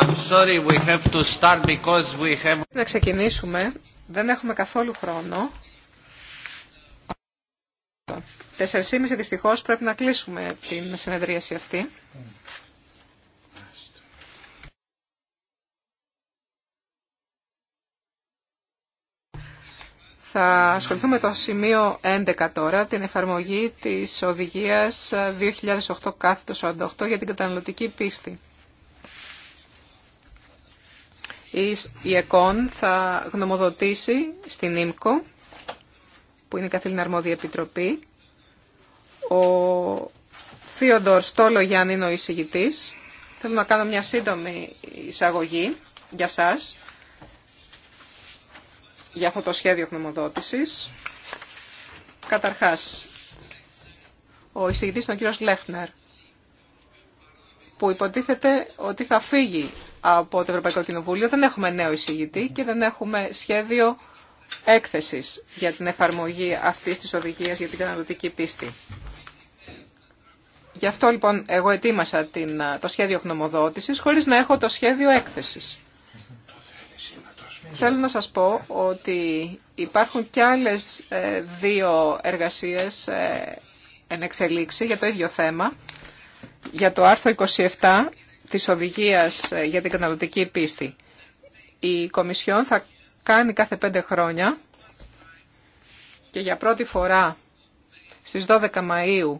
I'm sorry, we have to start because we have... Να ξεκινήσουμε. Δεν έχουμε καθόλου χρόνο. Τεσσερσήμιση, δυστυχώς πρέπει να κλείσουμε την συνεδρίαση αυτή. Θα ασχοληθούμε με το σημείο 11 τώρα, την εφαρμογή της οδηγίας 2008 κάθετο 48 για την καταναλωτική πίστη. Η ΕΚΟΝ θα γνωμοδοτήσει στην ΙΜΚΟ, που είναι η καθήλυνα αρμόδια επιτροπή. Ο Θείοντορ Στόλο Γιάννη είναι ο εισηγητής. Θέλω να κάνω μια σύντομη εισαγωγή για σας για αυτό το σχέδιο γνωμοδότησης. Καταρχάς, ο εισηγητής είναι ο κύριος Λέχνερ, που υποτίθεται ότι θα φύγει από το Ευρωπαϊκό Κοινοβούλιο. Δεν έχουμε νέο εισηγητή και δεν έχουμε σχέδιο έκθεσης για την εφαρμογή αυτής της οδηγίας για την καταναλωτική πίστη. Γι' αυτό λοιπόν εγώ ετοίμασα την, το σχέδιο γνωμοδότησης χωρίς να έχω το σχέδιο έκθεσης. Θέλω να σας πω ότι υπάρχουν και άλλες ε, δύο εργασίες ε, εν εξελίξη για το ίδιο θέμα. Για το άρθρο 27 της Οδηγίας ε, για την Καταναλωτική Πίστη. Η Κομισιόν θα κάνει κάθε πέντε χρόνια και για πρώτη φορά στις 12 Μαΐου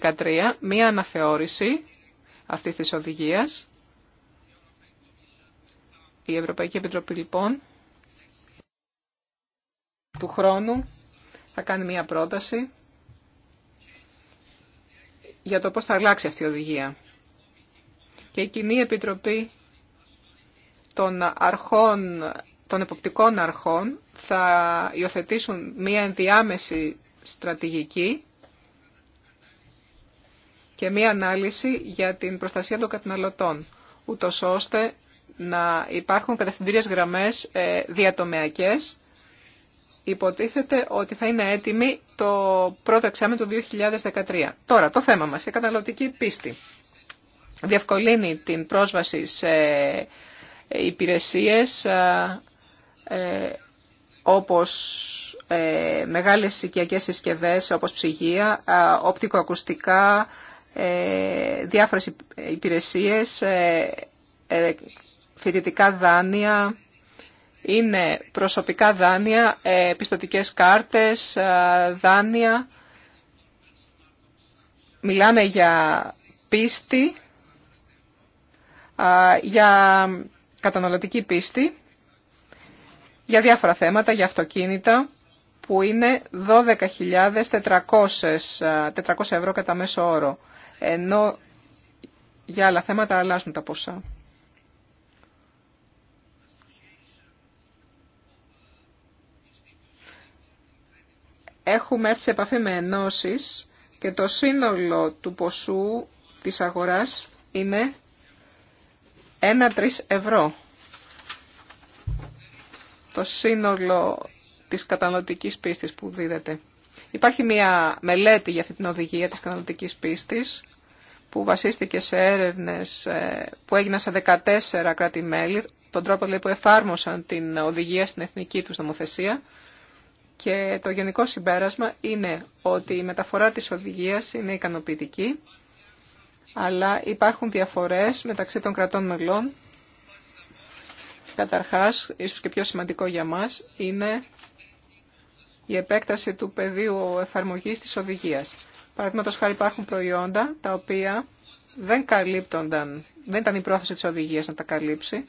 2013 μία αναθεώρηση αυτής της οδηγίας η Ευρωπαϊκή Επιτροπή λοιπόν του χρόνου θα κάνει μια πρόταση για το πώς θα αλλάξει αυτή η οδηγία. Και η Κοινή Επιτροπή των, αρχών, των εποπτικών αρχών θα υιοθετήσουν μια ενδιάμεση στρατηγική και μία ανάλυση για την προστασία των καταναλωτών, ούτω ώστε να υπάρχουν κατευθυντήριες γραμμές ε, διατομεακές. Υποτίθεται ότι θα είναι έτοιμη το πρώτο εξάμεινο του 2013. Τώρα, το θέμα μας, η καταναλωτική πίστη. Διευκολύνει την πρόσβαση σε ε, υπηρεσίες ε, όπως μεγάλες οικιακές συσκευές, όπως ψυγεία, οπτικοακουστικά, διάφορες υπηρεσίες, φοιτητικά δάνεια, είναι προσωπικά δάνεια, ε, πιστοτικές κάρτες, ε, δάνεια. Μιλάμε για πίστη, για καταναλωτική πίστη, για διάφορα θέματα, για αυτοκίνητα, που είναι 12.400 ε, ευρώ κατά μέσο όρο, ενώ για άλλα θέματα αλλάζουν τα ποσά. έχουμε έρθει σε επαφή με ενώσεις και το σύνολο του ποσού της αγοράς είναι 1-3 ευρώ. Το σύνολο της καταναλωτικής πίστης που δίδεται. Υπάρχει μια μελέτη για αυτή την οδηγία της καταναλωτικής πίστης που βασίστηκε σε έρευνες ε, που έγιναν σε 14 κράτη-μέλη, τον τρόπο λέει, που εφάρμοσαν την οδηγία στην εθνική τους νομοθεσία και το γενικό συμπέρασμα είναι ότι η μεταφορά της οδηγίας είναι ικανοποιητική, αλλά υπάρχουν διαφορές μεταξύ των κρατών μελών. Καταρχάς, ίσως και πιο σημαντικό για μας, είναι η επέκταση του πεδίου εφαρμογής της οδηγίας. Παραδείγματο χάρη υπάρχουν προϊόντα τα οποία δεν καλύπτονταν, δεν ήταν η πρόθεση της οδηγίας να τα καλύψει,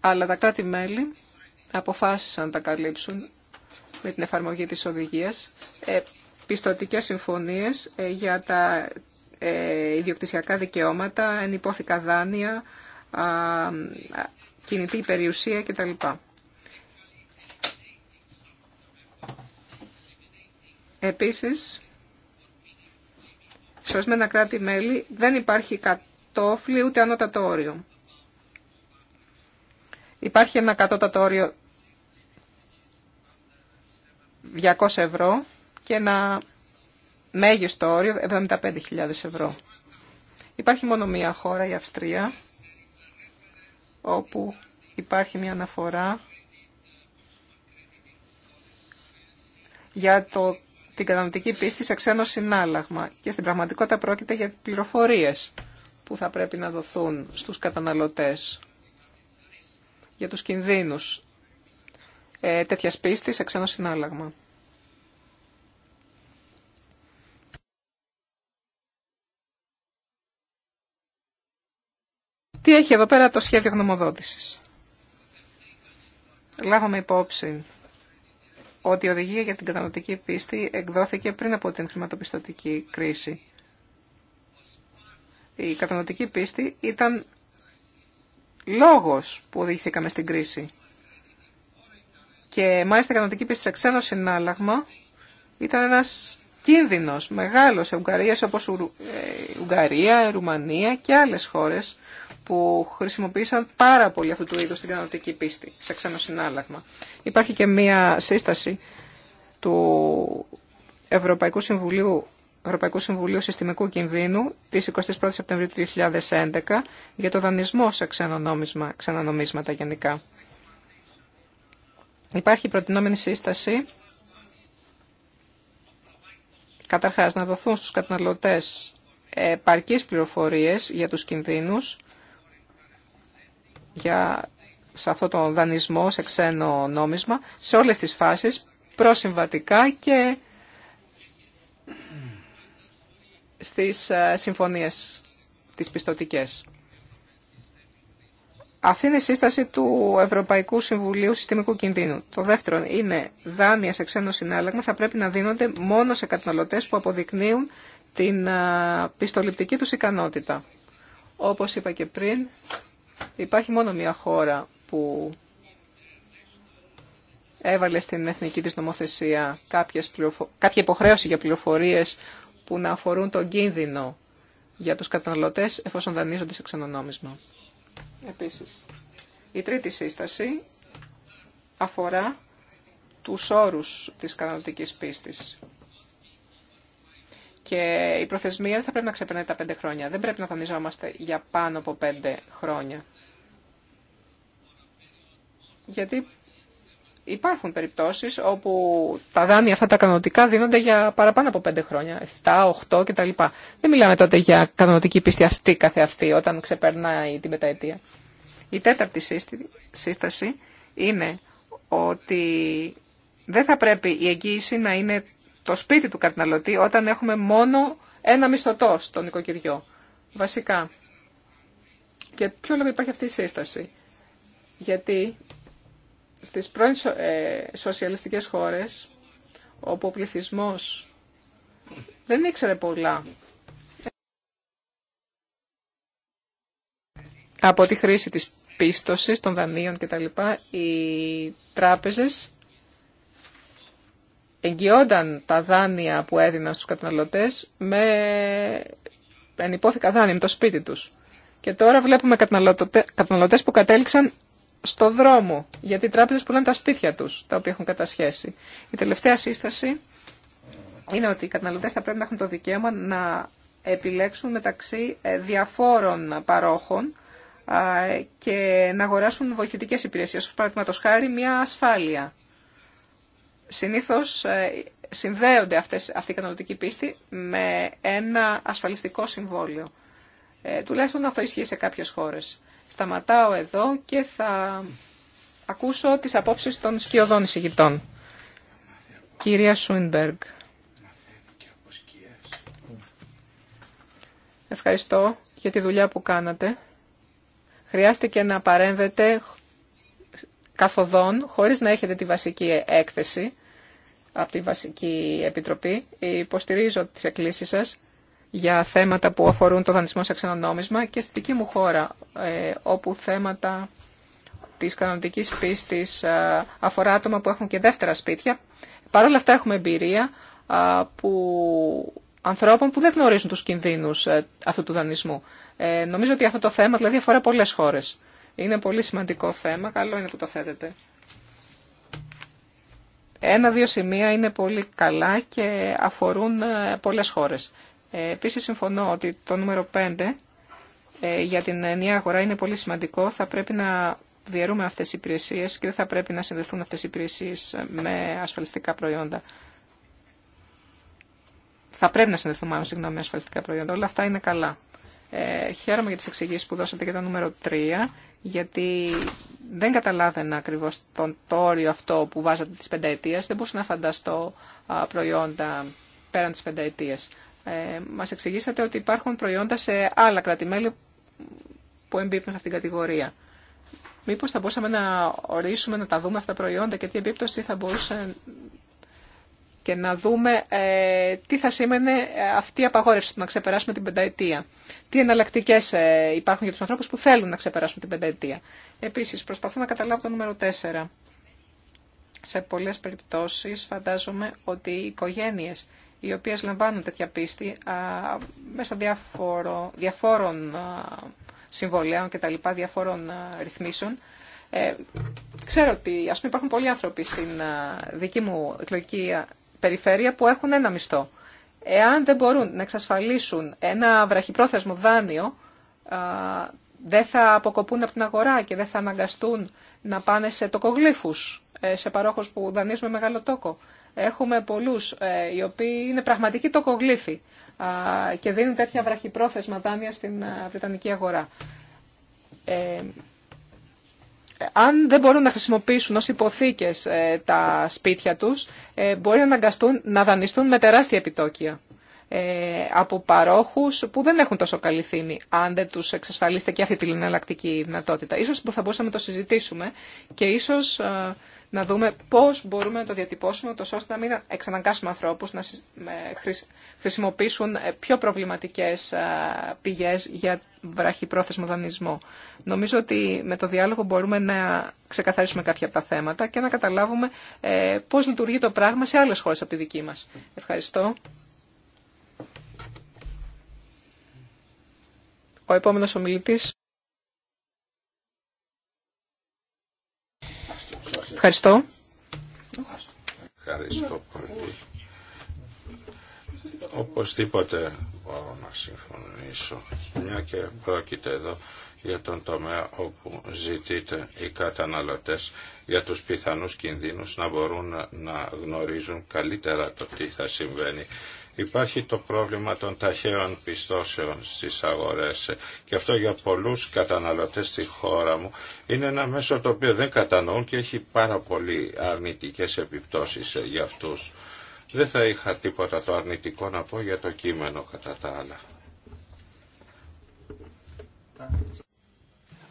αλλά τα κράτη-μέλη αποφάσισαν να τα καλύψουν με την εφαρμογή της οδηγίας. Ε, πιστοτικές συμφωνίες ε, για τα ε, ιδιοκτησιακά δικαιώματα, ενυπόθηκα δάνεια, α, κινητή περιουσία κτλ. Επίσης, σε ορισμένα κράτη-μέλη δεν υπάρχει κατόφλι ούτε ανώτατο όριο. Υπάρχει ένα κατώτατο όριο 200 ευρώ και ένα μέγιστο όριο 75.000 ευρώ. Υπάρχει μόνο μία χώρα, η Αυστρία, όπου υπάρχει μία αναφορά για το, την κατανοητική πίστη σε ξένο συνάλλαγμα και στην πραγματικότητα πρόκειται για πληροφορίες που θα πρέπει να δοθούν στους καταναλωτές για τους κινδύνους ε, τέτοια πίστη σε ξένο συνάλλαγμα. Τι έχει εδώ πέρα το σχέδιο γνωμοδότησης. Λάβαμε υπόψη ότι η οδηγία για την καταναλωτική πίστη εκδόθηκε πριν από την χρηματοπιστωτική κρίση. Η καταναλωτική πίστη ήταν λόγος που οδηγηθήκαμε στην κρίση. Και μάλιστα η κανονική πίστη σε ξένο συνάλλαγμα ήταν ένα κίνδυνο, μεγάλο σε Ουγγαρία, όπως η ε, Ουγγαρία, η Ρουμανία και άλλε χώρε που χρησιμοποίησαν πάρα πολύ αυτού του είδου την κανονική πίστη σε ξένο συνάλλαγμα. Υπάρχει και μία σύσταση του Ευρωπαϊκού Συμβουλίου, Ευρωπαϊκού Συμβουλίου Συστημικού Κινδύνου τη 21 η Σεπτεμβρίου του 2011 για το δανεισμό σε ξένονομίσματα γενικά. Υπάρχει προτινόμενη σύσταση καταρχάς να δοθούν στους καταναλωτές παρκείς πληροφορίες για τους κινδύνους, για, σε αυτό τον δανεισμό σε ξένο νόμισμα, σε όλες τις φάσεις, προσυμβατικά και στις ε, συμφωνίες τις πιστοτικές. Αυτή είναι η σύσταση του Ευρωπαϊκού Συμβουλίου Συστημικού Κινδύνου. Το δεύτερο είναι δάνεια σε ξένο συνάλλαγμα θα πρέπει να δίνονται μόνο σε καταναλωτέ που αποδεικνύουν την πιστοληπτική τους ικανότητα. Όπως είπα και πριν, υπάρχει μόνο μία χώρα που έβαλε στην εθνική της νομοθεσία πληροφο... κάποια υποχρέωση για πληροφορίες που να αφορούν τον κίνδυνο για τους καταναλωτές εφόσον δανείζονται σε ξενονόμισμα επίσης. Η τρίτη σύσταση αφορά τους όρους της καταναλωτικής πίστης. Και η προθεσμία δεν θα πρέπει να ξεπερνάει τα πέντε χρόνια. Δεν πρέπει να δανειζόμαστε για πάνω από πέντε χρόνια. Γιατί Υπάρχουν περιπτώσεις όπου τα δάνεια αυτά τα κανονικά δίνονται για παραπάνω από 5 χρόνια, 7, 8 κτλ. Δεν μιλάμε τότε για κανονική πίστη αυτή καθεαυτή όταν ξεπερνάει την πενταετία. Η τέταρτη σύσταση είναι ότι δεν θα πρέπει η εγγύηση να είναι το σπίτι του καταναλωτή όταν έχουμε μόνο ένα μισθωτό στο νοικοκυριό. Βασικά. Και ποιο λόγο υπάρχει αυτή η σύσταση. Γιατί στις πρώην ε, σοσιαλιστικές χώρες, όπου ο πληθυσμός δεν ήξερε πολλά από τη χρήση της πίστοσης των δανείων κτλ. Οι τράπεζες εγγυόνταν τα δάνεια που έδιναν στους καταναλωτές με ενυπόθηκα δάνεια, με το σπίτι τους. Και τώρα βλέπουμε καταναλωτές που κατέληξαν στο δρόμο, γιατί οι τράπεζες πουλάνε τα σπίτια τους, τα οποία έχουν κατασχέσει. Η τελευταία σύσταση είναι ότι οι καταναλωτές θα πρέπει να έχουν το δικαίωμα να επιλέξουν μεταξύ ε, διαφόρων παρόχων και να αγοράσουν βοηθητικές υπηρεσίες, παραδείγματος χάρη μια ασφάλεια. Συνήθως ε, συνδέονται αυτές, αυτή η καταναλωτική πίστη με ένα ασφαλιστικό συμβόλαιο. Ε, τουλάχιστον αυτό ισχύει σε κάποιες χώρες. Σταματάω εδώ και θα ακούσω τις απόψεις των σκιωδών εισηγητών. Κυρία Σουίνμπεργκ. Ευχαριστώ για τη δουλειά που κάνατε. Χρειάστηκε να παρέμβετε καθοδόν, χωρίς να έχετε τη βασική έκθεση από τη Βασική Επιτροπή. Υποστηρίζω τις εκκλήσεις σας για θέματα που αφορούν το δανεισμό σε ξενονόμισμα και στη δική μου χώρα, ε, όπου θέματα της κανονικής πίστης ε, αφορά άτομα που έχουν και δεύτερα σπίτια. Παρ' όλα αυτά έχουμε εμπειρία ε, που ανθρώπων που δεν γνωρίζουν τους κινδύνους αυτού του δανεισμού. Ε, νομίζω ότι αυτό το θέμα δηλαδή αφορά πολλές χώρες. Είναι πολύ σημαντικό θέμα, καλό είναι που το θέτετε. Ένα-δύο σημεία είναι πολύ καλά και αφορούν πολλές χώρες. Ε, Επίση συμφωνώ ότι το νούμερο 5 ε, για την ενιαία αγορά είναι πολύ σημαντικό. Θα πρέπει να διαιρούμε αυτές οι υπηρεσίες και δεν θα πρέπει να συνδεθούν αυτές οι υπηρεσίες ε, με ασφαλιστικά προϊόντα. Θα πρέπει να συνδεθούν μάλλον συγγνώμη, με ασφαλιστικά προϊόντα. Όλα αυτά είναι καλά. Ε, χαίρομαι για τις εξηγήσεις που δώσατε για το νούμερο 3, γιατί δεν καταλάβαινα ακριβώς τον όριο αυτό που βάζατε τις πενταετίας. Δεν μπορούσα να φανταστώ προϊόντα πέραν της πενταετίας. Ε, μας εξηγήσατε ότι υπάρχουν προϊόντα σε άλλα κρατημέλη που εμπίπτουν σε αυτήν την κατηγορία. Μήπως θα μπορούσαμε να ορίσουμε, να τα δούμε αυτά τα προϊόντα και τι επίπτωση θα μπορούσε και να δούμε ε, τι θα σήμαινε αυτή η απαγόρευση του να ξεπεράσουμε την πενταετία. Τι εναλλακτικέ ε, υπάρχουν για τους ανθρώπους που θέλουν να ξεπεράσουν την πενταετία. Επίσης, προσπαθώ να καταλάβω το νούμερο 4. Σε πολλές περιπτώσεις φαντάζομαι ότι οι οικογένειες οι οποίες λαμβάνουν τέτοια πίστη μέσω διαφόρων συμβολέων και τα λοιπά, διαφόρων ρυθμίσεων. Ε, ξέρω ότι ας πούμε υπάρχουν πολλοί άνθρωποι στην δική μου εκλογική περιφέρεια που έχουν ένα μισθό. Εάν δεν μπορούν να εξασφαλίσουν ένα βραχυπρόθεσμο δάνειο, δεν θα αποκοπούν από την αγορά και δεν θα αναγκαστούν να πάνε σε τοκογλύφους, ε, σε παρόχους που δανείζουν με μεγάλο τόκο. Έχουμε πολλούς ε, οι οποίοι είναι πραγματικοί τοκογλύφοι και δίνουν τέτοια βραχυπρόθεσμα δάνεια στην Βρετανική αγορά. Ε, αν δεν μπορούν να χρησιμοποιήσουν ως υποθήκες ε, τα σπίτια τους, ε, μπορεί να αναγκαστούν να δανειστούν με τεράστια επιτόκια από παρόχους που δεν έχουν τόσο καλή θύμη, αν δεν τους εξασφαλίσετε και αυτή την εναλλακτική δυνατότητα. Ίσως θα μπορούσαμε να το συζητήσουμε και ίσως να δούμε πώς μπορούμε να το διατυπώσουμε, τόσο ώστε να μην εξαναγκάσουμε ανθρώπους να χρησιμοποιήσουν ε, πιο προβληματικές ε, πηγές για βραχυπρόθεσμο δανεισμό. Νομίζω ότι με το διάλογο μπορούμε να ξεκαθαρίσουμε κάποια από τα θέματα και να καταλάβουμε ε, πώς λειτουργεί το πράγμα σε άλλες χώρες από τη δική μας. Ευχαριστώ. Ο επόμενος ομιλητής. Ευχαριστώ. Ευχαριστώ πολύ. Οπωσδήποτε μπορώ να συμφωνήσω, μια και πρόκειται εδώ για τον τομέα όπου ζητείτε οι καταναλωτές για τους πιθανούς κινδύνους να μπορούν να γνωρίζουν καλύτερα το τι θα συμβαίνει Υπάρχει το πρόβλημα των ταχαίων πιστώσεων στις αγορές και αυτό για πολλούς καταναλωτές στη χώρα μου είναι ένα μέσο το οποίο δεν κατανοούν και έχει πάρα πολύ αρνητικές επιπτώσεις για αυτούς. Δεν θα είχα τίποτα το αρνητικό να πω για το κείμενο κατά τα άλλα.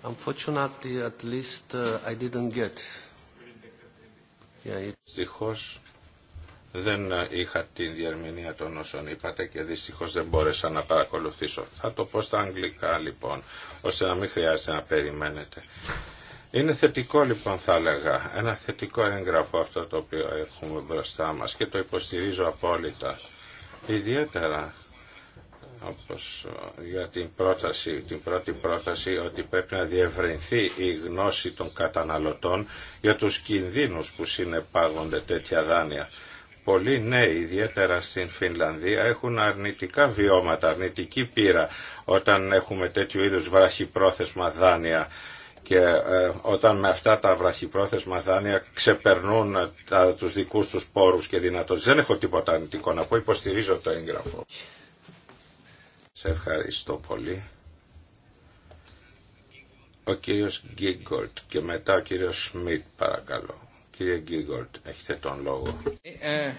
Unfortunately, at least uh, I didn't get. Δεν είχα την διερμηνία των όσων είπατε και δυστυχώς δεν μπόρεσα να παρακολουθήσω. Θα το πω στα αγγλικά λοιπόν, ώστε να μην χρειάζεται να περιμένετε. Είναι θετικό λοιπόν θα έλεγα, ένα θετικό έγγραφο αυτό το οποίο έχουμε μπροστά μας και το υποστηρίζω απόλυτα. Ιδιαίτερα όπως για την, πρόταση, την πρώτη πρόταση ότι πρέπει να διευρυνθεί η γνώση των καταναλωτών για τους κινδύνους που συνεπάγονται τέτοια δάνεια πολλοί νέοι, ιδιαίτερα στην Φινλανδία, έχουν αρνητικά βιώματα, αρνητική πείρα όταν έχουμε τέτοιου είδους βραχυπρόθεσμα δάνεια και ε, όταν με αυτά τα βραχυπρόθεσμα δάνεια ξεπερνούν τα, τους δικούς τους πόρους και δυνατότητες. Δεν έχω τίποτα αρνητικό να πω, υποστηρίζω το έγγραφο. Σε ευχαριστώ πολύ. Ο κύριος Γκίγκολτ και μετά ο κύριος Σμιτ παρακαλώ. Κύριε Γκίγκολτ, έχετε τον λόγο. Ε,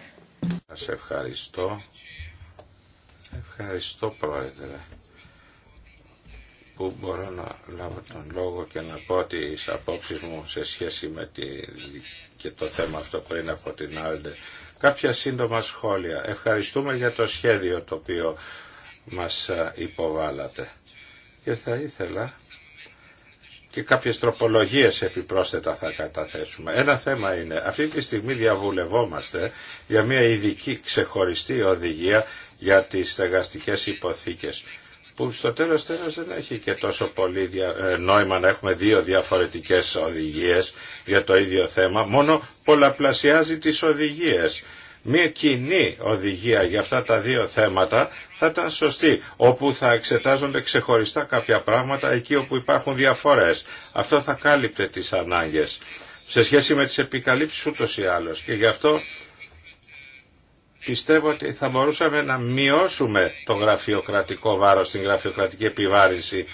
Σας ευχαριστώ. Ευχαριστώ, Πρόεδρε, που μπορώ να λάβω τον λόγο και να πω τις απόψεις μου σε σχέση με τη, και το θέμα αυτό πριν από την Άλντε. Κάποια σύντομα σχόλια. Ευχαριστούμε για το σχέδιο το οποίο μας υποβάλατε. Και θα ήθελα και κάποιες τροπολογίες επιπρόσθετα θα καταθέσουμε. Ένα θέμα είναι, αυτή τη στιγμή διαβουλευόμαστε για μια ειδική ξεχωριστή οδηγία για τις στεγαστικές υποθήκες που στο τέλος τέλος δεν έχει και τόσο πολύ ε, νόημα να έχουμε δύο διαφορετικές οδηγίες για το ίδιο θέμα, μόνο πολλαπλασιάζει τις οδηγίες μια κοινή οδηγία για αυτά τα δύο θέματα θα ήταν σωστή, όπου θα εξετάζονται ξεχωριστά κάποια πράγματα εκεί όπου υπάρχουν διαφορές. Αυτό θα κάλυπτε τις ανάγκες σε σχέση με τις επικαλύψεις ούτως ή άλλως και γι' αυτό πιστεύω ότι θα μπορούσαμε να μειώσουμε το γραφειοκρατικό βάρος, την γραφειοκρατική επιβάρηση,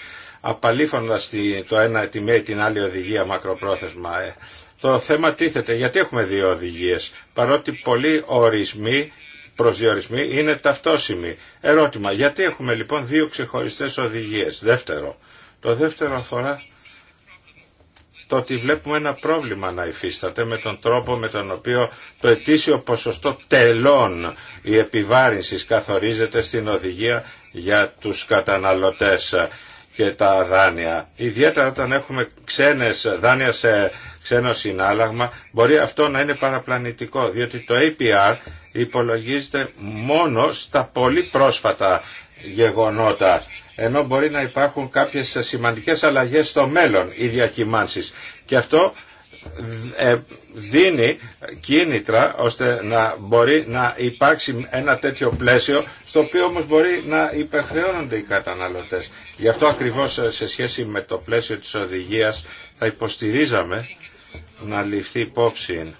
απαλήφωνοντας το ένα, τη την άλλη οδηγία μακροπρόθεσμα. Ε, το θέμα τίθεται γιατί έχουμε δύο οδηγίες, παρότι πολλοί ορισμοί προσδιορισμοί είναι ταυτόσιμοι. Ερώτημα, γιατί έχουμε λοιπόν δύο ξεχωριστές οδηγίες. Δεύτερο, το δεύτερο αφορά το ότι βλέπουμε ένα πρόβλημα να υφίσταται με τον τρόπο με τον οποίο το ετήσιο ποσοστό τελών η επιβάρυνσης καθορίζεται στην οδηγία για τους καταναλωτές και τα δάνεια. Ιδιαίτερα όταν έχουμε ξένες δάνεια σε ένα συνάλλαγμα, μπορεί αυτό να είναι παραπλανητικό, διότι το APR υπολογίζεται μόνο στα πολύ πρόσφατα γεγονότα, ενώ μπορεί να υπάρχουν κάποιες σημαντικές αλλαγές στο μέλλον, οι διακυμάνσεις. Και αυτό ε, δίνει κίνητρα ώστε να μπορεί να υπάρξει ένα τέτοιο πλαίσιο στο οποίο όμως μπορεί να υπερχρεώνονται οι καταναλωτές. Γι' αυτό ακριβώς ε, σε σχέση με το πλαίσιο της οδηγίας θα υποστηρίζαμε να ληφθεί υπόψη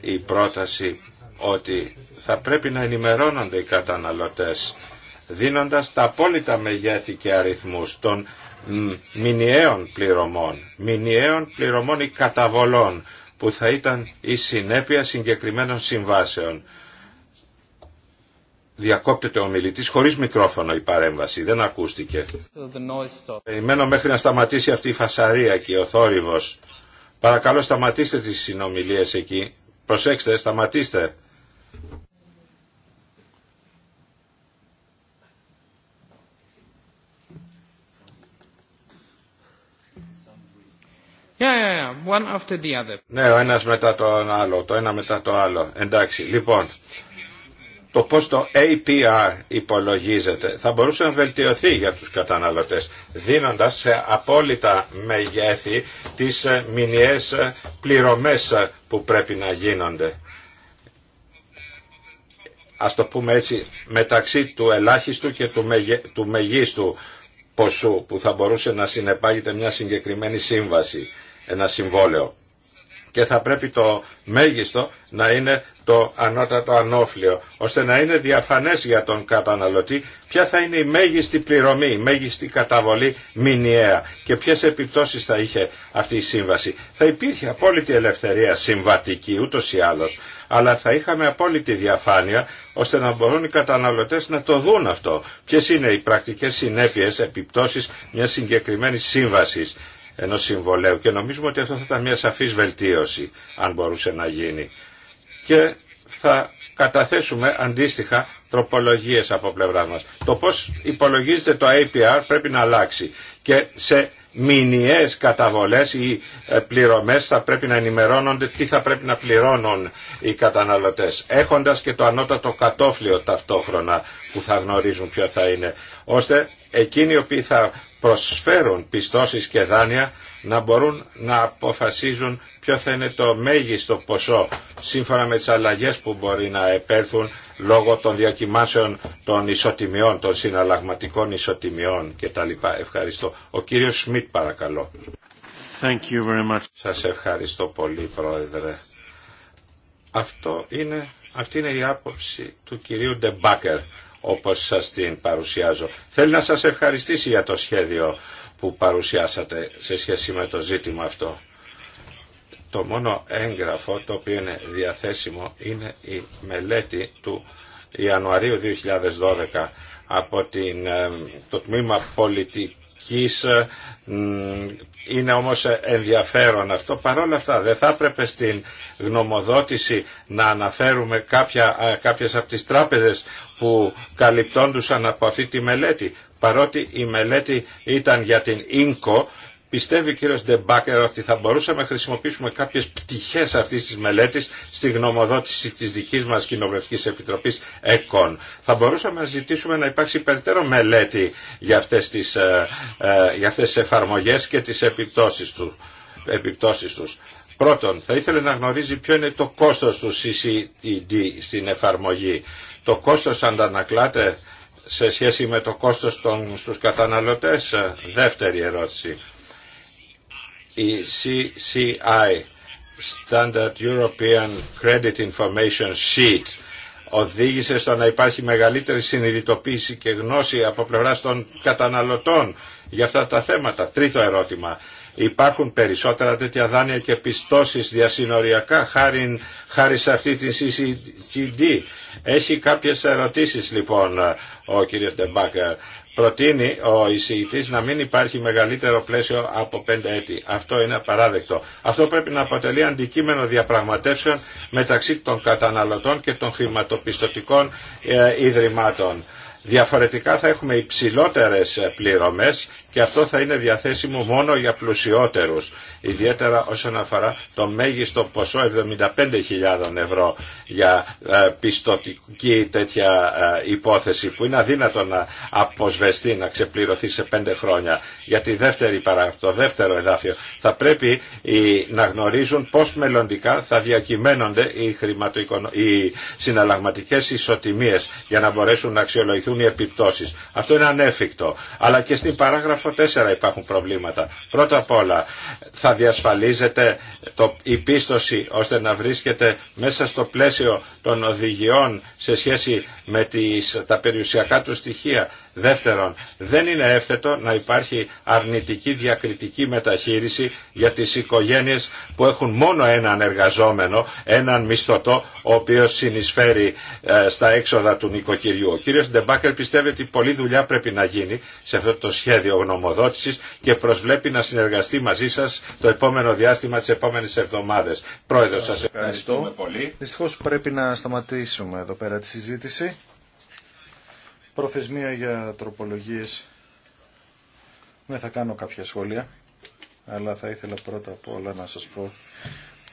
η πρόταση ότι θα πρέπει να ενημερώνονται οι καταναλωτές δίνοντας τα απόλυτα μεγέθη και αριθμούς των μηνιαίων πληρωμών, μηνιαίων πληρωμών ή καταβολών που θα ήταν η συνέπεια συγκεκριμένων συμβάσεων. Διακόπτεται ο μιλητής χωρίς μικρόφωνο η παρέμβαση, δεν ακούστηκε. Περιμένω μέχρι να σταματήσει αυτή η φασαρία και ο θόρυβος. Παρακαλώ σταματήστε τις συνομιλίες εκεί. Προσέξτε, σταματήστε. Yeah, yeah, One after the other. Ναι, ο ένας μετά τον άλλο, το ένα μετά το άλλο. Εντάξει, λοιπόν, το πώς το APR υπολογίζεται θα μπορούσε να βελτιωθεί για τους καταναλωτές δίνοντας σε απόλυτα μεγέθη τις ε, μηνιαίες ε, πληρωμές ε, που πρέπει να γίνονται ας το πούμε έτσι μεταξύ του ελάχιστου και του, του μεγίστου ποσού που θα μπορούσε να συνεπάγεται μια συγκεκριμένη σύμβαση, ένα συμβόλαιο. Και θα πρέπει το μέγιστο να είναι το ανώτατο ανώφλιο, ώστε να είναι διαφανές για τον καταναλωτή ποια θα είναι η μέγιστη πληρωμή, η μέγιστη καταβολή μηνιαία και ποιες επιπτώσεις θα είχε αυτή η σύμβαση. Θα υπήρχε απόλυτη ελευθερία συμβατική ούτως ή άλλως, αλλά θα είχαμε απόλυτη διαφάνεια ώστε να μπορούν οι καταναλωτές να το δουν αυτό. Ποιες είναι οι πρακτικές συνέπειες, επιπτώσεις μιας συγκεκριμένης σύμβασης ενός συμβολέου και νομίζουμε ότι αυτό θα ήταν μια σαφής βελτίωση αν μπορούσε να γίνει και θα καταθέσουμε αντίστοιχα τροπολογίες από πλευρά μας. Το πώς υπολογίζεται το APR πρέπει να αλλάξει και σε μηνιαίες καταβολές ή ε, πληρωμές θα πρέπει να ενημερώνονται τι θα πρέπει να πληρώνουν οι καταναλωτές έχοντας και το ανώτατο κατόφλιο ταυτόχρονα που θα γνωρίζουν ποιο θα είναι ώστε εκείνοι οι οποίοι θα προσφέρουν πιστώσεις και δάνεια να μπορούν να αποφασίζουν ποιο θα είναι το μέγιστο ποσό σύμφωνα με τις αλλαγές που μπορεί να επέρθουν λόγω των διακοιμάσεων των ισοτιμιών, των συναλλαγματικών ισοτιμιών κτλ. Ευχαριστώ. Ο κύριος Σμιτ παρακαλώ. Thank you very much. Σας ευχαριστώ πολύ Πρόεδρε. Αυτό είναι, αυτή είναι η άποψη του κυρίου Ντεμπάκερ όπως σας την παρουσιάζω. Θέλει να σας ευχαριστήσει για το σχέδιο που παρουσιάσατε σε σχέση με το ζήτημα αυτό. Το μόνο έγγραφο το οποίο είναι διαθέσιμο είναι η μελέτη του Ιανουαρίου 2012 από την, ε, το τμήμα πολιτικής ε, είναι όμως ενδιαφέρον αυτό. Παρόλα αυτά δεν θα έπρεπε στην γνωμοδότηση να αναφέρουμε κάποια, ε, κάποιες από τις τράπεζες που καλυπτόντουσαν από αυτή τη μελέτη. Παρότι η μελέτη ήταν για την ΙΝΚΟ Πιστεύει ο κύριο Ντεμπάκερ ότι θα μπορούσαμε να χρησιμοποιήσουμε κάποιε πτυχέ αυτής της μελέτης στη γνωμοδότηση τη δική μα κοινοβουλευτική επιτροπή ΕΚΟΝ. Θα μπορούσαμε να ζητήσουμε να υπάρξει περαιτέρω μελέτη για αυτέ τι ε, ε, εφαρμογέ και τι επιπτώσει του, Πρώτον, θα ήθελε να γνωρίζει ποιο είναι το κόστο του CCED στην εφαρμογή. Το κόστος αντανακλάται σε σχέση με το κόστος των, στους καταναλωτές. Δεύτερη ερώτηση η CCI, Standard European Credit Information Sheet, οδήγησε στο να υπάρχει μεγαλύτερη συνειδητοποίηση και γνώση από πλευράς των καταναλωτών για αυτά τα θέματα. Τρίτο ερώτημα. Υπάρχουν περισσότερα τέτοια δάνεια και πιστώσεις διασυνοριακά χάρη, χάρη σε αυτή την CCD. Έχει κάποιες ερωτήσεις λοιπόν ο κύριος Ντεμπάκερ προτείνει ο εισηγητής να μην υπάρχει μεγαλύτερο πλαίσιο από πέντε έτη. Αυτό είναι απαράδεκτο. Αυτό πρέπει να αποτελεί αντικείμενο διαπραγματεύσεων μεταξύ των καταναλωτών και των χρηματοπιστωτικών ε, ιδρυμάτων. Διαφορετικά θα έχουμε υψηλότερες πληρωμές και αυτό θα είναι διαθέσιμο μόνο για πλουσιότερους, ιδιαίτερα όσον αφορά το μέγιστο ποσό 75.000 ευρώ για ε, πιστοτική τέτοια ε, υπόθεση που είναι αδύνατο να αποσβεστεί, να ξεπληρωθεί σε πέντε χρόνια. Για τη δεύτερη παράγραφο, το δεύτερο εδάφιο, θα πρέπει να γνωρίζουν πώς μελλοντικά θα διακυμένονται οι, οι συναλλαγματικές ισοτιμίες για να μπορέσουν να αξιολογηθούν οι επιπτώσεις. Αυτό είναι ανέφικτο. Αλλά και στην παράγραφο τέσσερα υπάρχουν προβλήματα. Πρώτα απ' όλα θα διασφαλίζεται το, η πίστοση ώστε να βρίσκεται μέσα στο πλαίσιο των οδηγιών σε σχέση με τις, τα περιουσιακά του στοιχεία. Δεύτερον, δεν είναι εύθετο να υπάρχει αρνητική διακριτική μεταχείριση για τις οικογένειες που έχουν μόνο έναν εργαζόμενο, έναν μισθωτό, ο οποίος συνεισφέρει ε, στα έξοδα του νοικοκυριού. Ο κύριος Ντεμπάκερ πιστεύει ότι πολλή δουλειά πρέπει να γίνει σε αυτό το σχέδιο και προσβλέπει να συνεργαστεί μαζί σας το επόμενο διάστημα τις επόμενες εβδομάδες. Πρόεδρο, σας ευχαριστώ πολύ. Δυστυχώς πρέπει να σταματήσουμε εδώ πέρα τη συζήτηση. Προθεσμία για τροπολογίες. Δεν ναι, θα κάνω κάποια σχόλια, αλλά θα ήθελα πρώτα απ' όλα να σας πω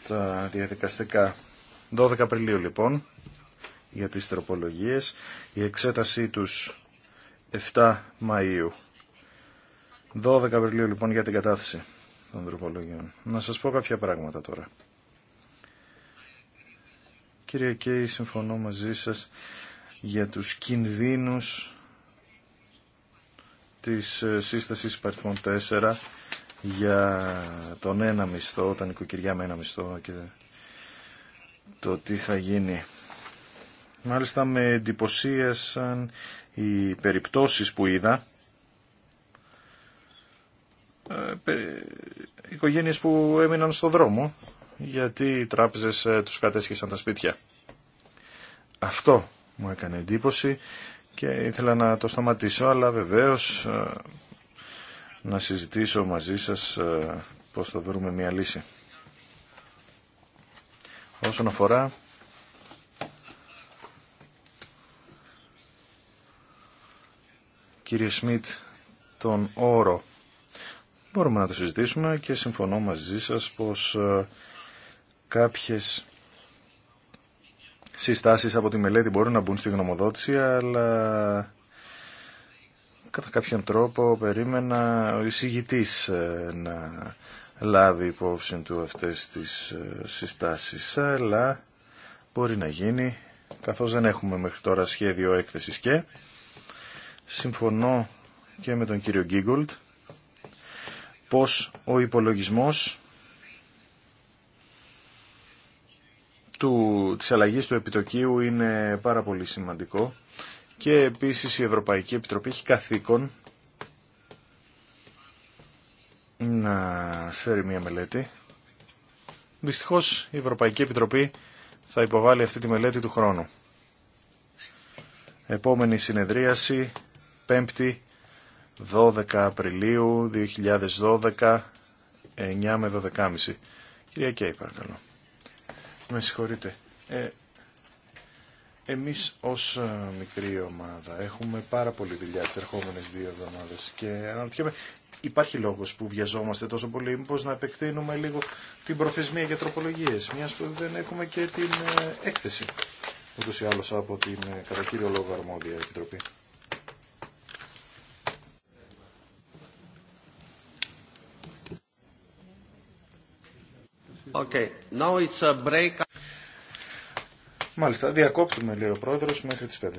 τα διαδικαστικά. 12 Απριλίου λοιπόν για τις τροπολογίες, η εξέτασή τους 7 Μαΐου. 12 Απριλίου λοιπόν για την κατάθεση των τροπολογιών. Να σας πω κάποια πράγματα τώρα. Κύριε Κέι, συμφωνώ μαζί σας για τους κινδύνους της ε, σύστασης υπαριθμών 4 για τον ένα μισθό, τα νοικοκυριά με ένα μισθό και το τι θα γίνει. Μάλιστα με εντυπωσίασαν οι περιπτώσεις που είδα ε, οικογένειες που έμειναν στο δρόμο γιατί οι τράπεζες ε, τους κατέσχεσαν τα σπίτια. Αυτό μου έκανε εντύπωση και ήθελα να το σταματήσω, αλλά βεβαίως ε, να συζητήσω μαζί σας πώς θα βρούμε μια λύση. Όσον αφορά κύριε Σμιτ τον όρο Μπορούμε να το συζητήσουμε και συμφωνώ μαζί σας πως ε, κάποιες συστάσεις από τη μελέτη μπορούν να μπουν στη γνωμοδότηση, αλλά κατά κάποιον τρόπο περίμενα ο εισηγητής ε, να λάβει υπόψη του αυτές τις ε, συστάσεις, αλλά μπορεί να γίνει, καθώς δεν έχουμε μέχρι τώρα σχέδιο έκθεσης και συμφωνώ και με τον κύριο Γκίγκολτ πως ο υπολογισμός του, της αλλαγής του επιτοκίου είναι πάρα πολύ σημαντικό και επίσης η Ευρωπαϊκή Επιτροπή έχει καθήκον να φέρει μια μελέτη. Δυστυχώς η Ευρωπαϊκή Επιτροπή θα υποβάλει αυτή τη μελέτη του χρόνου. Επόμενη συνεδρίαση 5η 12 Απριλίου 2012, 9 με 12.30. Κυρία Κέι, παρακαλώ. Με συγχωρείτε. Ε, εμείς ως ε, μικρή ομάδα έχουμε πάρα πολλή δουλειά τις ερχόμενες δύο εβδομάδες και αναρωτιέμαι, υπάρχει λόγος που βιαζόμαστε τόσο πολύ, μήπως να επεκτείνουμε λίγο την προθεσμία για τροπολογίες, μιας που δεν έχουμε και την ε, έκθεση, ούτως ή άλλως από την ε, κατά κύριο λόγο αρμόδια επιτροπή. Okay. Now it's a break. Μάλιστα, διακόπτουμε λέει ο πρόεδρος μέχρι τις 5.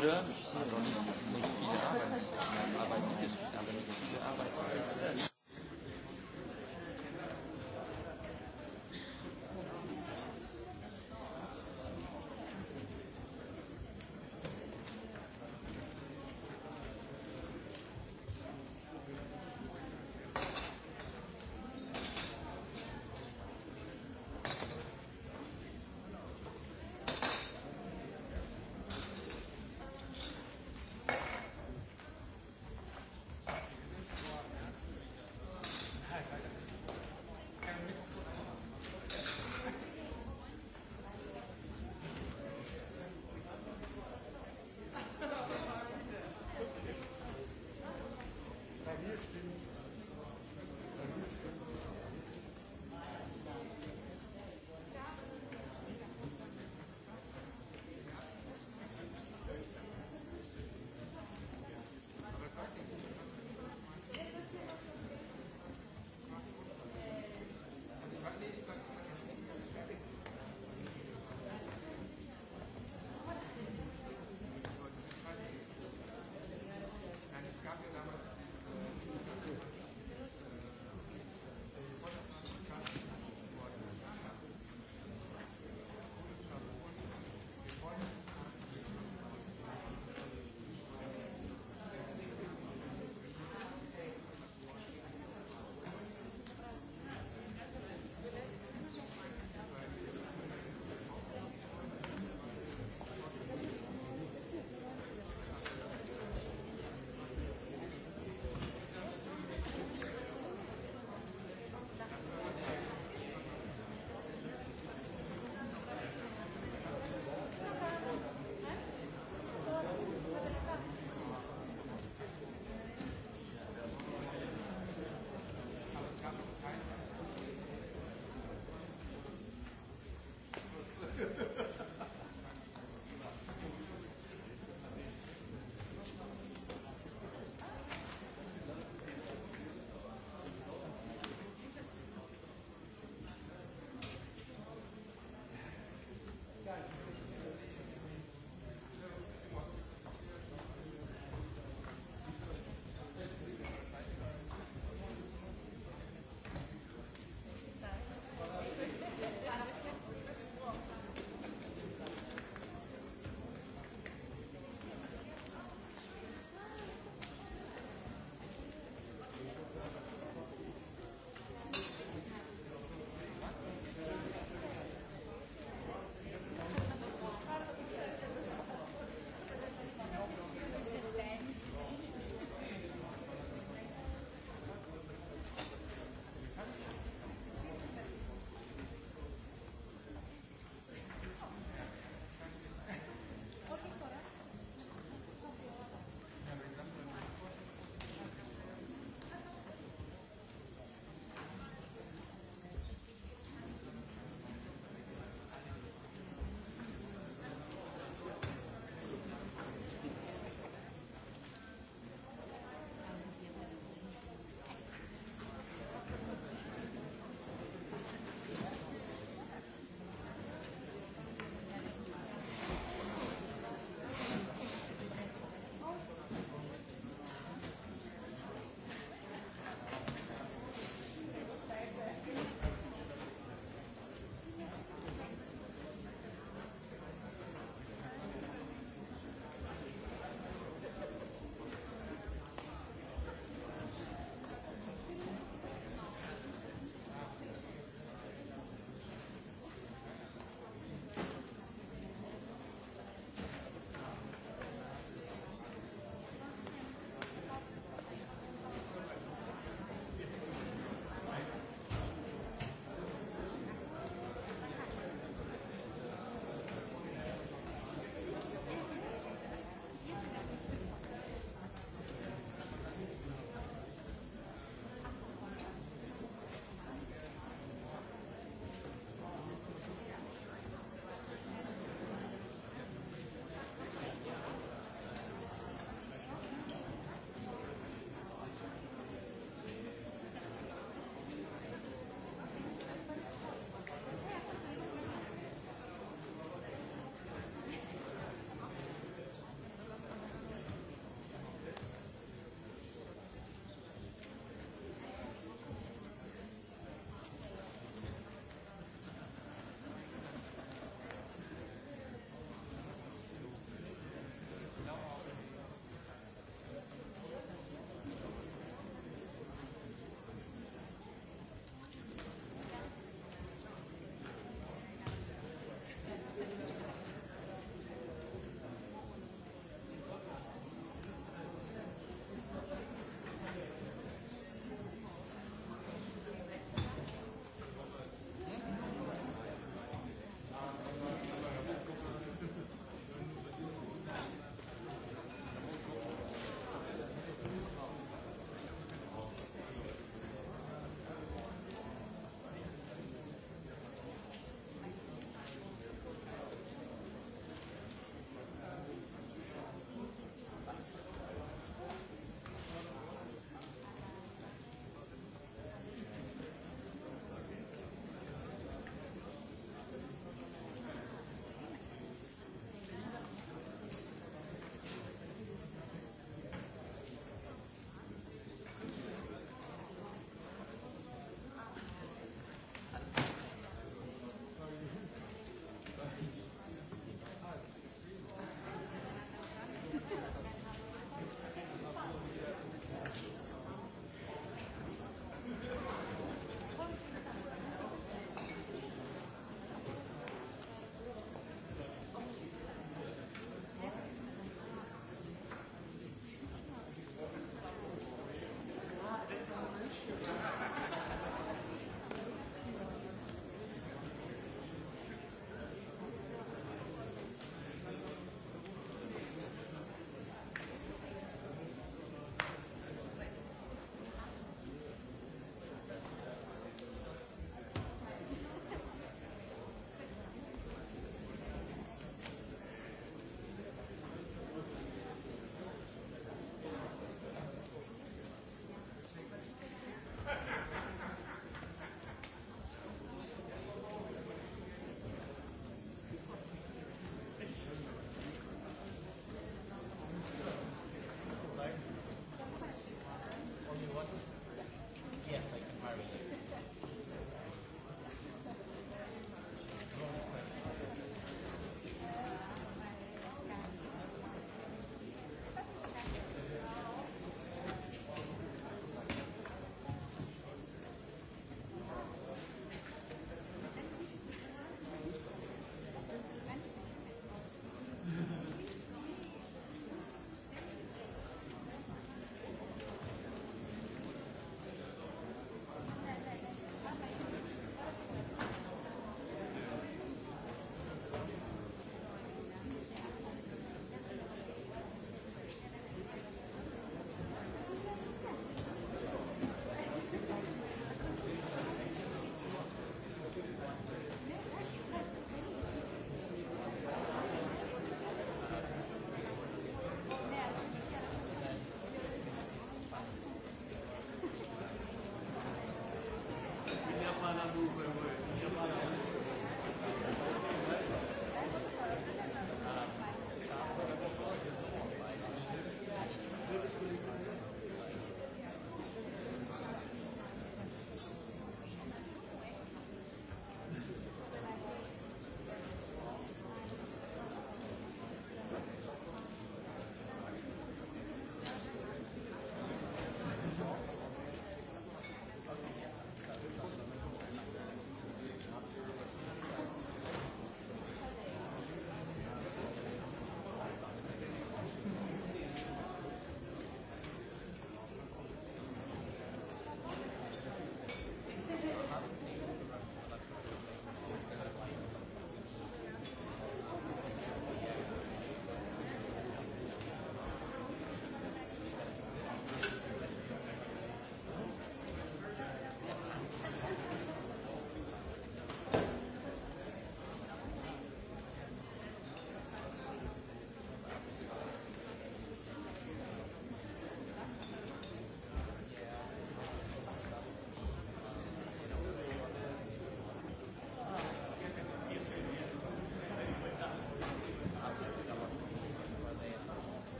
oder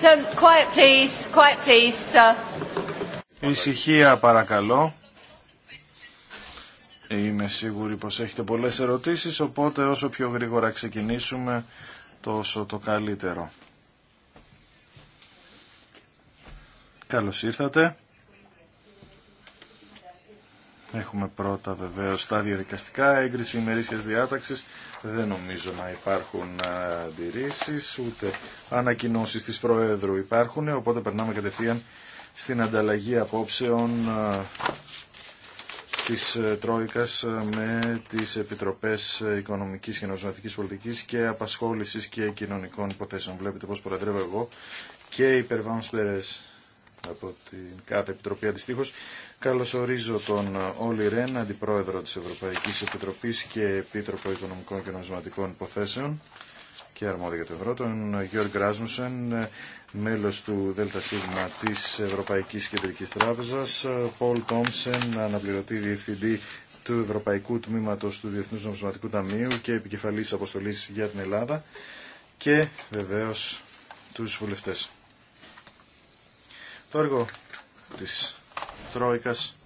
So, Ησυχία παρακαλώ. Είμαι σίγουρη πως έχετε πολλές ερωτήσεις, οπότε όσο πιο γρήγορα ξεκινήσουμε, τόσο το καλύτερο. Καλώς ήρθατε. αυτά βεβαίως τα διαδικαστικά. Έγκριση ημερήσια διάταξης δεν νομίζω να υπάρχουν αντιρρήσει ούτε ανακοινώσει τη Προέδρου υπάρχουν, οπότε περνάμε κατευθείαν στην ανταλλαγή απόψεων ε, τη ε, Τρόικας ε, με τις Επιτροπές Οικονομικής και Νομισματική Πολιτικής και Απασχόλησης και Κοινωνικών Υποθέσεων. Βλέπετε πώς προεδρεύω εγώ και υπερβάμεις από την κάθε επιτροπή. Αντιστοίχω, ορίζω τον Όλη Ρεν, αντιπρόεδρο τη Ευρωπαϊκή Επιτροπή και επίτροπο Οικονομικών και Νομισματικών Υποθέσεων και Αρμόδια για το ευρώ, τον Γιώργ Γκράσμουσεν μέλο του ΔΣ τη Ευρωπαϊκή Κεντρική Τράπεζα, Πολ Τόμσεν, αναπληρωτή διευθυντή του Ευρωπαϊκού Τμήματος του Διεθνούς Νομισματικού Ταμείου και επικεφαλής αποστολής για την Ελλάδα και βεβαίως τους βουλευτές. Το έργο της Τρόικας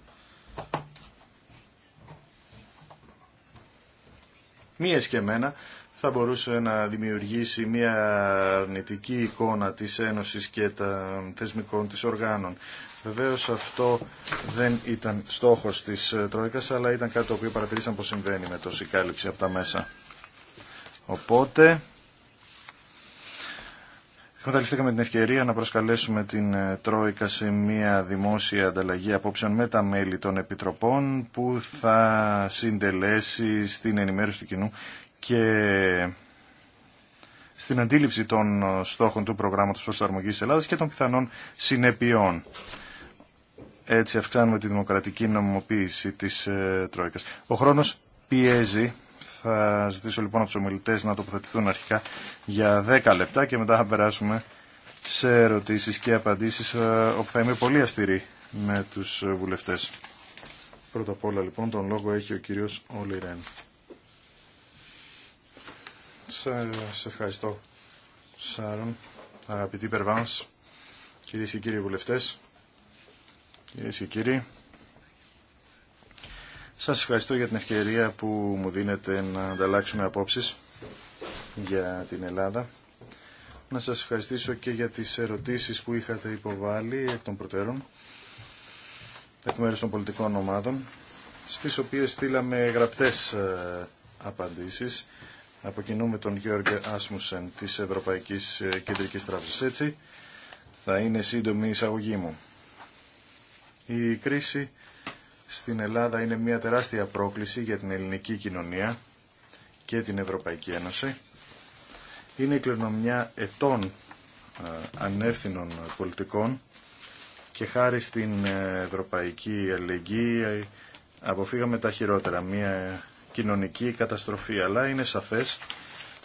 μία και εμένα θα μπορούσε να δημιουργήσει μια αρνητική εικόνα της Ένωσης και των θεσμικών της οργάνων. Βεβαίως αυτό δεν ήταν στόχος της Τρόικας, αλλά ήταν κάτι το οποίο παρατηρήσαν πως συμβαίνει με τόση κάλυψη από τα μέσα. Οπότε Καταληφθήκαμε την ευκαιρία να προσκαλέσουμε την ε, Τρόικα σε μια δημόσια ανταλλαγή απόψεων με τα μέλη των Επιτροπών που θα συντελέσει στην ενημέρωση του κοινού και στην αντίληψη των ε, στόχων του προγράμματος προσαρμογής της Ελλάδας και των πιθανών συνεπειών. Έτσι αυξάνουμε τη δημοκρατική νομιμοποίηση της ε, Τρόικας. Ο χρόνος πιέζει θα ζητήσω λοιπόν από τους ομιλητέ να τοποθετηθούν αρχικά για 10 λεπτά και μετά θα περάσουμε σε ερωτήσει και απαντήσεις ε, όπου θα είμαι πολύ αυστηρή με τους βουλευτές. Πρώτα απ' όλα λοιπόν τον λόγο έχει ο κύριος Ολυρέν. Σε ευχαριστώ Σάρων, αγαπητοί Περβάνς, κυρίε και κύριοι βουλευτές, κύριε και κύριοι. Σας ευχαριστώ για την ευκαιρία που μου δίνετε να ανταλλάξουμε απόψεις για την Ελλάδα. Να σας ευχαριστήσω και για τις ερωτήσεις που είχατε υποβάλει εκ των προτέρων, εκ μέρους των πολιτικών ομάδων, στις οποίες στείλαμε γραπτές ε, απαντήσεις Αποκινούμε τον Γιώργο Άσμουσεν της Ευρωπαϊκής ε, Κεντρικής Τράπεζας. Έτσι θα είναι σύντομη η εισαγωγή μου. Η κρίση στην Ελλάδα είναι μια τεράστια πρόκληση για την ελληνική κοινωνία και την Ευρωπαϊκή Ένωση. Είναι η κληρονομιά ετών ε, ανεύθυνων πολιτικών και χάρη στην ε, ευρωπαϊκή αλληλεγγύη ε, αποφύγαμε τα χειρότερα, μια κοινωνική καταστροφή. Αλλά είναι σαφές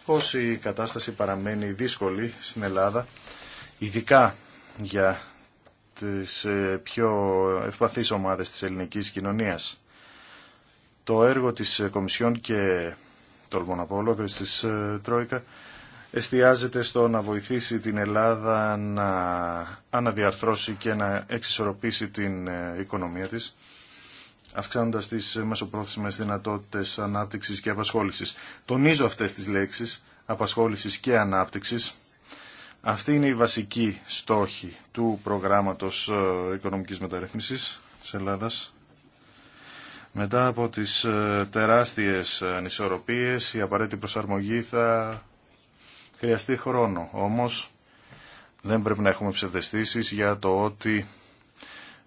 πως η κατάσταση παραμένει δύσκολη στην Ελλάδα, ειδικά για τις ε, πιο ευπαθείς ομάδες της ελληνικής κοινωνίας. Το έργο της ε, Κομισιόν και τολμώ να πω ολόκληρης της ε, Τρόικα εστιάζεται στο να βοηθήσει την Ελλάδα να αναδιαρθρώσει και να εξισορροπήσει την οικονομία της αυξάνοντας τις μεσοπρόθεσμες δυνατότητες ανάπτυξης και απασχόλησης. Τονίζω αυτές τις λέξεις, απασχόλησης και ανάπτυξης, αυτή είναι η βασική στόχη του προγράμματος ε, οικονομικής μεταρρύθμισης της Ελλάδας. Μετά από τις ε, τεράστιες ανισορροπίες, η απαραίτητη προσαρμογή θα χρειαστεί χρόνο. Όμως δεν πρέπει να έχουμε ψευδεστήσεις για το ότι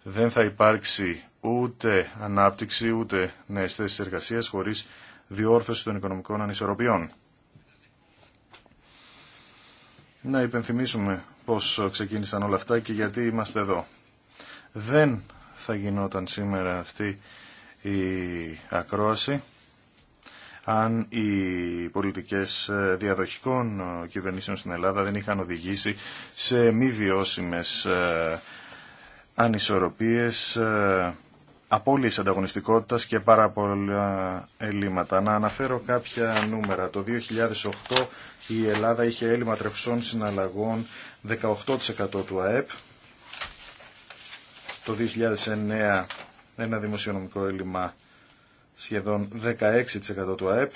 δεν θα υπάρξει ούτε ανάπτυξη ούτε νέες θέσεις εργασίας χωρίς διόρθωση των οικονομικών ανισορροπιών να υπενθυμίσουμε πώς ξεκίνησαν όλα αυτά και γιατί είμαστε εδώ. Δεν θα γινόταν σήμερα αυτή η ακρόαση αν οι πολιτικές διαδοχικών κυβερνήσεων στην Ελλάδα δεν είχαν οδηγήσει σε μη βιώσιμες ε, ανισορροπίες ε, απώλειες ανταγωνιστικότητας και πάρα πολλά ελλείμματα. Να αναφέρω κάποια νούμερα. Το 2008 η Ελλάδα είχε έλλειμμα τρεχουσών συναλλαγών 18% του ΑΕΠ. Το 2009 ένα δημοσιονομικό έλλειμμα σχεδόν 16% του ΑΕΠ.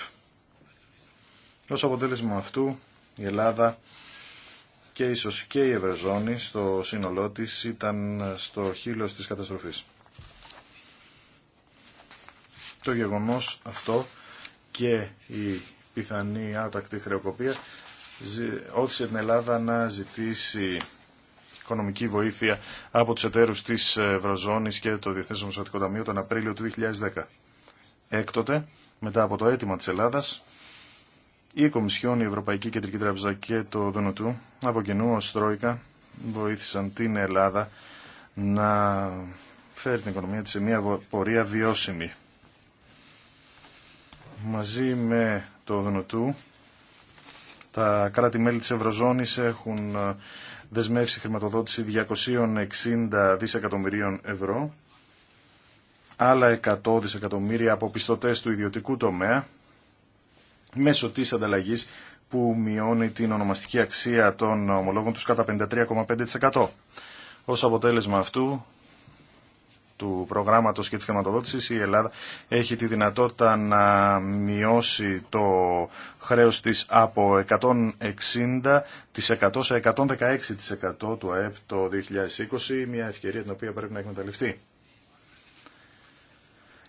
Ως αποτέλεσμα αυτού η Ελλάδα και ίσως και η Ευρωζώνη στο σύνολό της ήταν στο χείλος της καταστροφής το γεγονός αυτό και η πιθανή άτακτη χρεοκοπία όθησε την Ελλάδα να ζητήσει οικονομική βοήθεια από τους εταίρους της Ευρωζώνης και το Διεθνές Νομισματικό Ταμείο τον Απρίλιο του 2010. Έκτοτε, μετά από το αίτημα της Ελλάδας, η Κομισιόν, η Ευρωπαϊκή Κεντρική Τράπεζα και το Δονοτού από κοινού ως Τρόικα βοήθησαν την Ελλάδα να φέρει την οικονομία της σε μια πορεία βιώσιμη μαζί με το ΔΝΤ τα κράτη-μέλη της Ευρωζώνης έχουν ε, δεσμεύσει χρηματοδότηση 260 δισεκατομμυρίων ευρώ, άλλα 100 δισεκατομμύρια από πιστωτές του ιδιωτικού τομέα, μέσω της ανταλλαγής που μειώνει την ονομαστική αξία των ομολόγων τους κατά 53,5%. Ως αποτέλεσμα αυτού του προγράμματος και της χρηματοδότησης η Ελλάδα έχει τη δυνατότητα να μειώσει το χρέος της από 160% σε 116% του ΑΕΠ το 2020, μια ευκαιρία την οποία πρέπει να εκμεταλλευτεί.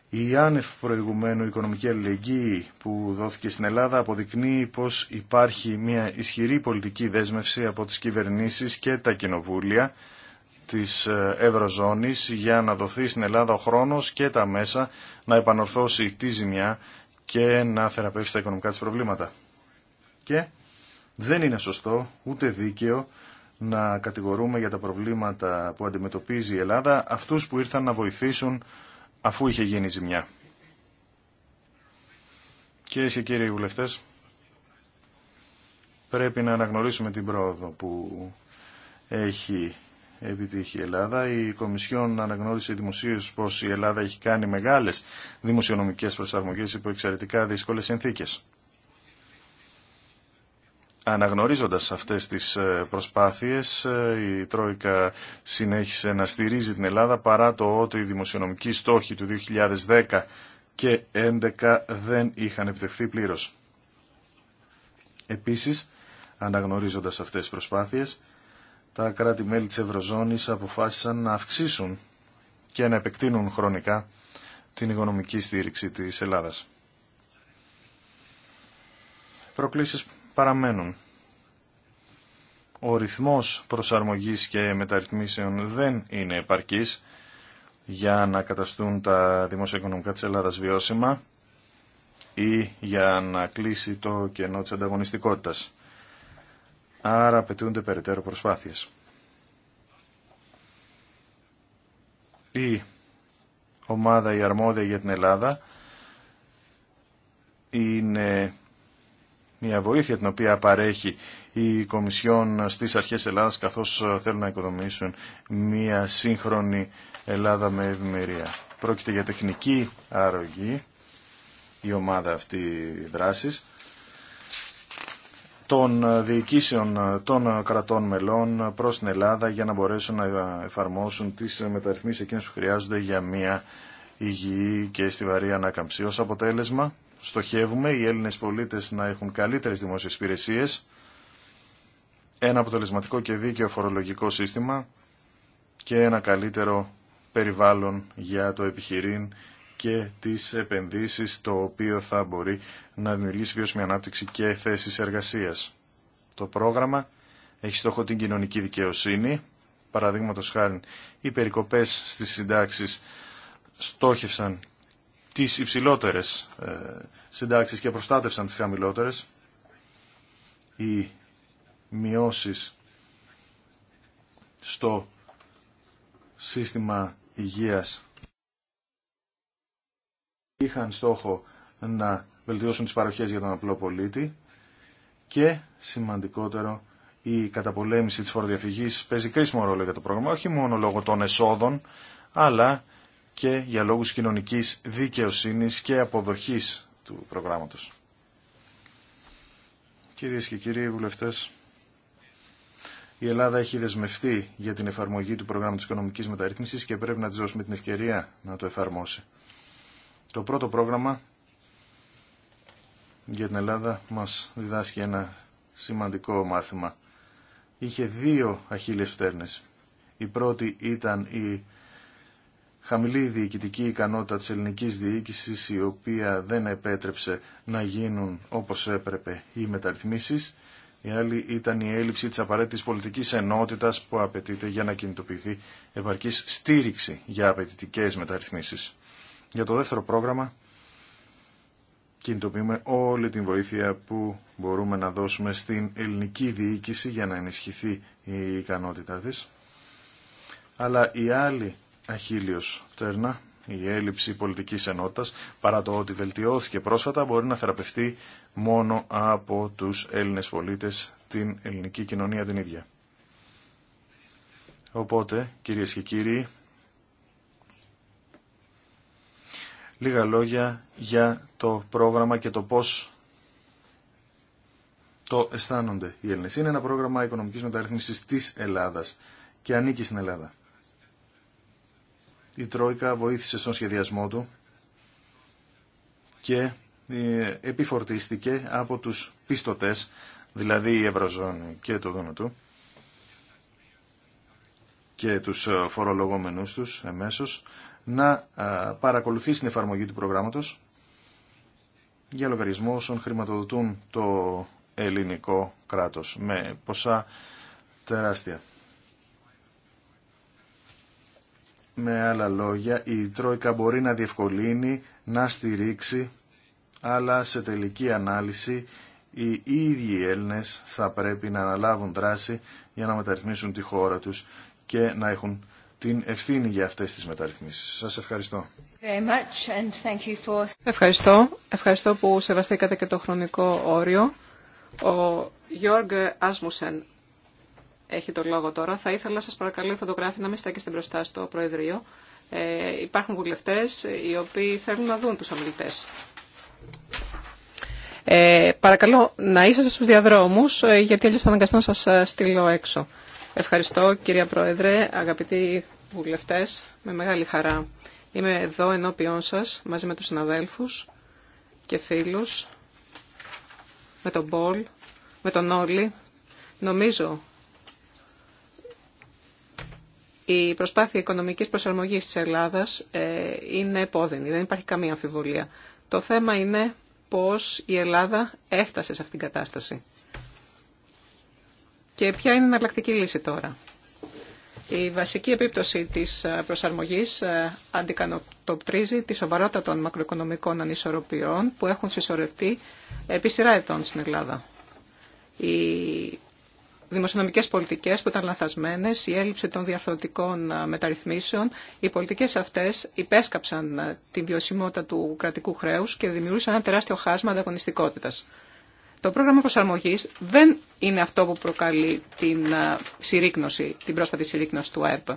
Η άνευ προηγουμένου οικονομική αλληλεγγύη που δόθηκε στην Ελλάδα αποδεικνύει πως υπάρχει μια ισχυρή πολιτική δέσμευση από τις κυβερνήσεις και τα κοινοβούλια της ε, Ευρωζώνης για να δοθεί στην Ελλάδα ο χρόνος και τα μέσα να επανορθώσει τη ζημιά και να θεραπεύσει τα οικονομικά της προβλήματα. Και δεν είναι σωστό ούτε δίκαιο να κατηγορούμε για τα προβλήματα που αντιμετωπίζει η Ελλάδα αυτούς που ήρθαν να βοηθήσουν αφού είχε γίνει ζημιά. Κυρίε και κύριοι βουλευτές, πρέπει να αναγνωρίσουμε την πρόοδο που έχει επιτύχει η Ελλάδα. Η Κομισιόν αναγνώρισε δημοσίω πω η Ελλάδα έχει κάνει μεγάλε δημοσιονομικέ προσαρμογέ υπό εξαιρετικά δύσκολε συνθήκε. Αναγνωρίζοντας αυτές τις ε, προσπάθειες, ε, η Τρόικα συνέχισε να στηρίζει την Ελλάδα παρά το ότι οι δημοσιονομικοί στόχοι του 2010 και 2011 δεν είχαν επιτευχθεί πλήρως. Επίσης, αναγνωρίζοντας αυτές τις προσπάθειες, τα κράτη-μέλη της Ευρωζώνης αποφάσισαν να αυξήσουν και να επεκτείνουν χρονικά την οικονομική στήριξη της Ελλάδας. Προκλήσεις παραμένουν. Ο ρυθμός προσαρμογής και μεταρρυθμίσεων δεν είναι επαρκής για να καταστούν τα δημοσιοοικονομικά της Ελλάδας βιώσιμα ή για να κλείσει το κενό της ανταγωνιστικότητας άρα απαιτούνται περαιτέρω προσπάθειες. Η ομάδα η αρμόδια για την Ελλάδα είναι μια βοήθεια την οποία παρέχει η Κομισιόν στις αρχές Ελλάδας καθώς θέλουν να οικοδομήσουν μια σύγχρονη Ελλάδα με ευημερία. Πρόκειται για τεχνική αρρωγή η ομάδα αυτή δράσης των διοικήσεων των κρατών μελών προς την Ελλάδα για να μπορέσουν να εφαρμόσουν τις μεταρρυθμίσεις εκείνες που χρειάζονται για μια υγιή και στιβαρή ανάκαμψη. Ως αποτέλεσμα στοχεύουμε οι Έλληνες πολίτες να έχουν καλύτερες δημόσιες υπηρεσίε, ένα αποτελεσματικό και δίκαιο φορολογικό σύστημα και ένα καλύτερο περιβάλλον για το επιχειρήν και τις επενδύσεις το οποίο θα μπορεί να δημιουργήσει βιώσιμη ανάπτυξη και θέσεις εργασίας. Το πρόγραμμα έχει στόχο την κοινωνική δικαιοσύνη, παραδείγματο χάρη οι περικοπές στις συντάξεις στόχευσαν τις υψηλότερες ε, συντάξεις και προστάτευσαν τις χαμηλότερες. Οι μειώσεις στο σύστημα υγείας είχαν στόχο να βελτιώσουν τις παροχές για τον απλό πολίτη και σημαντικότερο η καταπολέμηση της φοροδιαφυγής παίζει κρίσιμο ρόλο για το πρόγραμμα όχι μόνο λόγω των εσόδων αλλά και για λόγους κοινωνικής δικαιοσύνης και αποδοχής του προγράμματος. Κυρίες και κύριοι βουλευτές, η Ελλάδα έχει δεσμευτεί για την εφαρμογή του προγράμματος οικονομικής μεταρρύθμισης και πρέπει να της δώσουμε την ευκαιρία να το εφαρμόσει. Το πρώτο πρόγραμμα για την Ελλάδα μας διδάσκει ένα σημαντικό μάθημα. Είχε δύο αχίλιες φτέρνες. Η πρώτη ήταν η χαμηλή διοικητική ικανότητα της ελληνικής διοίκησης η οποία δεν επέτρεψε να γίνουν όπως έπρεπε οι μεταρρυθμίσεις. Η άλλη ήταν η έλλειψη της απαραίτητης πολιτικής ενότητας που απαιτείται για να κινητοποιηθεί επαρκής στήριξη για απαιτητικές μεταρρυθμίσεις. Για το δεύτερο πρόγραμμα κινητοποιούμε όλη την βοήθεια που μπορούμε να δώσουμε στην ελληνική διοίκηση για να ενισχυθεί η ικανότητά της. Αλλά η άλλη αχίλιος τέρνα, η έλλειψη πολιτικής ενότητας, παρά το ότι βελτιώθηκε πρόσφατα, μπορεί να θεραπευτεί μόνο από τους Έλληνες πολίτες την ελληνική κοινωνία την ίδια. Οπότε, κυρίες και κύριοι, Λίγα λόγια για το πρόγραμμα και το πώς το αισθάνονται οι Έλληνες. Είναι ένα πρόγραμμα οικονομικής μεταρρύθμισης της Ελλάδας και ανήκει στην Ελλάδα. Η Τρόικα βοήθησε στον σχεδιασμό του και ε, επιφορτίστηκε από τους πίστοτες, δηλαδή η Ευρωζώνη και το δόνο του και τους ε, φορολογόμενούς τους εμέσως να παρακολουθεί την εφαρμογή του προγράμματος για λογαριασμό όσων χρηματοδοτούν το ελληνικό κράτος με ποσά τεράστια. Με άλλα λόγια, η Τρόικα μπορεί να διευκολύνει, να στηρίξει, αλλά σε τελική ανάλυση οι ίδιοι Έλληνες θα πρέπει να αναλάβουν δράση για να μεταρρυθμίσουν τη χώρα τους και να έχουν την ευθύνη για αυτές τις μεταρρυθμίσεις. Σας ευχαριστώ. Ευχαριστώ. Ευχαριστώ που σεβαστήκατε και το χρονικό όριο. Ο Γιώργ Άσμουσεν έχει το λόγο τώρα. Θα ήθελα σας παρακαλώ η φωτογράφη να μην στέκεστε μπροστά στο Προεδρείο. Ε, υπάρχουν βουλευτές οι οποίοι θέλουν να δουν τους ομιλητές. Ε, παρακαλώ να είσαστε στους διαδρόμους ε, γιατί αλλιώς θα αναγκαστώ να σας ε, στείλω έξω. Ευχαριστώ κυρία Πρόεδρε, αγαπητοί βουλευτές, με μεγάλη χαρά. Είμαι εδώ ενώπιόν σας μαζί με τους συναδέλφους και φίλους, με τον Πολ, με τον Όλη. Νομίζω η προσπάθεια οικονομικής προσαρμογής της Ελλάδας ε, είναι επώδυνη, δεν υπάρχει καμία αμφιβολία. Το θέμα είναι πώς η Ελλάδα έφτασε σε αυτήν την κατάσταση. Και ποια είναι η εναλλακτική λύση τώρα. Η βασική επίπτωση της ε, προσαρμογής ε, αντικανοτοπτρίζει τη σοβαρότητα των μακροοικονομικών ανισορροπιών που έχουν συσσωρευτεί επί σειρά ετών στην Ελλάδα. Οι δημοσιονομικές πολιτικές που ήταν λαθασμένες, η έλλειψη των διαφορετικών ε, μεταρρυθμίσεων, οι πολιτικές αυτές υπέσκαψαν την βιωσιμότητα του κρατικού χρέους και δημιούργησαν ένα τεράστιο χάσμα ανταγωνιστικότητας. Το πρόγραμμα προσαρμογής δεν είναι αυτό που προκαλεί την ε, συρρήκνωση, την πρόσφατη συρρήκνωση του ΑΕΠ.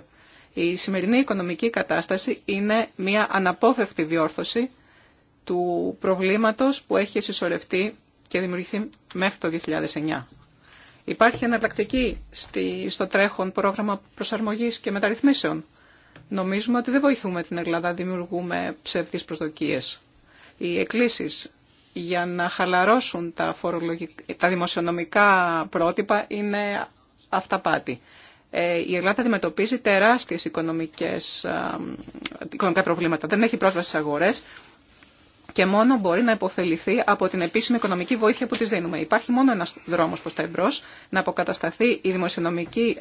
Η σημερινή οικονομική κατάσταση είναι μια αναπόφευκτη διόρθωση του προβλήματος που έχει συσσωρευτεί και δημιουργηθεί μέχρι το 2009. Υπάρχει εναλλακτική στο τρέχον πρόγραμμα προσαρμογής και μεταρρυθμίσεων. Νομίζουμε ότι δεν βοηθούμε την Ελλάδα, δημιουργούμε ψεύδεις προσδοκίες. Οι εκκλήσεις για να χαλαρώσουν τα, δημοσιονομικά πρότυπα είναι αυταπάτη. Ε, η Ελλάδα αντιμετωπίζει τεράστιες οικονομικά προβλήματα. Δεν έχει πρόσβαση στις αγορές και μόνο μπορεί να υποφεληθεί από την επίσημη οικονομική βοήθεια που τη δίνουμε. Υπάρχει μόνο ένα δρόμο προ τα εμπρό, να αποκατασταθεί η δημοσιονομική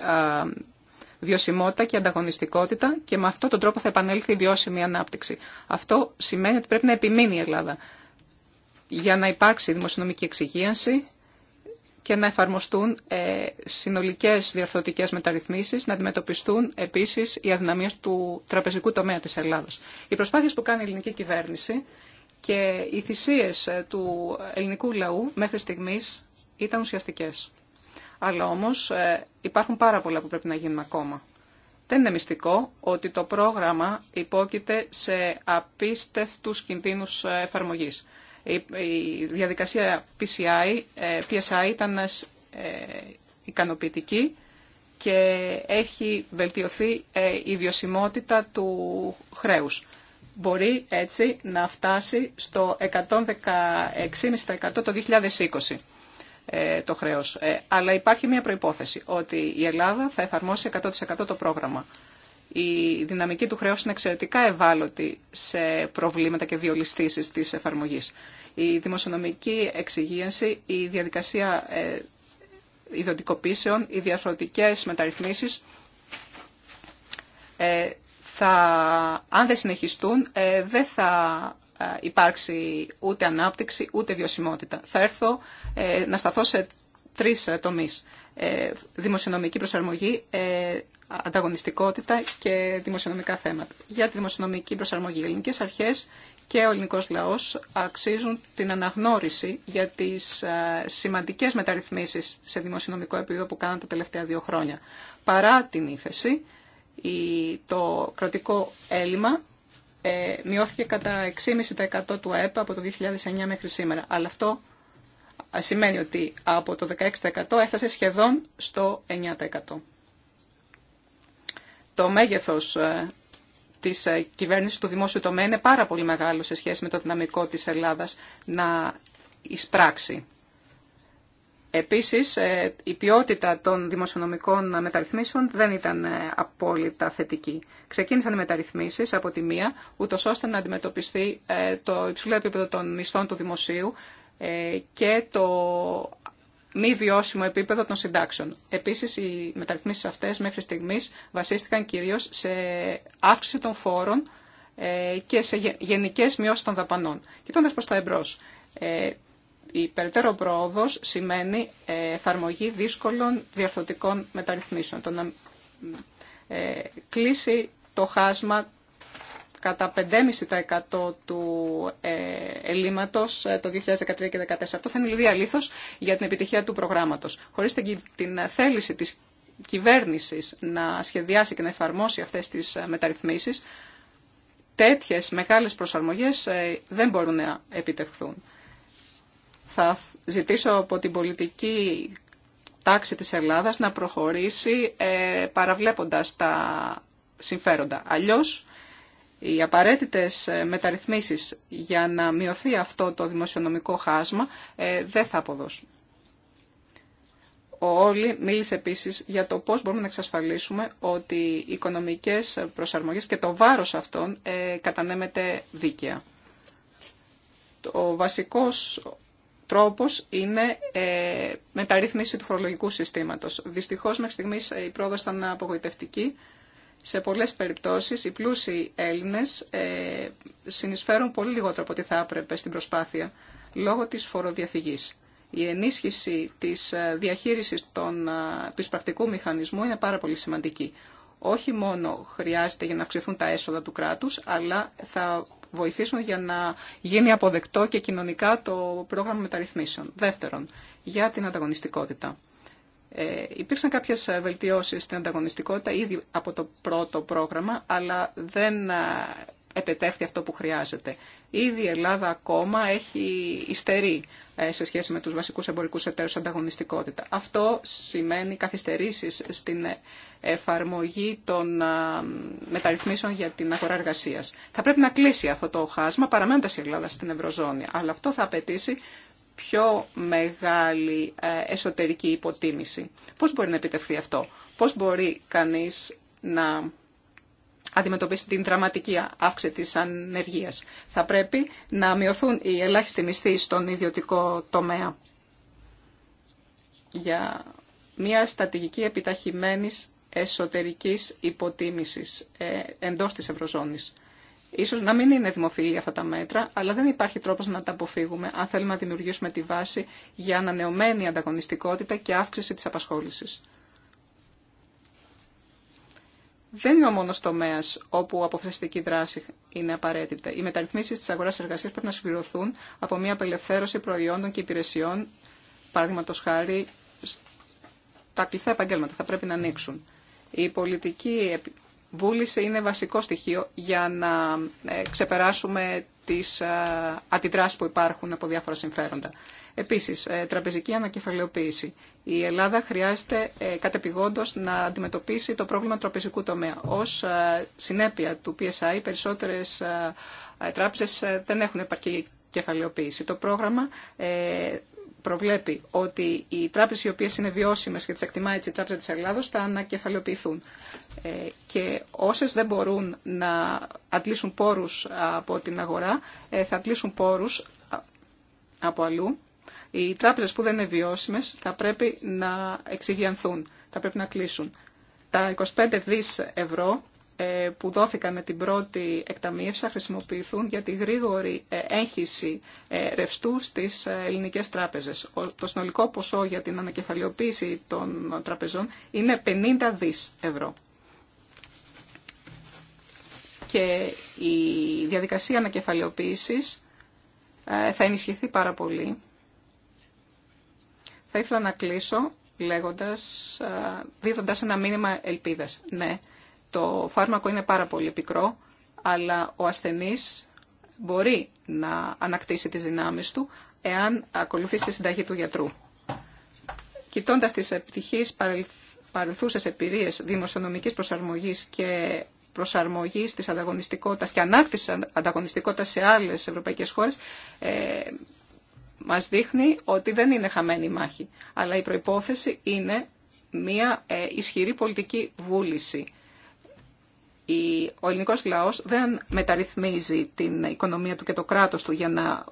βιωσιμότητα και ανταγωνιστικότητα και με αυτόν τον τρόπο θα επανέλθει η βιώσιμη ανάπτυξη. Αυτό σημαίνει ότι πρέπει να επιμείνει η Ελλάδα για να υπάρξει δημοσιονομική εξυγίανση και να εφαρμοστούν ε, συνολικές διορθωτικές μεταρρυθμίσεις, να αντιμετωπιστούν επίσης οι αδυναμίες του τραπεζικού τομέα της Ελλάδας. Οι προσπάθειες που κάνει η ελληνική κυβέρνηση και οι θυσίες ε, του ελληνικού λαού μέχρι στιγμής ήταν ουσιαστικές. Αλλά όμως ε, υπάρχουν πάρα πολλά που πρέπει να γίνουν ακόμα. Δεν είναι μυστικό ότι το πρόγραμμα υπόκειται σε απίστευτους κινδύνους ε, εφαρμογής. Η διαδικασία PCI, ε, PSI ήταν ε, ικανοποιητική και έχει βελτιωθεί ε, η βιωσιμότητα του χρέους. Μπορεί έτσι να φτάσει στο 116,5% το 2020 το χρέος. Αλλά υπάρχει μια προϋπόθεση ότι η Ελλάδα θα εφαρμόσει 100% το πρόγραμμα η δυναμική του χρέους είναι εξαιρετικά ευάλωτη σε προβλήματα και βιολιστήσεις της εφαρμογής. Η δημοσιονομική εξυγίανση, η διαδικασία ε, ιδιωτικοποίησεων, οι διαφορετικές μεταρρυθμίσεις, ε, θα, αν δεν συνεχιστούν, ε, δεν θα ε, υπάρξει ούτε ανάπτυξη, ούτε βιωσιμότητα. Θα έρθω να σταθώ σε τρεις τομείς. Ε, δημοσιονομική προσαρμογή, ε, ανταγωνιστικότητα και δημοσιονομικά θέματα. Για τη δημοσιονομική προσαρμογή, οι ελληνικές αρχές και ο ελληνικός λαός αξίζουν την αναγνώριση για τις ε, σημαντικές μεταρρυθμίσεις σε δημοσιονομικό επίπεδο που κάναν τα τελευταία δύο χρόνια. Παρά την ύφεση, το κρατικό έλλειμμα μειώθηκε κατά 6,5% του ΑΕΠ από το 2009 μέχρι σήμερα. Αλλά αυτό σημαίνει ότι από το 16% έφτασε σχεδόν στο 9%. Το μέγεθος ε, της ε, κυβέρνησης του δημόσιου τομέα είναι πάρα πολύ μεγάλο σε σχέση με το δυναμικό της Ελλάδας να εισπράξει. Επίσης, ε, η ποιότητα των δημοσιονομικών μεταρρυθμίσεων δεν ήταν απόλυτα θετική. Ξεκίνησαν οι μεταρρυθμίσεις από τη μία, ούτω ώστε να αντιμετωπιστεί το υψηλό επίπεδο των μισθών του δημοσίου, ε, και το μη βιώσιμο επίπεδο των συντάξεων. Επίσης, οι μεταρρυθμίσεις αυτές μέχρι στιγμής βασίστηκαν κυρίως σε αύξηση των φόρων ε, και σε γενικές μειώσεις των δαπανών. Κοιτώντας προς τα εμπρός, ε, η περαιτέρω πρόοδος σημαίνει εφαρμογή δύσκολων διαρθωτικών μεταρρυθμίσεων. Το να κλείσει το χάσμα κατά 5,5% του ε, ελλείμματος ε, το 2013 και 2014. Αυτό θα είναι διαλήθος δηλαδή για την επιτυχία του προγράμματος. Χωρίς την θέληση της κυβέρνησης να σχεδιάσει και να εφαρμόσει αυτές τις ε, μεταρρυθμίσεις, τέτοιες μεγάλες προσαρμογές ε, δεν μπορούν να επιτευχθούν. Θα ζητήσω από την πολιτική τάξη της Ελλάδας να προχωρήσει παραβλέποντας τα συμφέροντα. Αλλιώς οι απαραίτητες ε, μεταρρυθμίσεις για να μειωθεί αυτό το δημοσιονομικό χάσμα ε, δεν θα αποδώσουν. Ο Όλη μίλησε επίσης για το πώς μπορούμε να εξασφαλίσουμε ότι οι οικονομικές προσαρμογές και το βάρος αυτών ε, κατανέμεται δίκαια. Ο βασικός τρόπος είναι μεταρρύθμιση του φορολογικού συστήματος. Δυστυχώς μέχρι στιγμής η πρόοδος ήταν απογοητευτική σε πολλές περιπτώσεις οι πλούσιοι Έλληνες ε, συνεισφέρουν πολύ λιγότερο από ό,τι θα έπρεπε στην προσπάθεια λόγω της φοροδιαφυγής. Η ενίσχυση της ε, διαχείρισης των, ε, του εισπρακτικού μηχανισμού είναι πάρα πολύ σημαντική. Όχι μόνο χρειάζεται για να αυξηθούν τα έσοδα του κράτους, αλλά θα βοηθήσουν για να γίνει αποδεκτό και κοινωνικά το πρόγραμμα μεταρρυθμίσεων. Δεύτερον, για την ανταγωνιστικότητα. Ε, υπήρξαν κάποιες βελτιώσεις στην ανταγωνιστικότητα ήδη από το πρώτο πρόγραμμα, αλλά δεν ε, επετεύχθη αυτό που χρειάζεται. Ήδη η Ελλάδα ακόμα έχει ιστερεί ε, σε σχέση με τους βασικούς εμπορικούς εταίρους ανταγωνιστικότητα. Αυτό σημαίνει καθυστερήσεις στην εφαρμογή των ε, μεταρρυθμίσεων για την αγορά εργασίας. Θα πρέπει να κλείσει αυτό το χάσμα παραμένοντας η Ελλάδα στην Ευρωζώνη, αλλά αυτό θα απαιτήσει πιο μεγάλη ε, εσωτερική υποτίμηση. Πώς μπορεί να επιτευχθεί αυτό, πώς μπορεί κανείς να αντιμετωπίσει την δραματική αύξηση της ανεργίας. Θα πρέπει να μειωθούν οι ελάχιστοι μισθοί στον ιδιωτικό τομέα για μια στατηγική επιταχυμένης εσωτερικής υποτίμησης ε, εντός της Ευρωζώνης. Ίσως να μην είναι δημοφιλή αυτά τα μέτρα, αλλά δεν υπάρχει τρόπος να τα αποφύγουμε αν θέλουμε να δημιουργήσουμε τη βάση για ανανεωμένη ανταγωνιστικότητα και αύξηση της απασχόλησης. Δεν είναι ο μόνο τομέα όπου αποφασιστική δράση είναι απαραίτητη. Οι μεταρρυθμίσει τη αγορά-εργασία πρέπει να συμπληρωθούν από μια απελευθέρωση προϊόντων και υπηρεσιών, παραδείγματο χάρη τα κλειστά επαγγέλματα θα πρέπει να ανοίξουν. Η πολιτική βούληση είναι βασικό στοιχείο για να ε, ξεπεράσουμε τις ε, αντιδράσεις που υπάρχουν από διάφορα συμφέροντα. Επίσης, ε, τραπεζική ανακεφαλαιοποίηση. Η Ελλάδα χρειάζεται κατεπηγόντως να αντιμετωπίσει το πρόβλημα τραπεζικού τομέα. Ως συνέπεια του PSI, περισσότερες τράπεζες δεν έχουν επαρκή κεφαλαιοποίηση. Το πρόγραμμα προβλέπει ότι οι τράπεζες οι οποίες είναι βιώσιμες και τις εκτιμάει έτσι η Τράπεζα της Ελλάδο θα ανακεφαλαιοποιηθούν. Ε, και όσες δεν μπορούν να αντλήσουν πόρους από την αγορά ε, θα αντλήσουν πόρους από αλλού. Οι τράπεζε που δεν είναι βιώσιμε θα πρέπει να εξηγιανθούν, θα πρέπει να κλείσουν. Τα 25 δις ευρώ ε, που δόθηκαν με την πρώτη εκταμείευση θα χρησιμοποιηθούν για τη γρήγορη ε, έγχυση ε, ρευστού στις ελληνικές τράπεζες. Το συνολικό ποσό για την ανακεφαλαιοποίηση των τραπεζών είναι 50 δις ευρώ. Και η διαδικασία ανακεφαλαιοποίησης θα ενισχυθεί πάρα πολύ. Θα ήθελα να κλείσω λέγοντας, δίδοντας ένα μήνυμα ελπίδας. Ναι, το φάρμακο είναι πάρα πολύ πικρό, αλλά ο ασθενής μπορεί να ανακτήσει τις δυνάμεις του εάν ακολουθεί τη συνταγή του γιατρού. Κοιτώντας τις επιτυχείς παρελθούσες εμπειρίες δημοσιονομικής προσαρμογής και προσαρμογή τη ανταγωνιστικότητα και ανάκτηση ανταγωνιστικότητα σε άλλε ευρωπαϊκέ χώρε, ε, μα δείχνει ότι δεν είναι χαμένη η μάχη. Αλλά η προπόθεση είναι μια ε, ισχυρή πολιτική βούληση ο ελληνικός λαός δεν μεταρρυθμίζει την οικονομία του και το κράτος του για να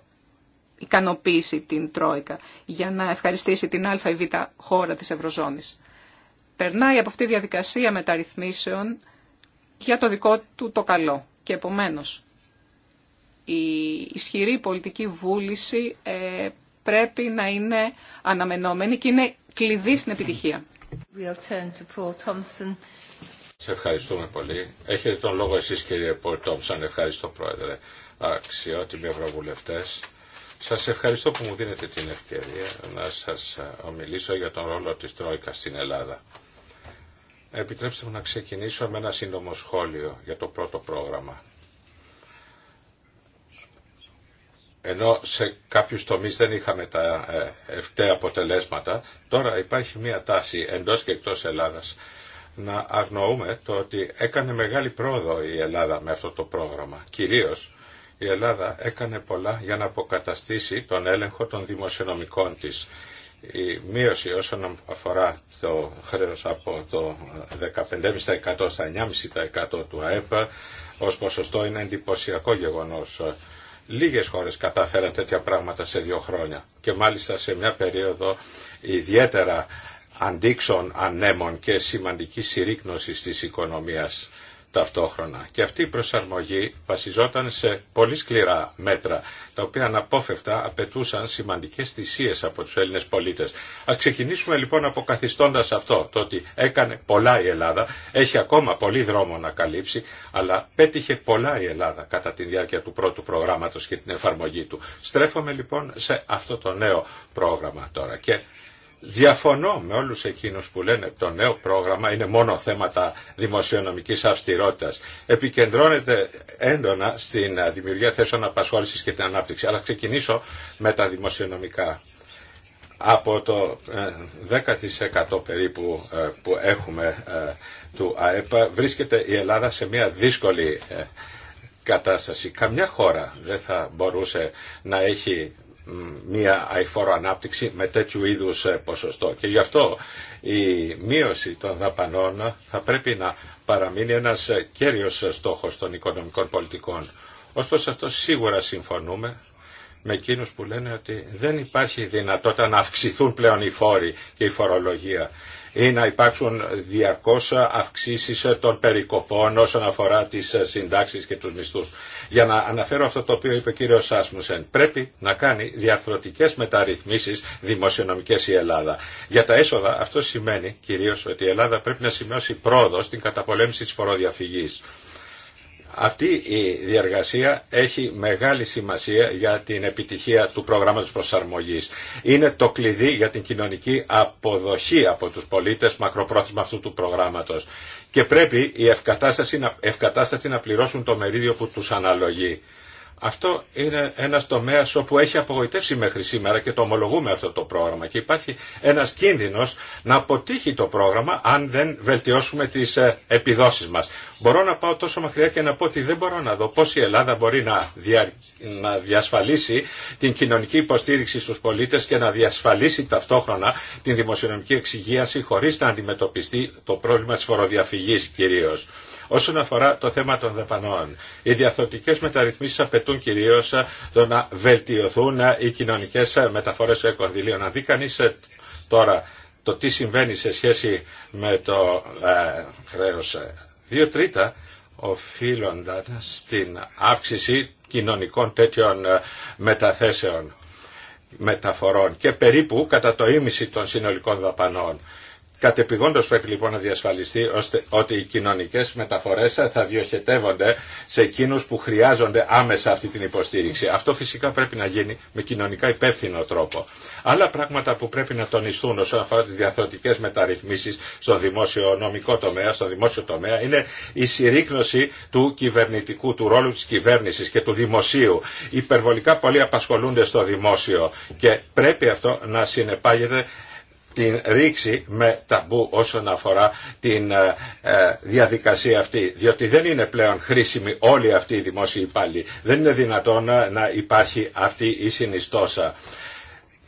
ικανοποιήσει την Τρόικα, για να ευχαριστήσει την α ή χώρα της Ευρωζώνης. Περνάει από αυτή τη διαδικασία μεταρρυθμίσεων για το δικό του το καλό. Και επομένως, η ισχυρή πολιτική βούληση ε, πρέπει να είναι αναμενόμενη και είναι κλειδί στην επιτυχία. Σε ευχαριστούμε πολύ. Έχετε τον λόγο εσείς κύριε Πορτόμψαν. Ευχαριστώ πρόεδρε. Αξιότιμοι ευρωβουλευτές. Σας ευχαριστώ που μου δίνετε την ευκαιρία να σας ε, ομιλήσω για τον ρόλο της Τρόικας στην Ελλάδα. Επιτρέψτε μου να ξεκινήσω με ένα σύντομο σχόλιο για το πρώτο πρόγραμμα. Ενώ σε κάποιους τομείς δεν είχαμε τα ε, ευταία αποτελέσματα, τώρα υπάρχει μία τάση εντός και εκτός Ελλάδας να αγνοούμε το ότι έκανε μεγάλη πρόοδο η Ελλάδα με αυτό το πρόγραμμα. Κυρίως η Ελλάδα έκανε πολλά για να αποκαταστήσει τον έλεγχο των δημοσιονομικών της. Η μείωση όσον αφορά το χρέος από το 15,5% στα 9,5% του ΑΕΠ ως ποσοστό είναι εντυπωσιακό γεγονός. Λίγες χώρες κατάφεραν τέτοια πράγματα σε δύο χρόνια και μάλιστα σε μια περίοδο ιδιαίτερα αντίξων ανέμων και σημαντική συρρήκνωση της οικονομίας ταυτόχρονα. Και αυτή η προσαρμογή βασιζόταν σε πολύ σκληρά μέτρα, τα οποία αναπόφευκτα απαιτούσαν σημαντικές θυσίε από τους Έλληνες πολίτες. Ας ξεκινήσουμε λοιπόν αποκαθιστώντας αυτό, το ότι έκανε πολλά η Ελλάδα, έχει ακόμα πολύ δρόμο να καλύψει, αλλά πέτυχε πολλά η Ελλάδα κατά τη διάρκεια του πρώτου προγράμματος και την εφαρμογή του. Στρέφομαι λοιπόν σε αυτό το νέο πρόγραμμα τώρα και Διαφωνώ με όλους εκείνους που λένε το νέο πρόγραμμα είναι μόνο θέματα δημοσιονομικής αυστηρότητας. Επικεντρώνεται έντονα στην ε, δημιουργία θέσεων απασχόλησης και την ανάπτυξη. Αλλά ξεκινήσω με τα δημοσιονομικά. Από το 10% ε, περίπου ε, που έχουμε του ΑΕΠ βρίσκεται η Ελλάδα σε μια δύσκολη κατάσταση. Καμιά χώρα δεν θα μπορούσε να έχει μια αηφόρο ανάπτυξη με τέτοιου είδους ε, ποσοστό. Και γι' αυτό η μείωση των δαπανών θα πρέπει να παραμείνει ένας ε, κέριος στόχος των οικονομικών πολιτικών. Ωστόσο αυτό σίγουρα συμφωνούμε με εκείνους που λένε ότι δεν υπάρχει δυνατότητα να αυξηθούν πλέον οι φόροι και η φορολογία ή να υπάρξουν 200 αυξήσεις των περικοπών όσον αφορά τις συντάξεις και τους μισθούς. Για να αναφέρω αυτό το οποίο είπε ο κύριος Σάσμουσεν, πρέπει να κάνει διαρθρωτικές μεταρρυθμίσεις δημοσιονομικές η Ελλάδα. Για τα έσοδα αυτό σημαίνει κυρίως ότι η Ελλάδα πρέπει να σημειώσει πρόοδο στην καταπολέμηση της φοροδιαφυγής. Αυτή η διεργασία έχει μεγάλη σημασία για την επιτυχία του προγράμματος προσαρμογής. Είναι το κλειδί για την κοινωνική αποδοχή από τους πολίτες μακροπρόθεσμα αυτού του προγράμματος. Και πρέπει οι ευκατάστατοι να, να πληρώσουν το μερίδιο που τους αναλογεί. Αυτό είναι ένας τομέας όπου έχει απογοητεύσει μέχρι σήμερα και το ομολογούμε αυτό το πρόγραμμα και υπάρχει ένας κίνδυνος να αποτύχει το πρόγραμμα αν δεν βελτιώσουμε τις ε, επιδόσεις μας. Μπορώ να πάω τόσο μακριά και να πω ότι δεν μπορώ να δω πώς η Ελλάδα μπορεί να, δια... διασφαλίσει την κοινωνική υποστήριξη στους πολίτες και να διασφαλίσει ταυτόχρονα την δημοσιονομική εξυγίαση χωρίς να αντιμετωπιστεί το πρόβλημα της φοροδιαφυγής κυρίως. Όσον αφορά το θέμα των δαπανών, οι διαθωτικέ μεταρρυθμίσεις απαιτούν κυρίως ε, το να βελτιωθούν ε, οι κοινωνικές ε, μεταφορές του κονδυλίων. Να δει κανεί τώρα το τι συμβαίνει σε σχέση με το ε, χρέος, δύο τρίτα οφείλονταν στην αύξηση κοινωνικών τέτοιων μεταθέσεων μεταφορών και περίπου κατά το ίμιση των συνολικών δαπανών. Κατεπηγόντως πρέπει λοιπόν να διασφαλιστεί ώστε ότι οι κοινωνικές μεταφορές θα διοχετεύονται σε εκείνους που χρειάζονται άμεσα αυτή την υποστήριξη. Αυτό φυσικά πρέπει να γίνει με κοινωνικά υπεύθυνο τρόπο. Άλλα πράγματα που πρέπει να τονιστούν όσον αφορά τις διαθροτικές μεταρρυθμίσεις στο δημόσιο νομικό τομέα, στο δημόσιο τομέα, είναι η συρρήκνωση του κυβερνητικού, του ρόλου της κυβέρνησης και του δημοσίου. Υπερβολικά πολλοί απασχολούνται στο δημόσιο και πρέπει αυτό να συνεπάγεται την ρήξη με ταμπού όσον αφορά την ε, ε, διαδικασία αυτή. Διότι δεν είναι πλέον χρήσιμη όλη αυτή η δημόσια υπάλληλοι. Δεν είναι δυνατόν ε, να υπάρχει αυτή η συνιστόσα.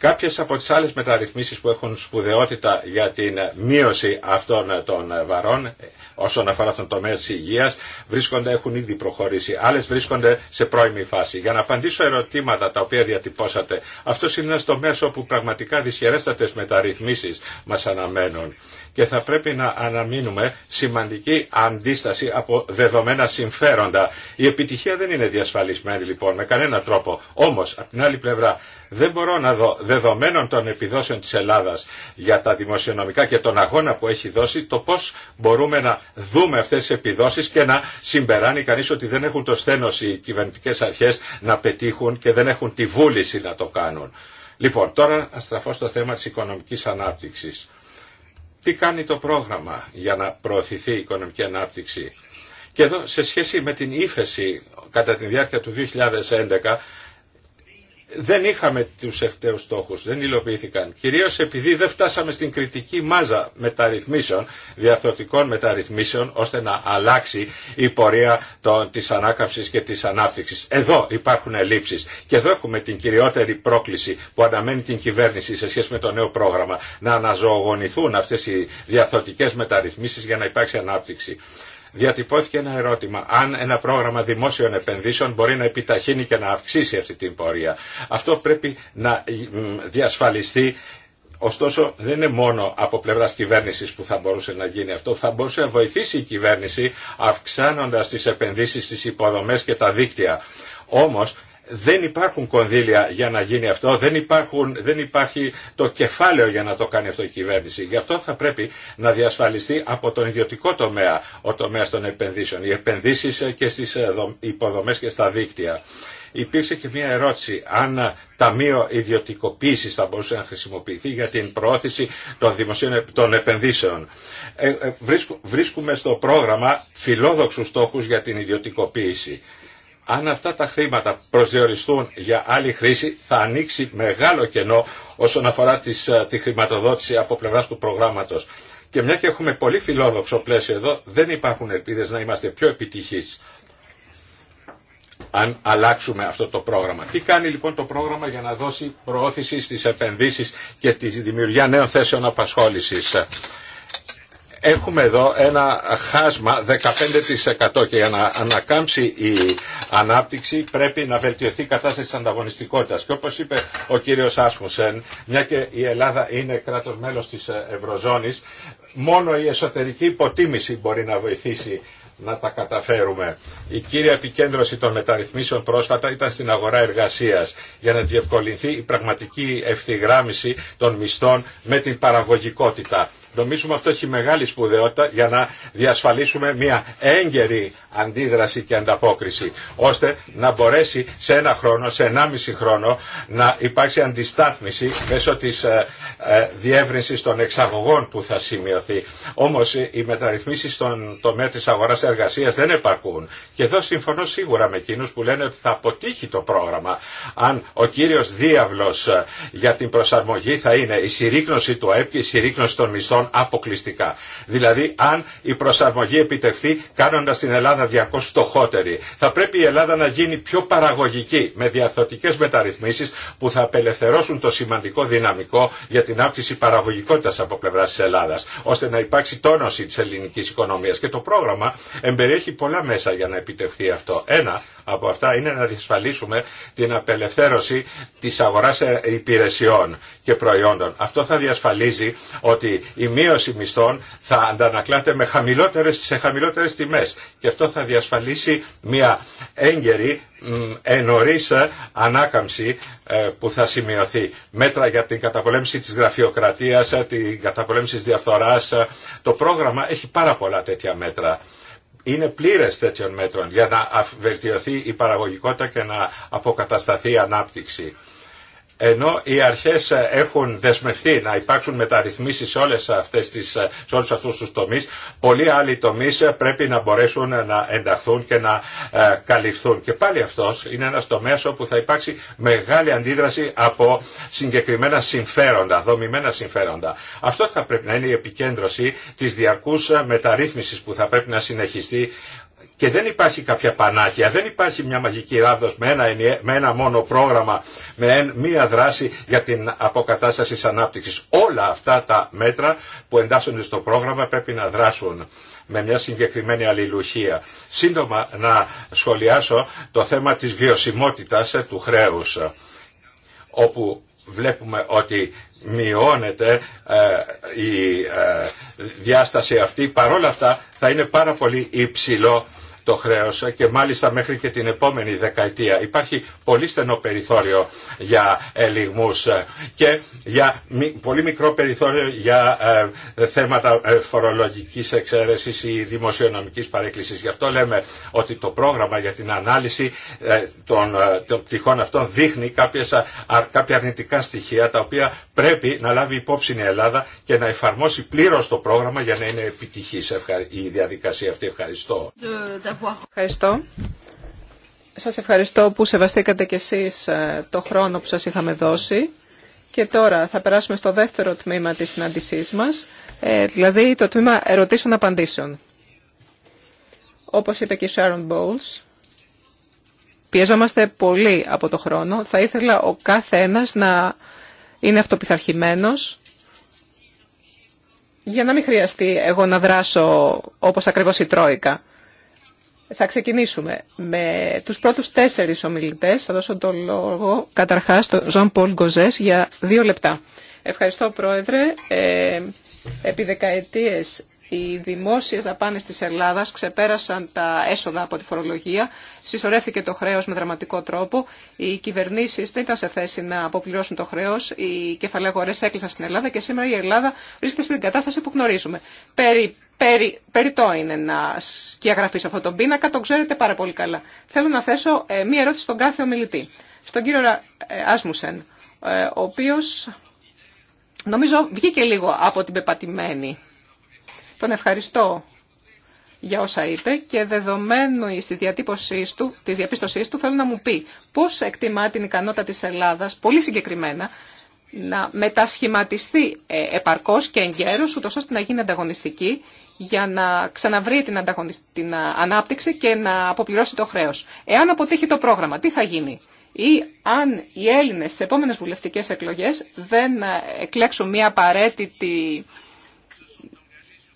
Κάποιες από τις άλλες μεταρρυθμίσεις που έχουν σπουδαιότητα για την μείωση αυτών των βαρών όσον αφορά τον τομέα της υγείας βρίσκονται, έχουν ήδη προχωρήσει. Άλλες βρίσκονται σε πρώιμη φάση. Για να απαντήσω ερωτήματα τα οποία διατυπώσατε, αυτό είναι ένας τομέας όπου πραγματικά δυσχερέστατες μεταρρυθμίσεις μας αναμένουν και θα πρέπει να αναμείνουμε σημαντική αντίσταση από δεδομένα συμφέροντα. Η επιτυχία δεν είναι διασφαλισμένη λοιπόν με κανένα τρόπο. Όμως, από την άλλη πλευρά, δεν μπορώ να δω δεδομένων των επιδόσεων της Ελλάδας για τα δημοσιονομικά και τον αγώνα που έχει δώσει το πώς μπορούμε να δούμε αυτές τις επιδόσεις και να συμπεράνει κανείς ότι δεν έχουν το σθένος οι κυβερνητικές αρχές να πετύχουν και δεν έχουν τη βούληση να το κάνουν. Λοιπόν, τώρα αστραφώ στο θέμα της οικονομικής ανάπτυξης. Τι κάνει το πρόγραμμα για να προωθηθεί η οικονομική ανάπτυξη. Και εδώ σε σχέση με την ύφεση κατά τη διάρκεια του 2011 δεν είχαμε τους ευταίους στόχους, δεν υλοποιήθηκαν. Κυρίως επειδή δεν φτάσαμε στην κριτική μάζα μεταρρυθμίσεων, διαθωτικών μεταρρυθμίσεων, ώστε να αλλάξει η πορεία των, της ανάκαμψης και της ανάπτυξης. Εδώ υπάρχουν ελλείψεις και εδώ έχουμε την κυριότερη πρόκληση που αναμένει την κυβέρνηση σε σχέση με το νέο πρόγραμμα, να αναζωογονηθούν αυτές οι διαθωτικές μεταρρυθμίσεις για να υπάρξει ανάπτυξη διατυπώθηκε ένα ερώτημα. Αν ένα πρόγραμμα δημόσιων επενδύσεων μπορεί να επιταχύνει και να αυξήσει αυτή την πορεία. Αυτό πρέπει να ε, διασφαλιστεί Ωστόσο, δεν είναι μόνο από πλευράς κυβέρνησης που θα μπορούσε να γίνει αυτό. Θα μπορούσε να βοηθήσει η κυβέρνηση αυξάνοντας τις επενδύσεις, τις υποδομές και τα δίκτυα. Όμως δεν υπάρχουν κονδύλια για να γίνει αυτό, δεν, υπάρχουν, δεν υπάρχει το κεφάλαιο για να το κάνει αυτό η κυβέρνηση. Γι' αυτό θα πρέπει να διασφαλιστεί από τον ιδιωτικό τομέα ο τομέα των επενδύσεων, οι επενδύσει ε, και στι ε, υποδομέ και στα δίκτυα. Υπήρξε και μια ερώτηση αν ε, ταμείο ιδιωτικοποίηση θα μπορούσε να χρησιμοποιηθεί για την προώθηση των, δημοσίων, των επενδύσεων. βρίσκουμε στο πρόγραμμα φιλόδοξους στόχους για την ιδιωτικοποίηση αν αυτά τα χρήματα προσδιοριστούν για άλλη χρήση θα ανοίξει μεγάλο κενό όσον αφορά ε, τη χρηματοδότηση από πλευράς του προγράμματος. Και μια και έχουμε πολύ φιλόδοξο πλαίσιο εδώ, δεν υπάρχουν ελπίδες να είμαστε πιο επιτυχείς αν αλλάξουμε αυτό το πρόγραμμα. Τι κάνει λοιπόν το πρόγραμμα για να δώσει προώθηση στις επενδύσεις και τη δημιουργία νέων θέσεων απασχόλησης έχουμε εδώ ένα χάσμα 15% και για να ανακάμψει η ανάπτυξη πρέπει να βελτιωθεί η κατάσταση της ανταγωνιστικότητας. Και όπως είπε ο κύριος Άσμουσεν, μια και η Ελλάδα είναι κράτος μέλος της Ευρωζώνης, μόνο η εσωτερική υποτίμηση μπορεί να βοηθήσει να τα καταφέρουμε. Η κύρια επικέντρωση των μεταρρυθμίσεων πρόσφατα ήταν στην αγορά εργασία για να διευκολυνθεί η πραγματική ευθυγράμμιση των μισθών με την παραγωγικότητα. Νομίζουμε αυτό έχει μεγάλη σπουδαιότητα για να διασφαλίσουμε μια έγκαιρη αντίδραση και ανταπόκριση, ώστε να μπορέσει σε ένα χρόνο, σε 1,5 χρόνο να υπάρξει αντιστάθμιση μέσω της ε, ε, διεύρυνσης των εξαγωγών που θα σημειωθεί. Όμως ε, οι μεταρρυθμίσεις στον τομέα της αγοράς εργασίας δεν επαρκούν. Και εδώ συμφωνώ σίγουρα με εκείνους που λένε ότι θα αποτύχει το πρόγραμμα αν ο κύριος διάβλος ε, για την προσαρμογή θα είναι η συρρήκνωση του ΑΕΠ και η συρρήκνωση των μισθών αποκλειστικά. Δηλαδή αν η προσαρμογή επιτευχθεί κάνοντας την Ελλάδα 200 Θα πρέπει η Ελλάδα να γίνει πιο παραγωγική με διαρθωτικές μεταρρυθμίσεις που θα απελευθερώσουν το σημαντικό δυναμικό για την αύξηση παραγωγικότητας από πλευρά της Ελλάδας ώστε να υπάρξει τόνωση της ελληνικής οικονομίας και το πρόγραμμα εμπεριέχει πολλά μέσα για να επιτευχθεί αυτό. Ένα από αυτά είναι να διασφαλίσουμε την απελευθέρωση της αγοράς ε, υπηρεσιών και προϊόντων. Αυτό θα διασφαλίζει ότι η μείωση μισθών θα αντανακλάται με χαμηλότερες, σε χαμηλότερες τιμές και αυτό θα διασφαλίσει μια έγκαιρη ενωρίς ε, ανάκαμψη ε, που θα σημειωθεί. Μέτρα για την καταπολέμηση της γραφειοκρατίας, ε, την καταπολέμηση της διαφθοράς. Το πρόγραμμα έχει πάρα πολλά τέτοια μέτρα είναι πλήρες τέτοιων μέτρων για να βελτιωθεί η παραγωγικότητα και να αποκατασταθεί η ανάπτυξη ενώ οι αρχές ε, έχουν δεσμευτεί να υπάρξουν μεταρρυθμίσεις σε, όλες αυτές τις, ε, σε όλους αυτούς τους τομείς, πολλοί άλλοι τομείς ε, πρέπει να μπορέσουν να ενταχθούν και να καλυφθούν. Και πάλι αυτός είναι ένας τομέας όπου θα υπάρξει μεγάλη αντίδραση από συγκεκριμένα συμφέροντα, δομημένα συμφέροντα. Αυτό θα πρέπει να είναι η επικέντρωση της διαρκούς μεταρρύθμισης που θα πρέπει να συνεχιστεί και δεν υπάρχει κάποια πανάκια, δεν υπάρχει μια μαγική ράβδος με ένα, με ένα μόνο πρόγραμμα, με μία δράση για την αποκατάσταση της ανάπτυξης. Όλα αυτά τα μέτρα που εντάσσονται στο πρόγραμμα πρέπει να δράσουν με μια συγκεκριμένη αλληλουχία. Σύντομα να σχολιάσω το θέμα της βιωσιμότητας του χρέους, όπου βλέπουμε ότι μειώνεται ε, η ε, διάσταση αυτή, παρόλα αυτά θα είναι πάρα πολύ υψηλό το χρέος και μάλιστα μέχρι και την επόμενη δεκαετία. Υπάρχει πολύ στενό περιθώριο για ελιγμούς ε, και για πολύ μικρό περιθώριο για ε, θέματα ε, φορολογικής εξαίρεσης ή δημοσιονομικής παρέκκλησης. Γι' αυτό λέμε ότι το πρόγραμμα για την ανάλυση των, πτυχών αυτών δείχνει κάποιες, κάποια αρνητικά στοιχεία τα οποία πρέπει να λάβει υπόψη η Ελλάδα και να εφαρμόσει πλήρως το πρόγραμμα για να είναι επιτυχής η διαδικασία αυτή. Ευχαριστώ. Ευχαριστώ. Σας ευχαριστώ που σεβαστήκατε κι εσείς ε, το χρόνο που σας είχαμε δώσει. Και τώρα θα περάσουμε στο δεύτερο τμήμα της συνάντησής μας, ε, δηλαδή το τμήμα ερωτήσεων-απαντήσεων. Όπως είπε και η Sharon Bowles, πιεζόμαστε πολύ από το χρόνο. Θα ήθελα ο κάθε ένας να είναι αυτοπιθαρχημένος για να μην χρειαστεί εγώ να δράσω όπως ακριβώς η Τρόικα. Θα ξεκινήσουμε με τους πρώτους τέσσερις ομιλητές. Θα δώσω το λόγο καταρχάς στον Ζων Πολ Γκοζές για δύο λεπτά. Ευχαριστώ Πρόεδρε. Ε, επί δεκαετίες οι δημόσιες δαπάνες της Ελλάδας ξεπέρασαν τα έσοδα από τη φορολογία, συσσωρεύθηκε το χρέος με δραματικό τρόπο, οι κυβερνήσεις δεν ήταν σε θέση να αποπληρώσουν το χρέος, οι κεφαλαίες έκλεισαν στην Ελλάδα και σήμερα η Ελλάδα βρίσκεται στην κατάσταση που γνωρίζουμε. Περί, περί, περιτό είναι να σκιαγραφεί σε αυτόν τον πίνακα, το ξέρετε πάρα πολύ καλά. Θέλω να θέσω ε, μία ερώτηση στον κάθε ομιλητή. Στον κύριο ε, Άσμουσεν, ε, ο οποίος νομίζω βγήκε λίγο από την πεπατημένη τον ευχαριστώ για όσα είπε και δεδομένου της διατύπωσής του, της διαπίστωσής του, θέλω να μου πει πώς εκτιμά την ικανότητα της Ελλάδας, πολύ συγκεκριμένα, να μετασχηματιστεί ε, επαρκώς και εγκαίρως, ούτως ώστε να γίνει ανταγωνιστική, για να ξαναβρει την, την ανάπτυξη και να αποπληρώσει το χρέος. Εάν αποτύχει το πρόγραμμα, τι θα γίνει ή αν οι Έλληνες στις επόμενες βουλευτικές εκλογές δεν ε, εκλέξουν μια απαραίτητη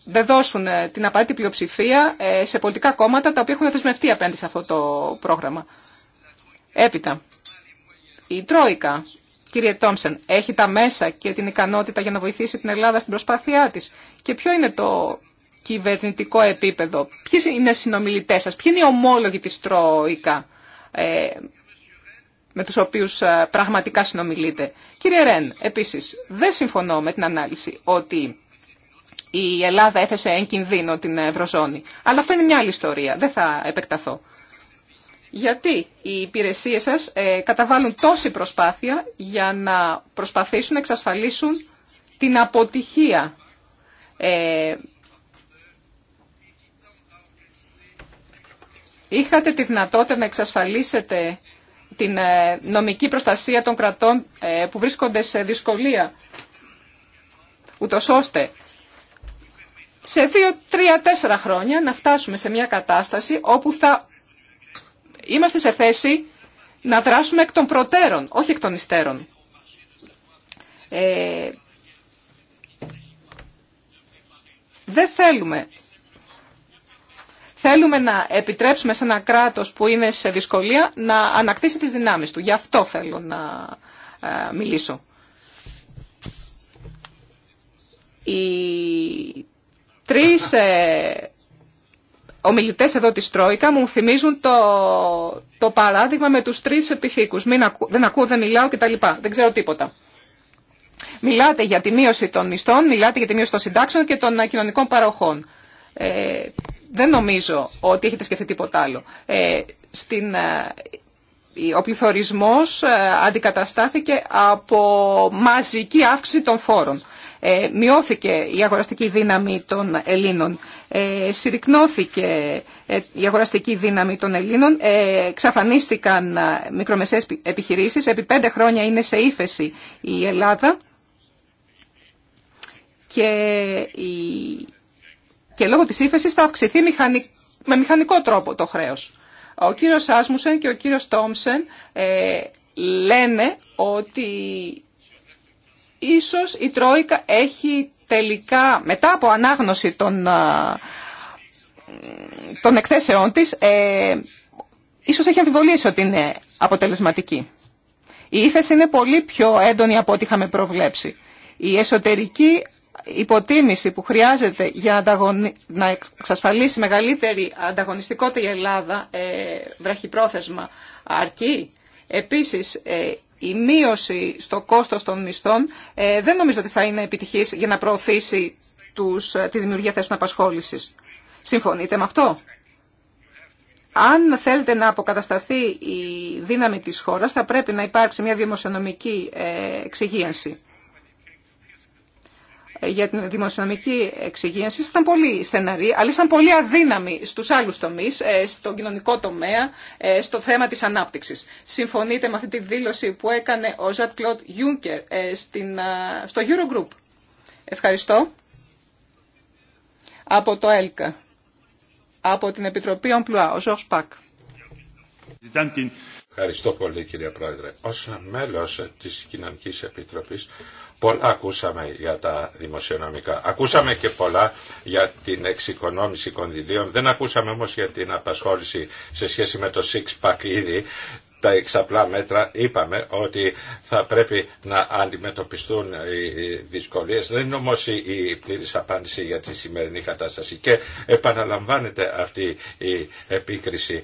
δεν δώσουν ε, την απαραίτητη πλειοψηφία ε, σε πολιτικά κόμματα τα οποία έχουν δεσμευτεί απέναντι σε αυτό το πρόγραμμα. Έπειτα, η Τρόικα, κύριε Τόμσεν, έχει τα μέσα και την ικανότητα για να βοηθήσει την Ελλάδα στην προσπάθειά της. Και ποιο είναι το κυβερνητικό επίπεδο, ποιοι είναι οι συνομιλητές σας, ποιοι είναι οι ομόλογοι της Τρόικα ε, με τους οποίους πραγματικά συνομιλείτε. Κύριε Ρεν, επίσης, δεν συμφωνώ με την ανάλυση ότι η Ελλάδα έθεσε εν κινδύνο την Ευρωζώνη. Αλλά αυτό είναι μια άλλη ιστορία. Δεν θα επεκταθώ. Γιατί οι υπηρεσίες σας ε, καταβάλουν τόση προσπάθεια για να προσπαθήσουν να εξασφαλίσουν την αποτυχία ε, Είχατε τη δυνατότητα να εξασφαλίσετε την ε, νομική προστασία των κρατών που βρίσκονται σε δυσκολία, ούτω ώστε σε δύο, τρία, τέσσερα χρονια να φτάσουμε σε μια κατάσταση όπου θα είμαστε σε θέση να δράσουμε εκ των προτέρων, όχι εκ των υστέρων. Ε, δεν θέλουμε. Θέλουμε να επιτρέψουμε σε ένα κράτος που είναι σε δυσκολία να ανακτήσει τις δυνάμεις του. Γι' αυτό θέλω να ε, μιλήσω. Η τρεις ε, ομιλητές εδώ της Τρόικα μου θυμίζουν το, το παράδειγμα με τους τρεις επιθήκους. Μην δεν ακούω, δεν μιλάω κτλ. Δεν ξέρω τίποτα. Μιλάτε για τη μείωση των μισθών, μιλάτε για τη μείωση των συντάξεων και των κοινωνικών παροχών. Ε, δεν νομίζω ότι έχετε σκεφτεί τίποτα άλλο. Ε, στην, ε, ο πληθωρισμός ε, αντικαταστάθηκε από μαζική αύξηση των φόρων. Ε, μειώθηκε η αγοραστική δύναμη των Ελλήνων, ε, συρρυκνώθηκε ε, η αγοραστική δύναμη των Ελλήνων, εξαφανίστηκαν μικρομεσαίες επιχειρήσεις, επί πέντε χρόνια είναι σε ύφεση η Ελλάδα και, και λόγω της ύφεσης θα αυξηθεί με μηχανικό τρόπο το χρέος. Ο κύριος Άσμουσεν και ο κύριος Τόμσεν λένε ότι ίσως η Τρόικα έχει τελικά, μετά από ανάγνωση των, ε, των εκθέσεών της, ε, ίσως έχει αμφιβολήσει ότι είναι αποτελεσματική. Η ύφεση είναι πολύ πιο έντονη από ό,τι είχαμε προβλέψει. Η εσωτερική υποτίμηση που χρειάζεται για να εξασφαλίσει μεγαλύτερη ανταγωνιστικότητα η Ελλάδα ε, βραχυπρόθεσμα αρκεί. Επίσης, ε, η μείωση στο κόστος των μισθών ε, δεν νομίζω ότι θα είναι επιτυχής για να προωθήσει τους, ε, τη δημιουργία θέσεων απασχόλησης. Συμφωνείτε με αυτό? Αν θέλετε να αποκατασταθεί η δύναμη της χώρας, θα πρέπει να υπάρξει μια δημοσιονομική ε, εξυγίανση για την δημοσιονομική εξυγίαση ήταν πολύ στεναρή, αλλά ήταν πολύ αδύναμη στους άλλους τομείς, ε, στον κοινωνικό τομέα, ε, στο θέμα της ανάπτυξης. Συμφωνείτε με αυτή τη δήλωση που έκανε ο Ζατ Κλοντ Γιούνκερ στο Eurogroup. Ευχαριστώ. Από το ΕΛΚΑ. Από την Επιτροπή Ομπλουά, ο Ζορς Πακ. Ευχαριστώ πολύ κύριε Πρόεδρε. Ως μέλος της Κοινωνικής Επιτροπής Πολλά ακούσαμε για τα δημοσιονομικά. Ακούσαμε και πολλά για την εξοικονόμηση κονδυλίων. Δεν ακούσαμε όμως για την απασχόληση σε σχέση με το six-pack ήδη τα εξαπλά μέτρα είπαμε ότι θα πρέπει να αντιμετωπιστούν οι δυσκολίες. Δεν είναι όμως η πλήρης απάντηση για τη σημερινή κατάσταση και επαναλαμβάνεται αυτή η επίκριση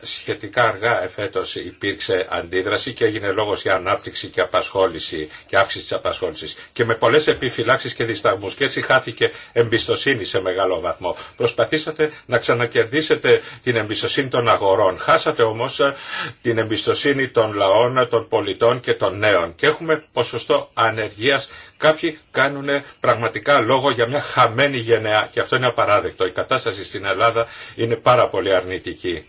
σχετικά αργά εφέτος υπήρξε αντίδραση και έγινε λόγος για ανάπτυξη και απασχόληση και αύξηση της απασχόλησης και με πολλές επιφυλάξεις και δισταγμούς και έτσι χάθηκε εμπιστοσύνη σε μεγάλο βαθμό. Προσπαθήσατε να ξανακερδίσετε την εμπιστοσύνη των αγορών. Χάσατε όμως ε, την εμπιστοσύνη των λαών, των πολιτών και των νέων και έχουμε ποσοστό ανεργίας Κάποιοι κάνουν πραγματικά λόγο για μια χαμένη γενεά και αυτό είναι απαράδεκτο. Η κατάσταση στην Ελλάδα είναι πάρα πολύ αρνητική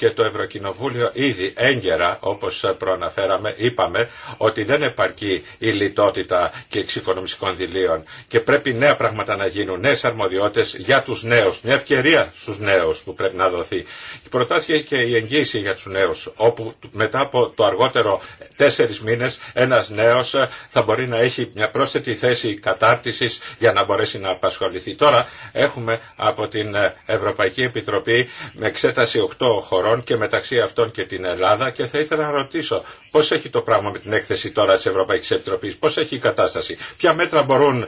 και το Ευρωκοινοβούλιο ήδη έγκαιρα, όπως προαναφέραμε, είπαμε ότι δεν επαρκεί η λιτότητα και η εξοικονομήση κονδυλίων και πρέπει νέα πράγματα να γίνουν, νέες αρμοδιότητες για τους νέους, μια ευκαιρία στους νέους που πρέπει να δοθεί. Προτάθηκε και η εγγύηση για τους νέους, όπου μετά από το αργότερο τέσσερις μήνες ένας νέος θα μπορεί να έχει μια πρόσθετη θέση κατάρτισης για να μπορέσει να απασχοληθεί. Τώρα έχουμε από την Ευρωπαϊκή Επιτροπή με εξέταση 8 χωρών χωρών και μεταξύ αυτών και την Ελλάδα και θα ήθελα να ρωτήσω Πώς έχει το πράγμα με την έκθεση τώρα της Ευρωπαϊκής Επιτροπής, πώς έχει η κατάσταση, ποια μέτρα μπορούν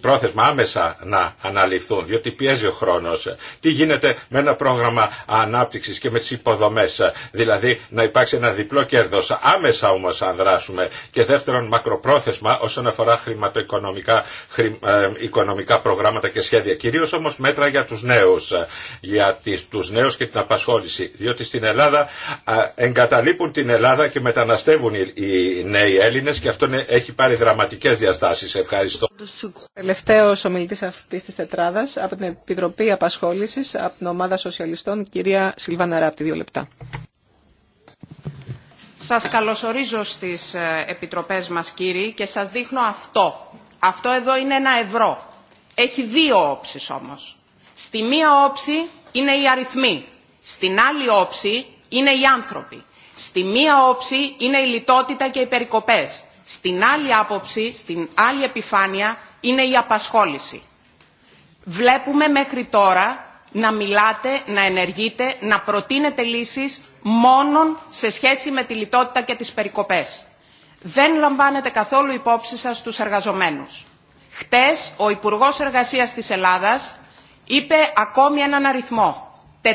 πρόθεσμα άμεσα να αναλυθούν, διότι πιέζει ο χρόνος. Τι γίνεται με ένα πρόγραμμα ανάπτυξης και με τις υποδομές, δηλαδή να υπάρξει ένα διπλό κέρδος, άμεσα όμως αν δράσουμε και δεύτερον μακροπρόθεσμα όσον αφορά χρηματοοικονομικά ε, οικονομικά προγράμματα και σχέδια, κυρίως όμως μέτρα για τους νέους, για τις, τους και την απασχόληση, διότι στην Ελλάδα ε, εγκαταλείπουν την Ελλάδα μεταναστεύουν οι νέοι Έλληνες και αυτό έχει πάρει δραματικές διαστάσεις. Ευχαριστώ. Τελευταίο ομιλητή αυτής της τετράδας από την Επιτροπή Απασχόλησης από την Ομάδα Σοσιαλιστών, κυρία Σιλβάνα Ράπτη, δύο λεπτά. Σας καλωσορίζω στις ε, επιτροπές μας κύριοι και σας δείχνω αυτό. Αυτό εδώ είναι ένα ευρώ. Έχει δύο όψεις όμως. Στη μία όψη είναι οι αριθμοί. Στην άλλη όψη είναι οι άνθρωποι. Στη μία όψη είναι η λιτότητα και οι περικοπές. Στην άλλη άποψη, στην άλλη επιφάνεια, είναι η απασχόληση. Βλέπουμε μέχρι τώρα να μιλάτε, να ενεργείτε, να προτείνετε λύσεις μόνον σε σχέση με τη λιτότητα και τις περικοπές. Δεν λαμβάνετε καθόλου υπόψη σας τους εργαζομένους. Χτες ο Υπουργός Εργασίας της Ελλάδας είπε ακόμη έναν αριθμό. 400.000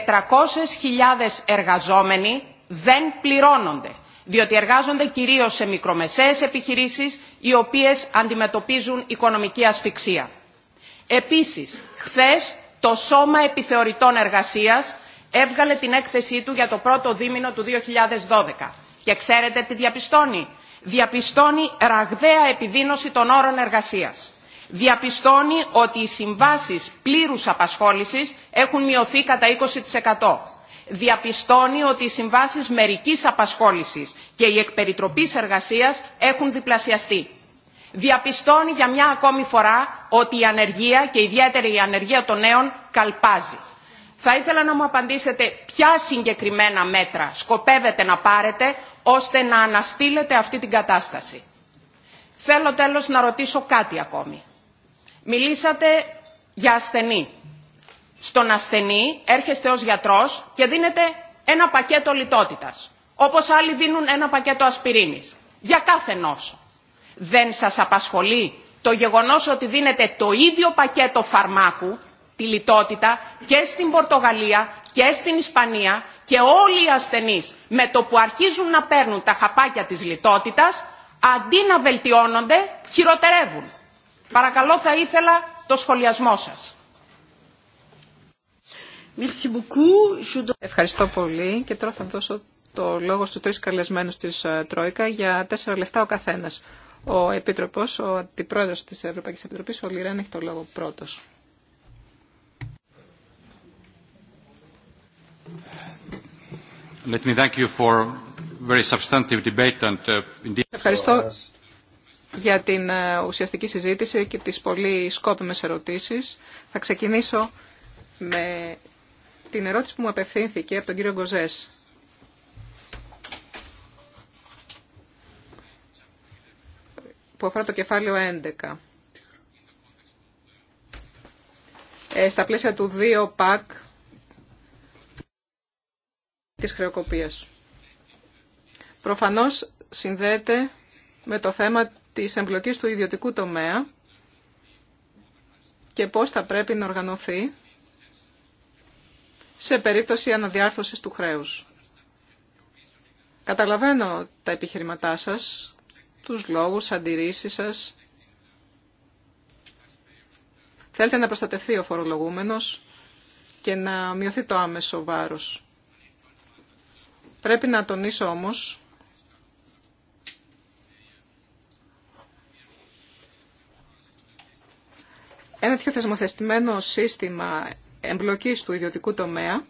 εργαζόμενοι δεν πληρώνονται διότι εργάζονται κυρίως σε μικρομεσαίες επιχειρήσεις οι οποίες αντιμετωπίζουν οικονομική ασφυξία. Επίσης, χθες το Σώμα Επιθεωρητών Εργασίας έβγαλε την έκθεσή του για το πρώτο δίμηνο του 2012. Και ξέρετε τι διαπιστώνει. Διαπιστώνει ραγδαία επιδείνωση των όρων εργασίας. Διαπιστώνει ότι οι συμβάσεις πλήρους απασχόλησης έχουν μειωθεί κατά 20% διαπιστώνει ότι οι συμβάσεις μερικής απασχόλησης και η εκπεριτροπής εργασίας έχουν διπλασιαστεί. Διαπιστώνει για μια ακόμη φορά ότι η ανεργία και ιδιαίτερη η ανεργία των νέων καλπάζει. Θα ήθελα να μου απαντήσετε ποια συγκεκριμένα μέτρα σκοπεύετε να πάρετε ώστε να αναστείλετε αυτή την κατάσταση. Θέλω τέλος να ρωτήσω κάτι ακόμη. Μιλήσατε για ασθενή στον ασθενή, έρχεστε ως γιατρός και δίνετε ένα πακέτο λιτότητας. Όπως άλλοι δίνουν ένα πακέτο ασπιρίνης. Για κάθε νόσο. Δεν σας απασχολεί το γεγονός ότι δίνετε το ίδιο πακέτο φαρμάκου, τη λιτότητα, και στην Πορτογαλία και στην Ισπανία και όλοι οι ασθενείς με το που αρχίζουν να παίρνουν τα χαπάκια της λιτότητας, αντί να βελτιώνονται, χειροτερεύουν. Παρακαλώ θα ήθελα το σχολιασμό σας. Ευχαριστώ πολύ και τώρα θα δώσω το λόγο στους τρεις καλεσμένους της ε, Τρόικα για τέσσερα λεφτά ο καθένας. Ο Επίτροπος, ο Αντιπρόεδρος της Ευρωπαϊκής Επιτροπής, ο Λιρέν, έχει το λόγο πρώτος. Let me thank you for very substantive debate and, uh, Ευχαριστώ για την ε, ουσιαστική συζήτηση και τις πολύ σκόπιμες ερωτήσεις. Θα ξεκινήσω με την ερώτηση που μου απευθύνθηκε από τον κύριο Γκοζές. που αφορά το κεφάλαιο 11. Ε, στα πλαίσια του 2 ΠΑΚ της χρεοκοπίας. Προφανώς συνδέεται με το θέμα της εμπλοκής του ιδιωτικού τομέα και πώς θα πρέπει να οργανωθεί σε περίπτωση αναδιάρθρωσης του χρέους. Καταλαβαίνω τα επιχειρηματά σας, τους λόγους, αντιρρήσεις σας. Θέλετε να προστατευτεί ο φορολογούμενος και να μειωθεί το άμεσο βάρος. Πρέπει να τονίσω όμως ένα τέτοιο θεσμοθεστημένο σύστημα εμπλοκής του ιδιωτικού τομέα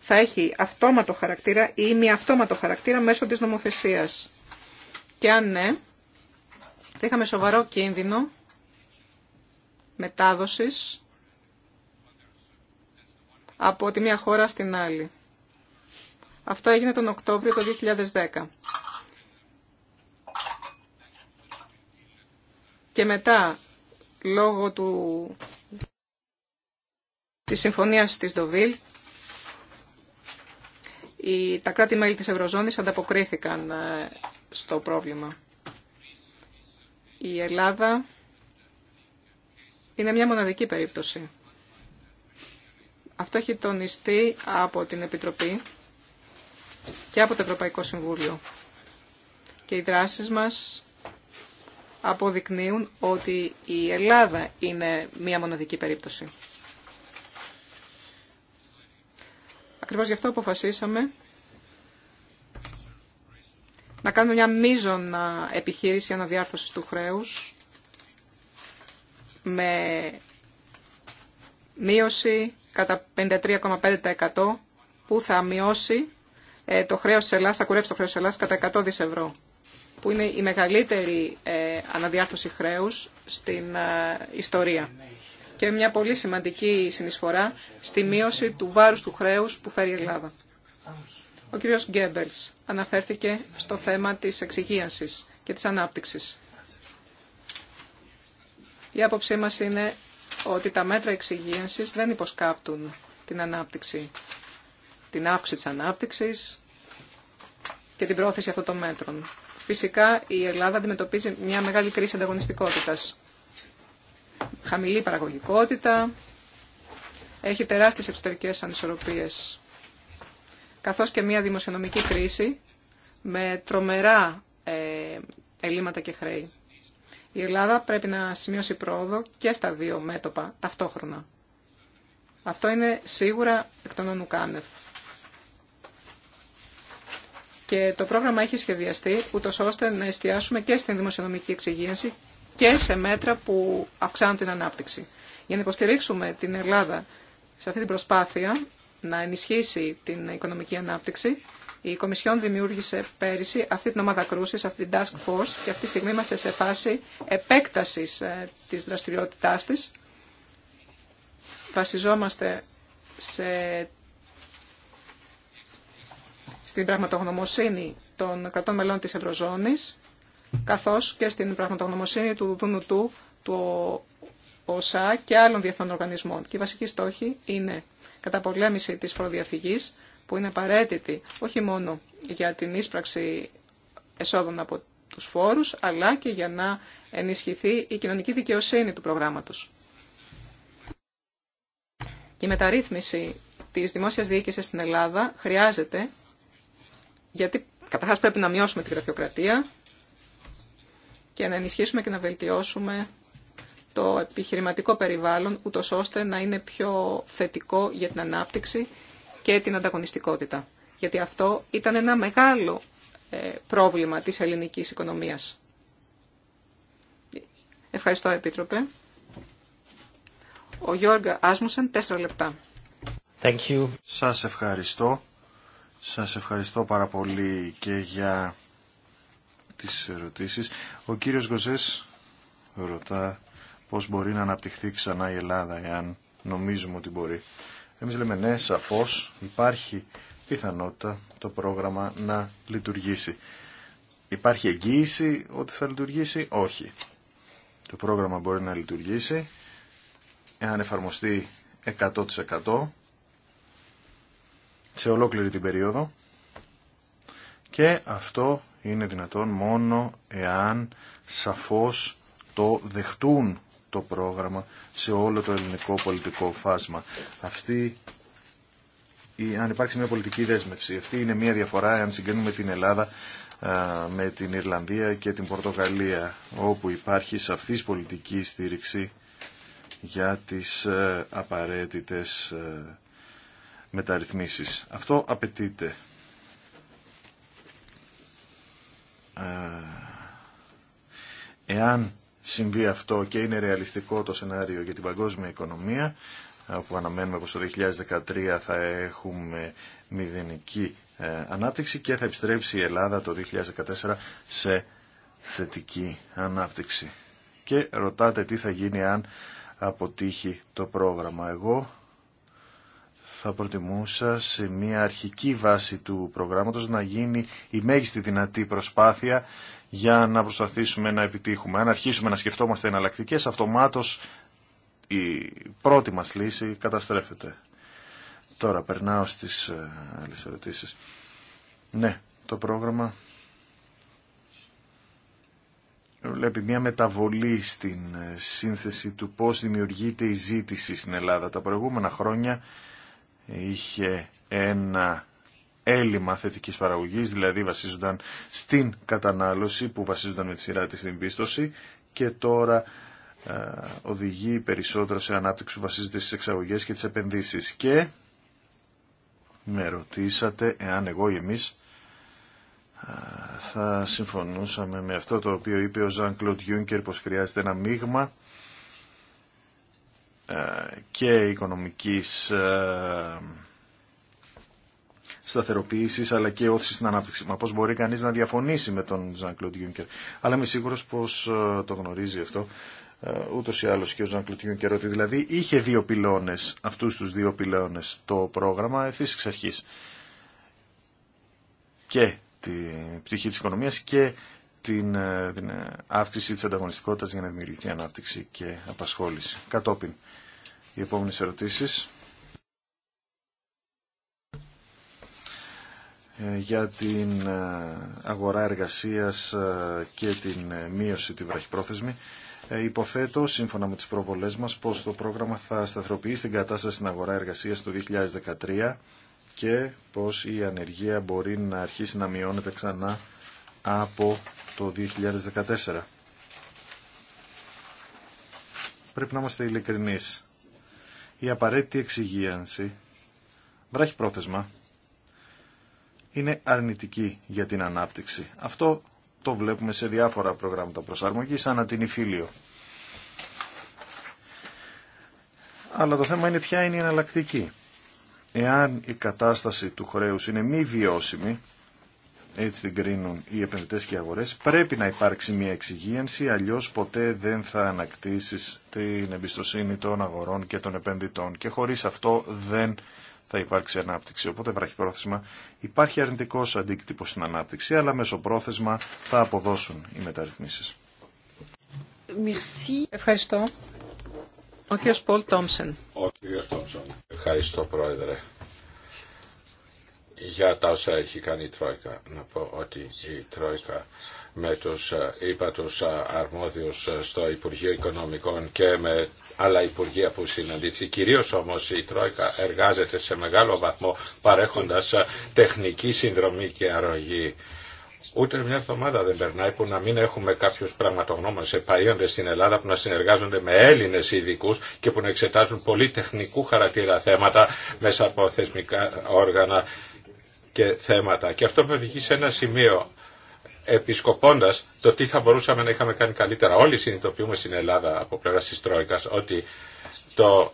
θα έχει αυτόματο χαρακτήρα ή μη αυτόματο χαρακτήρα μέσω της νομοθεσίας. Και αν ναι, θα είχαμε σοβαρό κίνδυνο μετάδοσης από τη μία χώρα στην άλλη. Αυτό έγινε τον Οκτώβριο του 2010. Και μετά, λόγω του της Συμφωνίας της Ντοβίλ, τα κράτη-μέλη της Ευρωζώνης ανταποκρίθηκαν ε, στο πρόβλημα. Η Ελλάδα είναι μια μοναδική περίπτωση. Αυτό έχει τονιστεί από την Επιτροπή και από το Ευρωπαϊκό Συμβούλιο. Και οι δράσεις μας αποδεικνύουν ότι η Ελλάδα είναι μια μοναδική περίπτωση. Ακριβώς γι' αυτό αποφασίσαμε να κάνουμε μια μείζον επιχείρηση αναδιάρθρωσης του χρέους με μείωση κατά 53,5% που θα μειώσει ε, το χρέος της Ελλάδας, θα κουρέψει το χρέος της Ελλάδας κατά 100 δις ευρώ που είναι η μεγαλύτερη ε, αναδιάρθρωση χρέους στην ε, ιστορία και μια πολύ σημαντική συνεισφορά στη μείωση του βάρους του χρέους που φέρει η Ελλάδα. Ο κ. Γκέμπελς αναφέρθηκε στο θέμα της εξυγίανσης και της ανάπτυξης. Η άποψή μας είναι ότι τα μέτρα εξυγίανσης δεν υποσκάπτουν την ανάπτυξη, την αύξηση της ανάπτυξης και την πρόθεση αυτών των μέτρων. Φυσικά η Ελλάδα αντιμετωπίζει μια μεγάλη κρίση ανταγωνιστικότητας χαμηλή παραγωγικότητα, έχει τεράστιες εξωτερικές ανισορροπίες, καθώς και μια δημοσιονομική κρίση με τρομερά ε, ελλείμματα και χρέη. Η Ελλάδα πρέπει να σημειώσει πρόοδο και στα δύο μέτωπα ταυτόχρονα. Αυτό είναι σίγουρα εκ των ονουκάνευ. Και το πρόγραμμα έχει σχεδιαστεί ούτως ώστε να εστιάσουμε και στην δημοσιονομική εξυγίανση και σε μέτρα που αυξάνουν την ανάπτυξη. Για να υποστηρίξουμε την Ελλάδα σε αυτή την προσπάθεια να ενισχύσει την οικονομική ανάπτυξη, η Κομισιόν δημιούργησε πέρυσι αυτή την ομάδα κρούση, αυτή την task force και αυτή τη στιγμή είμαστε σε φάση επέκταση ε, τη δραστηριότητά τη. Βασιζόμαστε σε... στην πραγματογνωμοσύνη των κρατών μελών της Ευρωζώνης καθώς και στην πραγματογνωμοσύνη του δούνου του ΟΣΑ και άλλων διεθνών οργανισμών. Και η βασική στόχη είναι καταπολέμηση της φοροδιαφυγής, που είναι απαραίτητη όχι μόνο για την ίσπραξη εσόδων από τους φόρους, αλλά και για να ενισχυθεί η κοινωνική δικαιοσύνη του προγράμματος. Η μεταρρύθμιση της δημόσιας διοίκησης στην Ελλάδα χρειάζεται, γιατί καταρχάς πρέπει να μειώσουμε τη γραφειοκρατία, για να ενισχύσουμε και να βελτιώσουμε το επιχειρηματικό περιβάλλον, ούτως ώστε να είναι πιο θετικό για την ανάπτυξη και την ανταγωνιστικότητα. Γιατί αυτό ήταν ένα μεγάλο ε, πρόβλημα της ελληνικής οικονομίας. Ευχαριστώ, Επίτροπε. Ο Γιώργα Άσμουσεν, τέσσερα λεπτά. Thank you. Σας ευχαριστώ. Σας ευχαριστώ πάρα πολύ και για τις ερωτήσεις. Ο κύριος Γκοζές ρωτά πώς μπορεί να αναπτυχθεί ξανά η Ελλάδα εάν νομίζουμε ότι μπορεί. Εμείς λέμε ναι, σαφώς υπάρχει πιθανότητα το πρόγραμμα να λειτουργήσει. Υπάρχει εγγύηση ότι θα λειτουργήσει, όχι. Το πρόγραμμα μπορεί να λειτουργήσει εάν εφαρμοστεί 100% σε ολόκληρη την περίοδο και αυτό είναι δυνατόν μόνο εάν σαφώς το δεχτούν το πρόγραμμα σε όλο το ελληνικό πολιτικό φάσμα. Αυτή, η, αν υπάρξει μια πολιτική δέσμευση, αυτή είναι μια διαφορά αν συγκρίνουμε την Ελλάδα με την Ιρλανδία και την Πορτογαλία, όπου υπάρχει σαφής πολιτική στήριξη για τις ε, απαραίτητες ε, μεταρρυθμίσεις. Αυτό απαιτείται Ε, εάν συμβεί αυτό και είναι ρεαλιστικό το σενάριο για την παγκόσμια οικονομία, που αναμένουμε πως το 2013 θα έχουμε μηδενική ε, ανάπτυξη και θα επιστρέψει η Ελλάδα το 2014 σε θετική ανάπτυξη. Και ρωτάτε τι θα γίνει αν αποτύχει το πρόγραμμα. Εγώ θα προτιμούσα σε μια αρχική βάση του προγράμματος να γίνει η μέγιστη δυνατή προσπάθεια για να προσπαθήσουμε να επιτύχουμε. Αν αρχίσουμε να σκεφτόμαστε εναλλακτικέ, αυτομάτως η πρώτη μας λύση καταστρέφεται. Τώρα περνάω στις ε, άλλες ερωτήσεις. Ναι, το πρόγραμμα βλέπει μια μεταβολή στην ε, σύνθεση του πώς δημιουργείται η ζήτηση στην Ελλάδα. Τα προηγούμενα χρόνια είχε ένα έλλειμμα θετικής παραγωγής, δηλαδή βασίζονταν στην κατανάλωση που βασίζονταν με τη σειρά της στην πίστοση και τώρα ε, οδηγεί περισσότερο σε ανάπτυξη που βασίζεται στις εξαγωγές και τις επενδύσεις. Και με ρωτήσατε εάν εγώ ή εμείς ε, θα συμφωνούσαμε με αυτό το οποίο είπε ο Ζαν Κλοντ Γιούνκερ πως χρειάζεται ένα μείγμα ε, και οικονομικής ε, σταθεροποίησης αλλά και όθηση στην ανάπτυξη. Μα πώς μπορεί κανείς να διαφωνήσει με τον Ζαν Κλοντ Γιούνκερ. Αλλά είμαι σίγουρο πως ε, το γνωρίζει αυτό ούτως ή άλλως και ο Ζαν Κλοντ Γιούνκερ ότι δηλαδή είχε δύο πυλώνες, αυτούς τους δύο πυλώνες, το πρόγραμμα ευθύ εξ αρχής. Και την πτυχή της οικονομίας και την, ε, την ε, αύξηση της ανταγωνιστικότητας για να δημιουργηθεί ανάπτυξη και απασχόληση. Κατόπιν, οι επόμενες ερωτήσεις. Ε, για την αγορά εργασίας και την μείωση τη βραχυπρόθεσμη. Υποθέτω, σύμφωνα με τις προβολές μας, πως το πρόγραμμα θα σταθεροποιήσει την κατάσταση στην αγορά εργασίας το 2013 και πως η ανεργία μπορεί να αρχίσει να μειώνεται ξανά από το 2014. Πρέπει να είμαστε ειλικρινείς. Η απαραίτητη εξυγίανση βράχει πρόθεσμα είναι αρνητική για την ανάπτυξη. Αυτό το βλέπουμε σε διάφορα προγράμματα προσαρμογής, ανά την Αλλά το θέμα είναι ποια είναι η εναλλακτική. Εάν η κατάσταση του χρέους είναι μη βιώσιμη, έτσι την κρίνουν οι επενδυτές και οι αγορές, πρέπει να υπάρξει μια εξυγίανση, αλλιώς ποτέ δεν θα ανακτήσεις την εμπιστοσύνη των αγορών και των επενδυτών και χωρίς αυτό δεν θα υπάρξει ανάπτυξη. Οπότε πρόθεσμα υπάρχει αρνητικός αντίκτυπος στην ανάπτυξη, αλλά μεσοπρόθεσμα θα αποδώσουν οι μεταρρυθμίσεις. Ευχαριστώ. Ο κ. Πολ Τόμσεν. Ευχαριστώ πρόεδρε για τα όσα έχει κάνει η Τρόικα. Να πω ότι η Τρόικα με τους, ε, είπα, τους ε, αρμόδιους ε, στο Υπουργείο Οικονομικών και με άλλα Υπουργεία που συναντήθηκε. Κυρίως όμως η Τρόικα εργάζεται σε μεγάλο βαθμό παρέχοντας τεχνική συνδρομή και αρρωγή. Ούτε μια εβδομάδα δεν περνάει που να μην έχουμε κάποιου πραγματογνώμονε επαείοντε στην Ελλάδα που να συνεργάζονται με Έλληνε ειδικού και που να εξετάζουν πολύ τεχνικού χαρακτήρα θέματα μέσα από θεσμικά όργανα και θέματα. Και αυτό με οδηγεί σε ένα σημείο επισκοπώντα το τι θα μπορούσαμε να είχαμε κάνει καλύτερα. Όλοι συνειδητοποιούμε στην Ελλάδα από πλευρά τη Τρόικα ότι το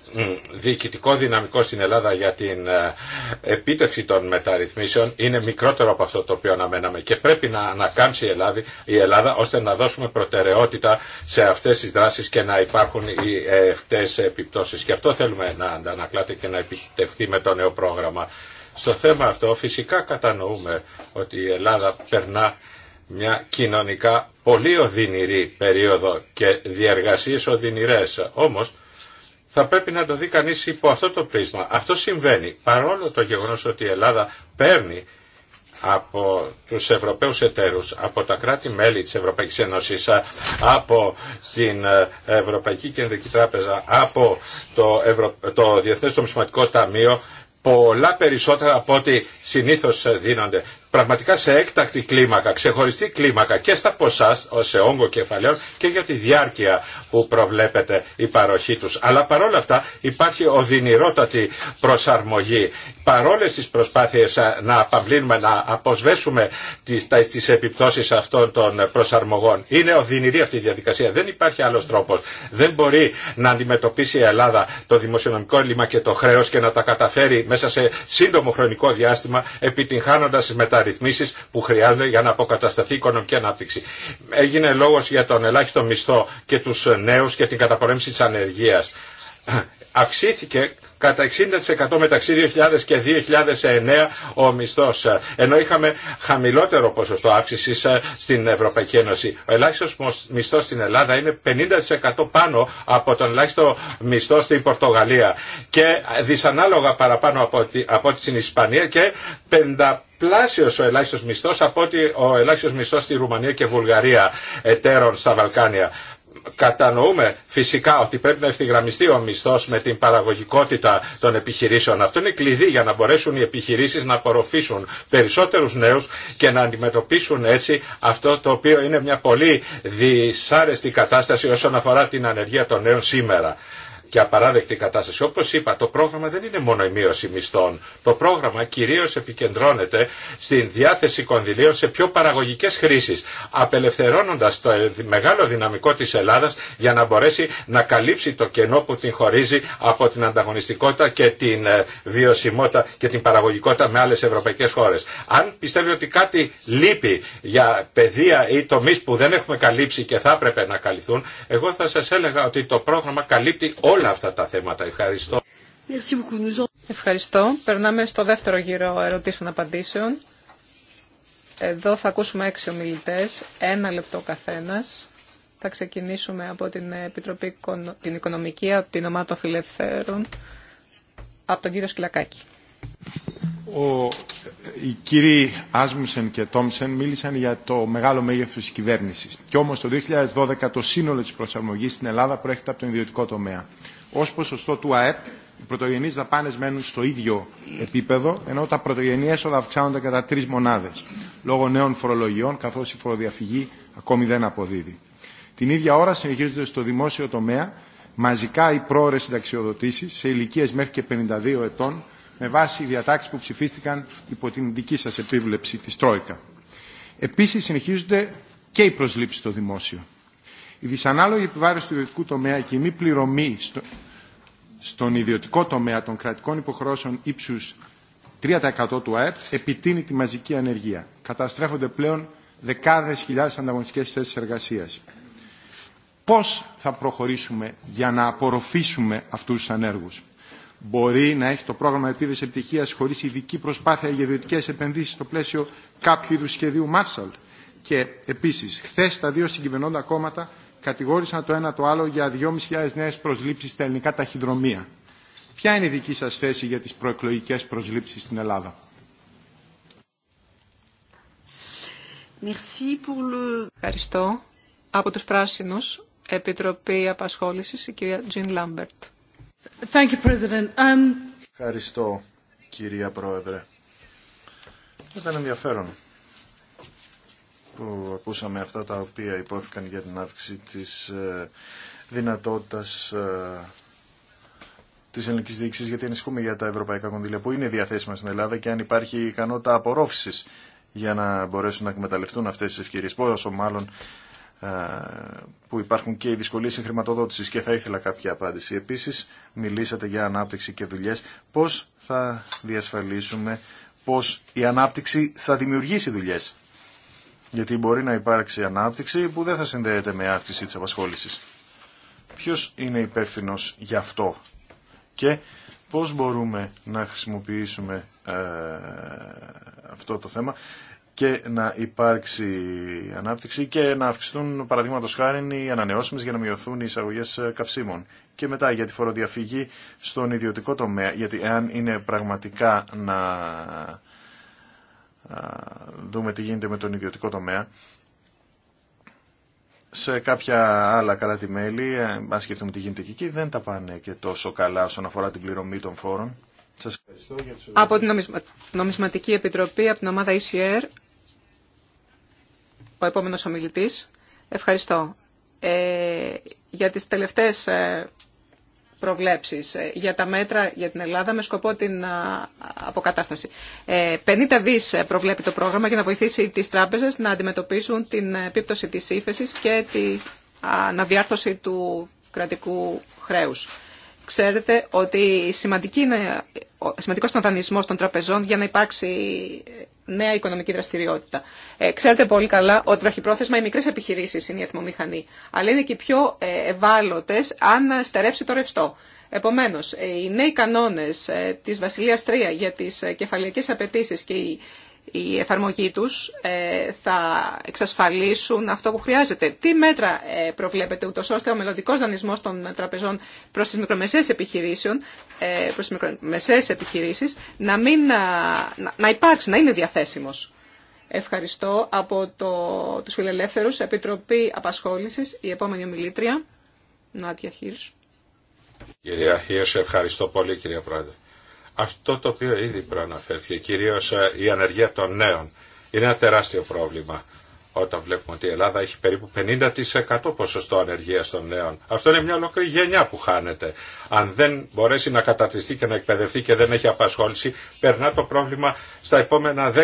διοικητικό δυναμικό στην Ελλάδα για την ε, επίτευξη των μεταρρυθμίσεων είναι μικρότερο από αυτό το οποίο αναμέναμε και πρέπει να ανακάμψει η Ελλάδα, η Ελλάδα ώστε να δώσουμε προτεραιότητα σε αυτές τις δράσεις και να υπάρχουν οι ευτές επιπτώσεις. Και αυτό θέλουμε να αντανακλάτε και να επιτευχθεί με το νέο πρόγραμμα. Στο θέμα αυτό φυσικά κατανοούμε ότι η Ελλάδα περνά μια κοινωνικά πολύ οδυνηρή περίοδο και διεργασίες οδυνηρές. Όμως θα πρέπει να το δει κανείς υπό αυτό το πρίσμα. Αυτό συμβαίνει παρόλο το γεγονός ότι η Ελλάδα παίρνει από τους Ευρωπαίους εταίρους, από τα κράτη-μέλη της Ευρωπαϊκής Ένωσης, από την Ευρωπαϊκή Κεντρική Τράπεζα, από το, Ευρω... το Ταμείο, πολλά περισσότερα από ό,τι συνήθως δίνονται πραγματικά σε έκτακτη κλίμακα, ξεχωριστή κλίμακα και στα ποσά σε όγκο κεφαλαίων και για τη διάρκεια που προβλέπεται η παροχή τους. Αλλά παρόλα αυτά υπάρχει οδυνηρότατη προσαρμογή. Παρόλες τις προσπάθειες να απαυλύνουμε, να αποσβέσουμε τις, τις επιπτώσεις αυτών των προσαρμογών. Είναι οδυνηρή αυτή η διαδικασία. Δεν υπάρχει άλλος τρόπος. Δεν μπορεί να αντιμετωπίσει η Ελλάδα το δημοσιονομικό έλλειμμα και το χρέος και να τα καταφέρει μέσα σε σύντομο χρονικό διάστημα επιτυγχάνοντας τις μεταρρυθμίσεις που χρειάζονται για να αποκατασταθεί η οικονομική ανάπτυξη. Έγινε λόγος για τον ελάχιστο μισθό και τους νέους και την καταπολέμηση της ανεργίας. Αυξήθηκε κατά 60% μεταξύ 2000 και 2009 ο μισθός, ενώ είχαμε χαμηλότερο ποσοστό αύξησης ε, στην Ευρωπαϊκή Ένωση. Ο ελάχιστος μισθός στην Ελλάδα είναι 50% πάνω από τον ελάχιστο μισθό στην Πορτογαλία και δυσανάλογα παραπάνω από, ό,τι στην Ισπανία και 50% πλάσιος ο ελάχιστο μισθό, από ότι ο ελάχιστο μισθό στη Ρουμανία και Βουλγαρία εταίρων στα Βαλκάνια κατανοούμε φυσικά ότι πρέπει να ευθυγραμμιστεί ο μισθό με την παραγωγικότητα των επιχειρήσεων. Αυτό είναι κλειδί για να μπορέσουν οι επιχειρήσει να απορροφήσουν περισσότερου νέου και να αντιμετωπίσουν έτσι αυτό το οποίο είναι μια πολύ δυσάρεστη κατάσταση όσον αφορά την ανεργία των νέων σήμερα και απαράδεκτη κατάσταση. Όπως είπα, το πρόγραμμα δεν είναι μόνο η μείωση μισθών. Το πρόγραμμα κυρίως επικεντρώνεται στην διάθεση κονδυλίων σε πιο παραγωγικές χρήσεις, απελευθερώνοντας το μεγάλο δυναμικό της Ελλάδας για να μπορέσει να καλύψει το κενό που την χωρίζει από την ανταγωνιστικότητα και την ε, βιωσιμότητα και την παραγωγικότητα με άλλες ευρωπαϊκές χώρες. Αν πιστεύει ότι κάτι λείπει για παιδεία ή τομεί που δεν έχουμε καλύψει και θα έπρεπε να καλυφθούν, εγώ θα σας έλεγα ότι το πρόγραμμα καλύπτει όλα αυτά τα θέματα. Ευχαριστώ. Ευχαριστώ. Περνάμε στο δεύτερο γύρο ερωτήσεων-απαντήσεων. Εδώ θα ακούσουμε έξι ομιλητές, ένα λεπτό καθένας. Θα ξεκινήσουμε από την Επιτροπή την Οικονομική, από την Ομάδα των Φιλελευθέρων, από τον κύριο Σκυλακάκη. Ο, οι κύριοι Άσμουσεν και Τόμσεν μίλησαν για το μεγάλο μέγεθος της κυβέρνησης. Και όμως το 2012 το σύνολο της προσαρμογής στην Ελλάδα προέρχεται από τον ιδιωτικό τομέα. Ως ποσοστό του ΑΕΠ, οι πρωτογενείς δαπάνες μένουν στο ίδιο επίπεδο, ενώ τα πρωτογενή έσοδα αυξάνονται κατά τρει μονάδες, λόγω νέων φορολογιών, καθώς η φοροδιαφυγή ακόμη δεν αποδίδει. Την ίδια ώρα συνεχίζονται στο δημόσιο τομέα μαζικά οι πρόορες συνταξιοδοτήσεις σε ηλικίες μέχρι και 52 ετών, με βάση διατάξεις που ψηφίστηκαν υπό την δική σας επίβλεψη της Τρόικα. Επίσης συνεχίζονται και οι προσλήψεις στο δημόσιο. Η δυσανάλογη επιβάρηση του ιδιωτικού τομέα και η μη πληρωμή στο, στον ιδιωτικό τομέα των κρατικών υποχρεώσεων ύψου 3% του ΑΕΠ επιτείνει τη μαζική ανεργία. Καταστρέφονται πλέον δεκάδε χιλιάδε ανταγωνιστικέ θέσει εργασία. Πώ θα προχωρήσουμε για να απορροφήσουμε αυτού του ανέργου, μπορεί να έχει το πρόγραμμα επίδεση επιτυχία χωρί ειδική προσπάθεια για ιδιωτικέ επενδύσει στο πλαίσιο κάποιου είδου σχεδίου Marshall. Και επίση, χθε τα δύο συγκυβερνώντα κόμματα κατηγόρησαν το ένα το άλλο για 2.500 νέε προσλήψει στα ελληνικά ταχυδρομεία. Ποια είναι η δική σα θέση για τι προεκλογικέ προσλήψει στην Ελλάδα. Ευχαριστώ. Από τους Πράσινους, Επιτροπή Απασχόλησης, η κυρία Τζιν Λάμπερτ. Um, Ευχαριστώ, κυρία Πρόεδρε. Ήταν ενδιαφέρον που ακούσαμε αυτά τα οποία υπόθηκαν για την αύξηση της ε, δυνατότητας ε, τη ελληνική διοίκηση, γιατί ανησυχούμε για τα ευρωπαϊκά κονδύλια που είναι διαθέσιμα στην Ελλάδα και αν υπάρχει ικανότητα απορρόφηση για να μπορέσουν να εκμεταλλευτούν αυτέ τι ευκαιρίε. Πόσο μάλλον ε, που υπάρχουν και οι δυσκολίες χρηματοδότηση, και θα ήθελα κάποια απάντηση. Επίσης, μιλήσατε για ανάπτυξη και δουλειέ. Πώς θα διασφαλίσουμε πώς η ανάπτυξη θα δημιουργήσει δουλειέ. Γιατί μπορεί να υπάρξει ανάπτυξη που δεν θα συνδέεται με αύξηση της απασχόληση. Ποιο είναι υπεύθυνο γι' αυτό και πώ μπορούμε να χρησιμοποιήσουμε ε, αυτό το θέμα και να υπάρξει ανάπτυξη και να αυξηθούν παραδείγματο χάρη οι ανανεώσιμες για να μειωθούν οι εισαγωγέ ε, καυσίμων. Και μετά για τη φοροδιαφυγή στον ιδιωτικό τομέα, γιατί εάν είναι πραγματικά να δούμε τι γίνεται με τον ιδιωτικό τομέα, σε κάποια άλλα κράτη-μέλη, ε, αν σκεφτούμε τι γίνεται εκεί, δεν τα πάνε και τόσο καλά όσον αφορά την πληρωμή των φόρων. Σας ευχαριστώ για τους... Από την Νομισματική Επιτροπή, από την ομάδα ECR, ο επόμενος ομιλητής. Ευχαριστώ. Ε, για τις τελευταίες ε, προβλέψεις ε, για τα μέτρα για την Ελλάδα με σκοπό την αποκατάσταση. 50 δις προβλέπει το πρόγραμμα για να βοηθήσει τις τράπεζες να αντιμετωπίσουν την επίπτωση της ύφεσης και την αναδιάρθρωση του κρατικού χρέους. Ξέρετε ότι σημαντική είναι, σημαντικός είναι ο δανεισμός των τραπεζών για να υπάρξει νέα οικονομική δραστηριότητα. Ε, ξέρετε πολύ καλά ότι βραχυπρόθεσμα οι μικρές επιχειρήσεις είναι η ατμομηχανή, αλλά είναι και πιο ε, ευάλωτες αν στερεύσει το ρευστό. Επομένως, ε, οι νέοι κανόνες της Βασιλείας 3 για τις κεφαλαϊκές απαιτήσεις και η η εφαρμογή τους ε, θα εξασφαλίσουν αυτό που χρειάζεται. Τι μέτρα ε, προβλέπετε ούτως ώστε ο μελλοντικό δανεισμός των τραπεζών προς τις μικρομεσαίες, επιχειρήσεων, ε, προς τις μικρομεσαίες επιχειρήσεις να, μην, να, να υπάρξει, να είναι διαθέσιμος. Ευχαριστώ από το, τους φιλελεύθερους Επιτροπή Απασχόλησης, η επόμενη ομιλήτρια, Νάτια Χίρς. Κυρία Χίρς, ευχαριστώ πολύ κυρία Πρόεδρε. Αυτό το οποίο ήδη προαναφέρθηκε, κυρίως ε, η ανεργία των νέων, είναι ένα τεράστιο πρόβλημα όταν βλέπουμε ότι η Ελλάδα έχει περίπου 50% ποσοστό ανεργία των νέων. Αυτό είναι μια ολόκληρη γενιά που χάνεται. Αν δεν μπορέσει να καταρτιστεί και να εκπαιδευτεί και δεν έχει απασχόληση, περνά το πρόβλημα στα επόμενα 10-20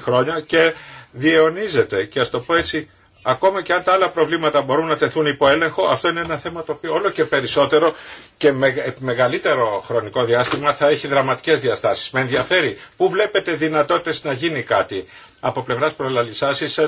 χρόνια και διαιωνίζεται. Και α το πω έτσι, ακόμα και αν τα άλλα προβλήματα μπορούν να τεθούν υπό έλεγχο, αυτό είναι ένα θέμα το οποίο όλο και περισσότερο και με μεγαλύτερο χρονικό διάστημα θα έχει δραματικές διαστάσεις. Με ενδιαφέρει. Πού βλέπετε δυνατότητες να γίνει κάτι από πλευράς προλαλισσάσης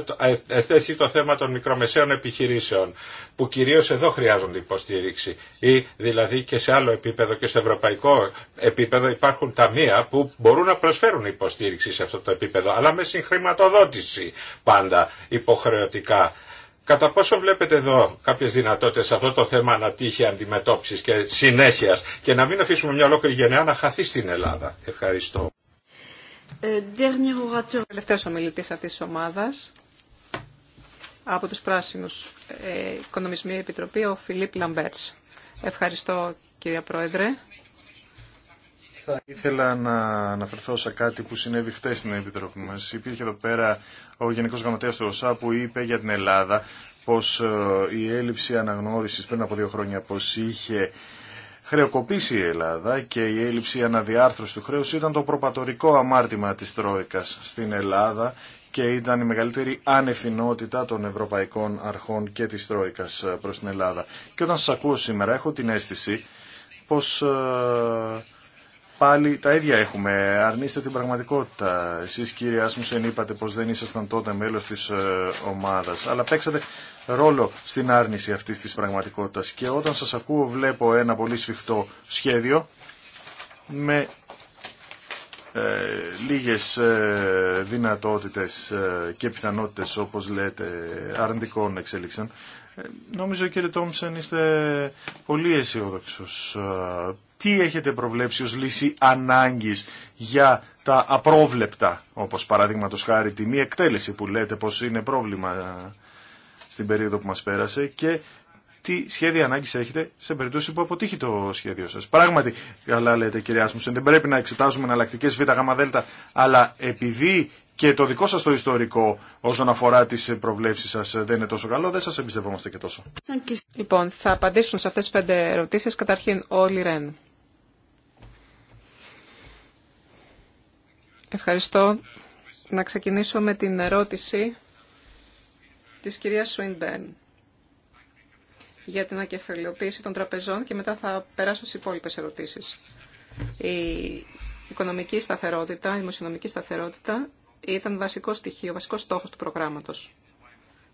εθέτει ε, το θέμα των μικρομεσαίων επιχειρήσεων που κυρίως εδώ χρειάζονται υποστήριξη ή δηλαδή και σε άλλο επίπεδο και στο ευρωπαϊκό επίπεδο υπάρχουν ταμεία που μπορούν να προσφέρουν υποστήριξη σε αυτό το επίπεδο αλλά με συγχρηματοδότηση πάντα υποχρεωτικά. Κατά πόσο βλέπετε εδώ κάποιε δυνατότητε σε αυτό το θέμα να τύχει αντιμετώπιση και συνέχεια και να μην αφήσουμε μια ολόκληρη γενεά να χαθεί στην Ελλάδα. Ευχαριστώ. Ε, Τελευταίος ομιλητής αυτής της ομάδας από τους Πράσινους ε, Επιτροπή, ο Φιλίπ Λαμπέρτς. Ευχαριστώ κύριε Πρόεδρε. Θα ήθελα να αναφερθώ σε κάτι που συνέβη χτες στην Επιτροπή μας. Υπήρχε εδώ πέρα ο Γενικός Γραμματέας του ΟΣΑ που είπε για την Ελλάδα πως ε, η έλλειψη αναγνώρισης πριν από δύο χρόνια πως είχε χρεοκοπήσει η Ελλάδα και η έλλειψη αναδιάρθρωση του χρέους ήταν το προπατορικό αμάρτημα της Τρόικας στην Ελλάδα και ήταν η μεγαλύτερη ανευθυνότητα των ευρωπαϊκών αρχών και της Τρόικας ε, προς την Ελλάδα. Και όταν σας ακούω σήμερα έχω την αίσθηση πως ε, πάλι τα ίδια έχουμε. Αρνείστε την πραγματικότητα. Εσείς κύριε Άσμουσεν είπατε πως δεν ήσασταν τότε μέλος της ε, ομάδας, αλλά παίξατε ρόλο στην άρνηση αυτή της πραγματικότητας. Και όταν σας ακούω βλέπω ένα πολύ σφιχτό σχέδιο με ε, λίγες ε, δυνατότητες ε, και πιθανότητες όπως λέτε αρνητικών εξέλιξεων. Νομίζω κύριε Τόμψεν είστε πολύ αισιόδοξο τι έχετε προβλέψει ως λύση ανάγκης για τα απρόβλεπτα, όπως παραδείγματο χάρη τη μη εκτέλεση που λέτε πως είναι πρόβλημα ε, στην περίοδο που μας πέρασε και τι σχέδια ανάγκη έχετε σε περίπτωση που αποτύχει το σχέδιο σα. Πράγματι, καλά λέτε κυρία Άσμουσεν, δεν πρέπει να εξετάζουμε εναλλακτικέ ΒΓΔ, αλλά επειδή και το δικό σα το ιστορικό όσον αφορά τι προβλέψει σα δεν είναι τόσο καλό, δεν σα εμπιστευόμαστε και τόσο. Λοιπόν, θα απαντήσουν σε αυτέ τι πέντε ερωτήσει καταρχήν όλοι Ρεν. Ευχαριστώ. Να ξεκινήσω με την ερώτηση της κυρίας Σουινμπέρν για την ακεφαλαιοποίηση των τραπεζών και μετά θα περάσω στις υπόλοιπες ερωτήσεις. Η οικονομική σταθερότητα, η δημοσιονομική σταθερότητα ήταν βασικό στοιχείο, βασικό στόχος του προγράμματος.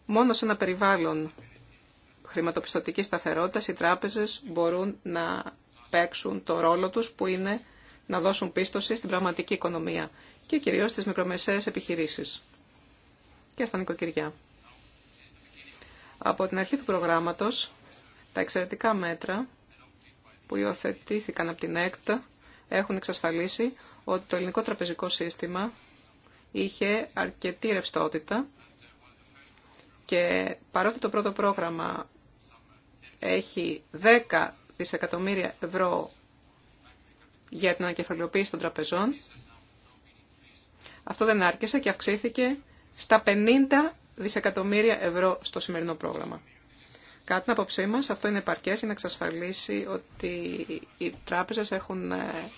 Μόνο σε ένα περιβάλλον χρηματοπιστωτικής σταθερότητας οι τράπεζες μπορούν να παίξουν το ρόλο τους που είναι να δώσουν πίστοση στην πραγματική οικονομία και κυρίως στις μικρομεσαίες επιχειρήσεις και στα νοικοκυριά. Από την αρχή του προγράμματος, τα εξαιρετικά μέτρα που υιοθετήθηκαν από την ΕΚΤ έχουν εξασφαλίσει ότι το ελληνικό τραπεζικό σύστημα είχε αρκετή ρευστότητα και παρότι το πρώτο πρόγραμμα έχει 10 δισεκατομμύρια ευρώ για την ανακεφαλαιοποίηση των τραπεζών. Αυτό δεν άρκεσε και αυξήθηκε στα 50 δισεκατομμύρια ευρώ στο σημερινό πρόγραμμα. Κάτω την άποψή μα, αυτό είναι επαρκέ για να εξασφαλίσει ότι οι τράπεζε έχουν ε,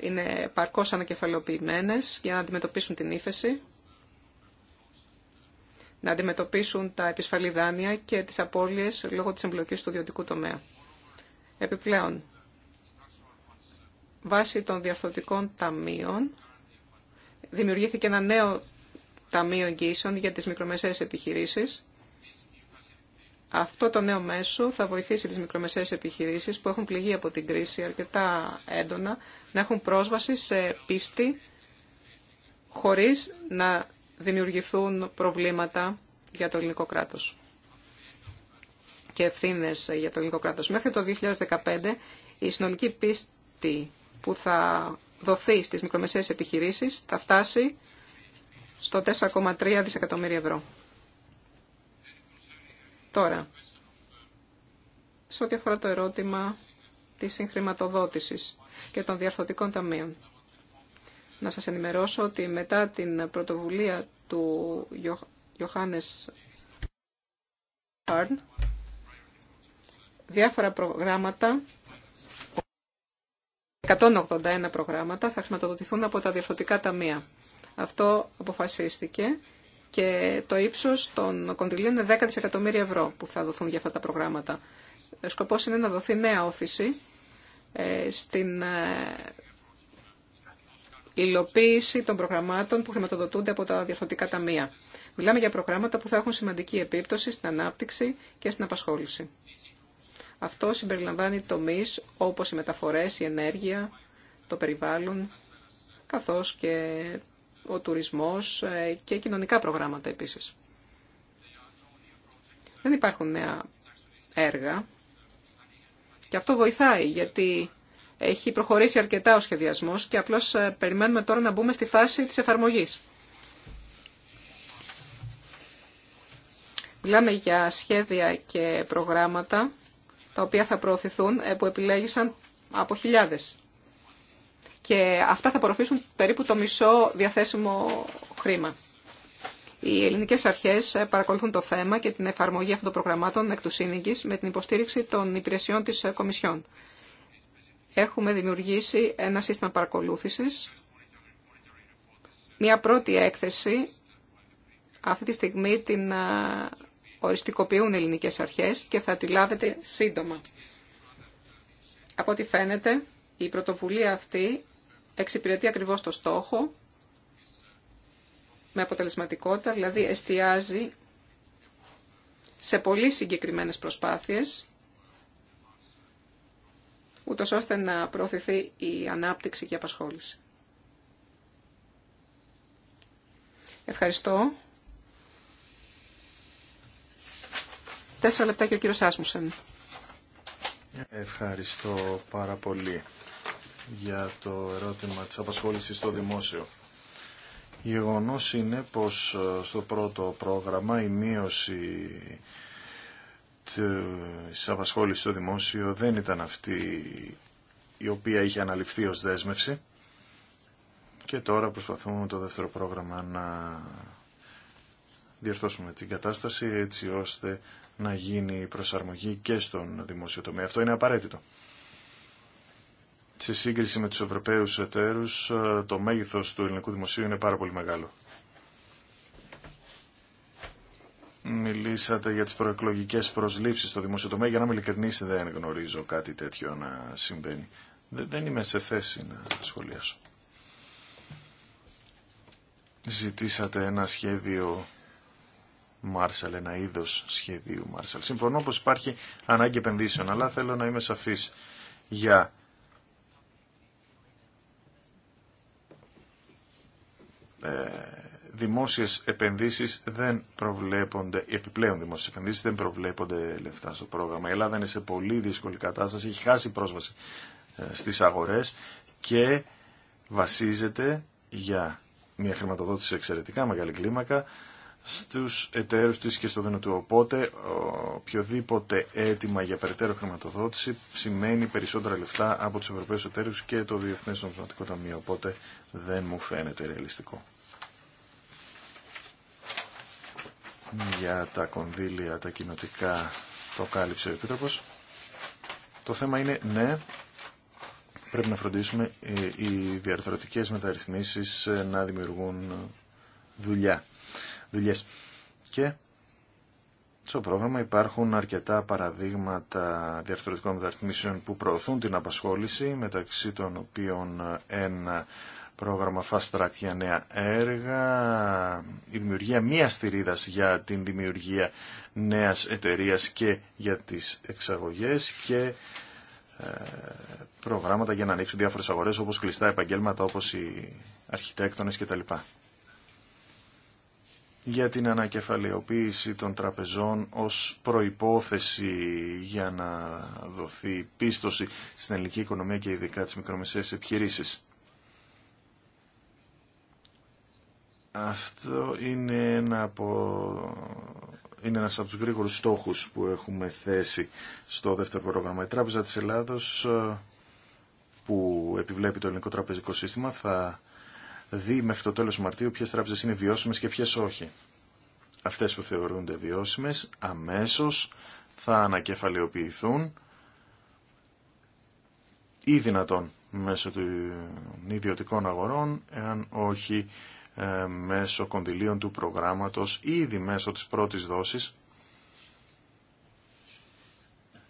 είναι παρκώ ανακεφαλαιοποιημένε για να αντιμετωπίσουν την ύφεση, να αντιμετωπίσουν τα επισφαλή δάνεια και τι απώλειε λόγω τη εμπλοκή του ιδιωτικού τομέα. Επιπλέον, Βάσει των διαρθρωτικών ταμείων δημιουργήθηκε ένα νέο ταμείο εγγύσεων για τις μικρομεσαίες επιχειρήσεις. Αυτό το νέο μέσο θα βοηθήσει τις μικρομεσαίες επιχειρήσεις που έχουν πληγεί από την κρίση αρκετά έντονα να έχουν πρόσβαση σε πίστη χωρίς να δημιουργηθούν προβλήματα για το ελληνικό κράτος και ευθύνε για το ελληνικό κράτος. Μέχρι το 2015 η συνολική πίστη που θα δοθεί στις μικρομεσαίες επιχειρήσεις θα φτάσει στο 4,3 δισεκατομμύρια ευρώ. Τώρα, σε ό,τι αφορά το ερώτημα της συγχρηματοδότησης και των διαρθωτικών ταμείων. Να σας ενημερώσω ότι μετά την πρωτοβουλία του Ιωάννης Χάρν, διάφορα προγράμματα 181 προγράμματα θα χρηματοδοτηθούν από τα διαφορετικά ταμεία. Αυτό αποφασίστηκε και το ύψος των κονδυλίων είναι 10 δισεκατομμύρια ευρώ που θα δοθούν για αυτά τα προγράμματα. Ο ε, σκοπός είναι να δοθεί νέα όθηση ε, στην ε, υλοποίηση των προγραμμάτων που χρηματοδοτούνται από τα διαφορετικά ταμεία. Μιλάμε για προγράμματα που θα έχουν σημαντική επίπτωση στην ανάπτυξη και στην απασχόληση. Αυτό συμπεριλαμβάνει τομείς όπως οι μεταφορές, η ενέργεια, το περιβάλλον, καθώς και ο τουρισμός ε, και κοινωνικά προγράμματα επίσης. Δεν υπάρχουν νέα έργα και αυτό βοηθάει γιατί έχει προχωρήσει αρκετά ο σχεδιασμός και απλώς ε, περιμένουμε τώρα να μπούμε στη φάση της εφαρμογής. Μιλάμε για σχέδια και προγράμματα τα οποία θα προωθηθούν, ε, που επιλέγησαν από χιλιάδες. Και αυτά θα απορροφήσουν περίπου το μισό διαθέσιμο χρήμα. Οι ελληνικές αρχές ε, παρακολουθούν το θέμα και την εφαρμογή αυτών των προγραμμάτων εκ του σύνηγης με την υποστήριξη των υπηρεσιών της ε, Κομισιόν. Έχουμε δημιουργήσει ένα σύστημα παρακολούθησης, μια πρώτη έκθεση αυτή τη στιγμή την οριστικοποιούν οι ελληνικές αρχές και θα τη λάβετε σύντομα. Από ό,τι φαίνεται, η πρωτοβουλία αυτή εξυπηρετεί ακριβώς το στόχο με αποτελεσματικότητα, δηλαδή εστιάζει σε πολύ συγκεκριμένες προσπάθειες, ούτως ώστε να προωθηθεί η ανάπτυξη και η απασχόληση. Ευχαριστώ. Τέσσερα λεπτά και ο κύριος Άσμουσεν. Ευχαριστώ πάρα πολύ για το ερώτημα της απασχόλησης στο δημόσιο. Η γεγονός είναι πως ε, στο πρώτο πρόγραμμα η μείωση της απασχόλησης στο δημόσιο δεν ήταν αυτή η οποία είχε αναλυφθεί ως δέσμευση και τώρα προσπαθούμε με το δεύτερο πρόγραμμα να διορθώσουμε την κατάσταση έτσι ώστε να γίνει προσαρμογή και στον δημόσιο τομέα. Αυτό είναι απαραίτητο. Σε σύγκριση με τους Ευρωπαίους εταίρους, το μέγεθος του ελληνικού δημοσίου είναι πάρα πολύ μεγάλο. Μιλήσατε για τις προεκλογικές προσλήψεις στο δημόσιο τομέα. Για να είμαι ειλικρινής δεν γνωρίζω κάτι τέτοιο να συμβαίνει. Δεν είμαι σε θέση να σχολιάσω. Ζητήσατε ένα σχέδιο Μάρσαλ, ένα είδο σχεδίου Μάρσαλ. Συμφωνώ πω υπάρχει ανάγκη επενδύσεων, αλλά θέλω να είμαι σαφή για ε, δημόσιες επενδύσεις δεν προβλέπονται, επιπλέον δημόσιες επενδύσεις δεν προβλέπονται λεφτά στο πρόγραμμα. Η Ελλάδα είναι σε πολύ δύσκολη κατάσταση, έχει χάσει πρόσβαση ε, στις αγορές και βασίζεται για μια χρηματοδότηση εξαιρετικά μεγάλη κλίμακα στους εταίρους της και στο δυνατό. του. Οπότε, οποιοδήποτε αίτημα για περαιτέρω χρηματοδότηση σημαίνει περισσότερα λεφτά από τους Ευρωπαίους εταίρους και το Διεθνές Νομισματικό Ταμείο. Οπότε, δεν μου φαίνεται ρεαλιστικό. Για τα κονδύλια, τα κοινοτικά, το κάλυψε ο Επίτροπος. Το θέμα είναι, ναι, πρέπει να φροντίσουμε ε, οι διαρθρωτικές μεταρρυθμίσεις ε, να δημιουργούν ε, δουλειά και στο πρόγραμμα υπάρχουν αρκετά παραδείγματα διαφορετικών μεταρρυθμίσεων που προωθούν την απασχόληση, μεταξύ των οποίων ένα πρόγραμμα Fast Track για νέα έργα, η δημιουργία μίας θηρίδας για την δημιουργία νέας εταιρείας και για τις εξαγωγές και ε, προγράμματα για να ανοίξουν διάφορες αγορές όπως κλειστά επαγγέλματα όπως οι αρχιτέκτονες κτλ για την ανακεφαλαιοποίηση των τραπεζών ως προϋπόθεση για να δοθεί πίστοση στην ελληνική οικονομία και ειδικά τις μικρομεσαίες επιχειρήσεις. Αυτό είναι ένα από είναι ένας από τους γρήγορους στόχους που έχουμε θέσει στο δεύτερο πρόγραμμα. Η Τράπεζα της Ελλάδος ε, που επιβλέπει το ελληνικό τραπεζικό σύστημα θα δει μέχρι το τέλος Μαρτίου ποιες τράπεζες είναι βιώσιμες και ποιες όχι. Αυτές που θεωρούνται βιώσιμες αμέσως θα ανακεφαλαιοποιηθούν ή δυνατόν μέσω των ιδιωτικών αγορών, εάν όχι ε, μέσω κονδυλίων του προγράμματος, ήδη μέσω της πρώτης δόσης,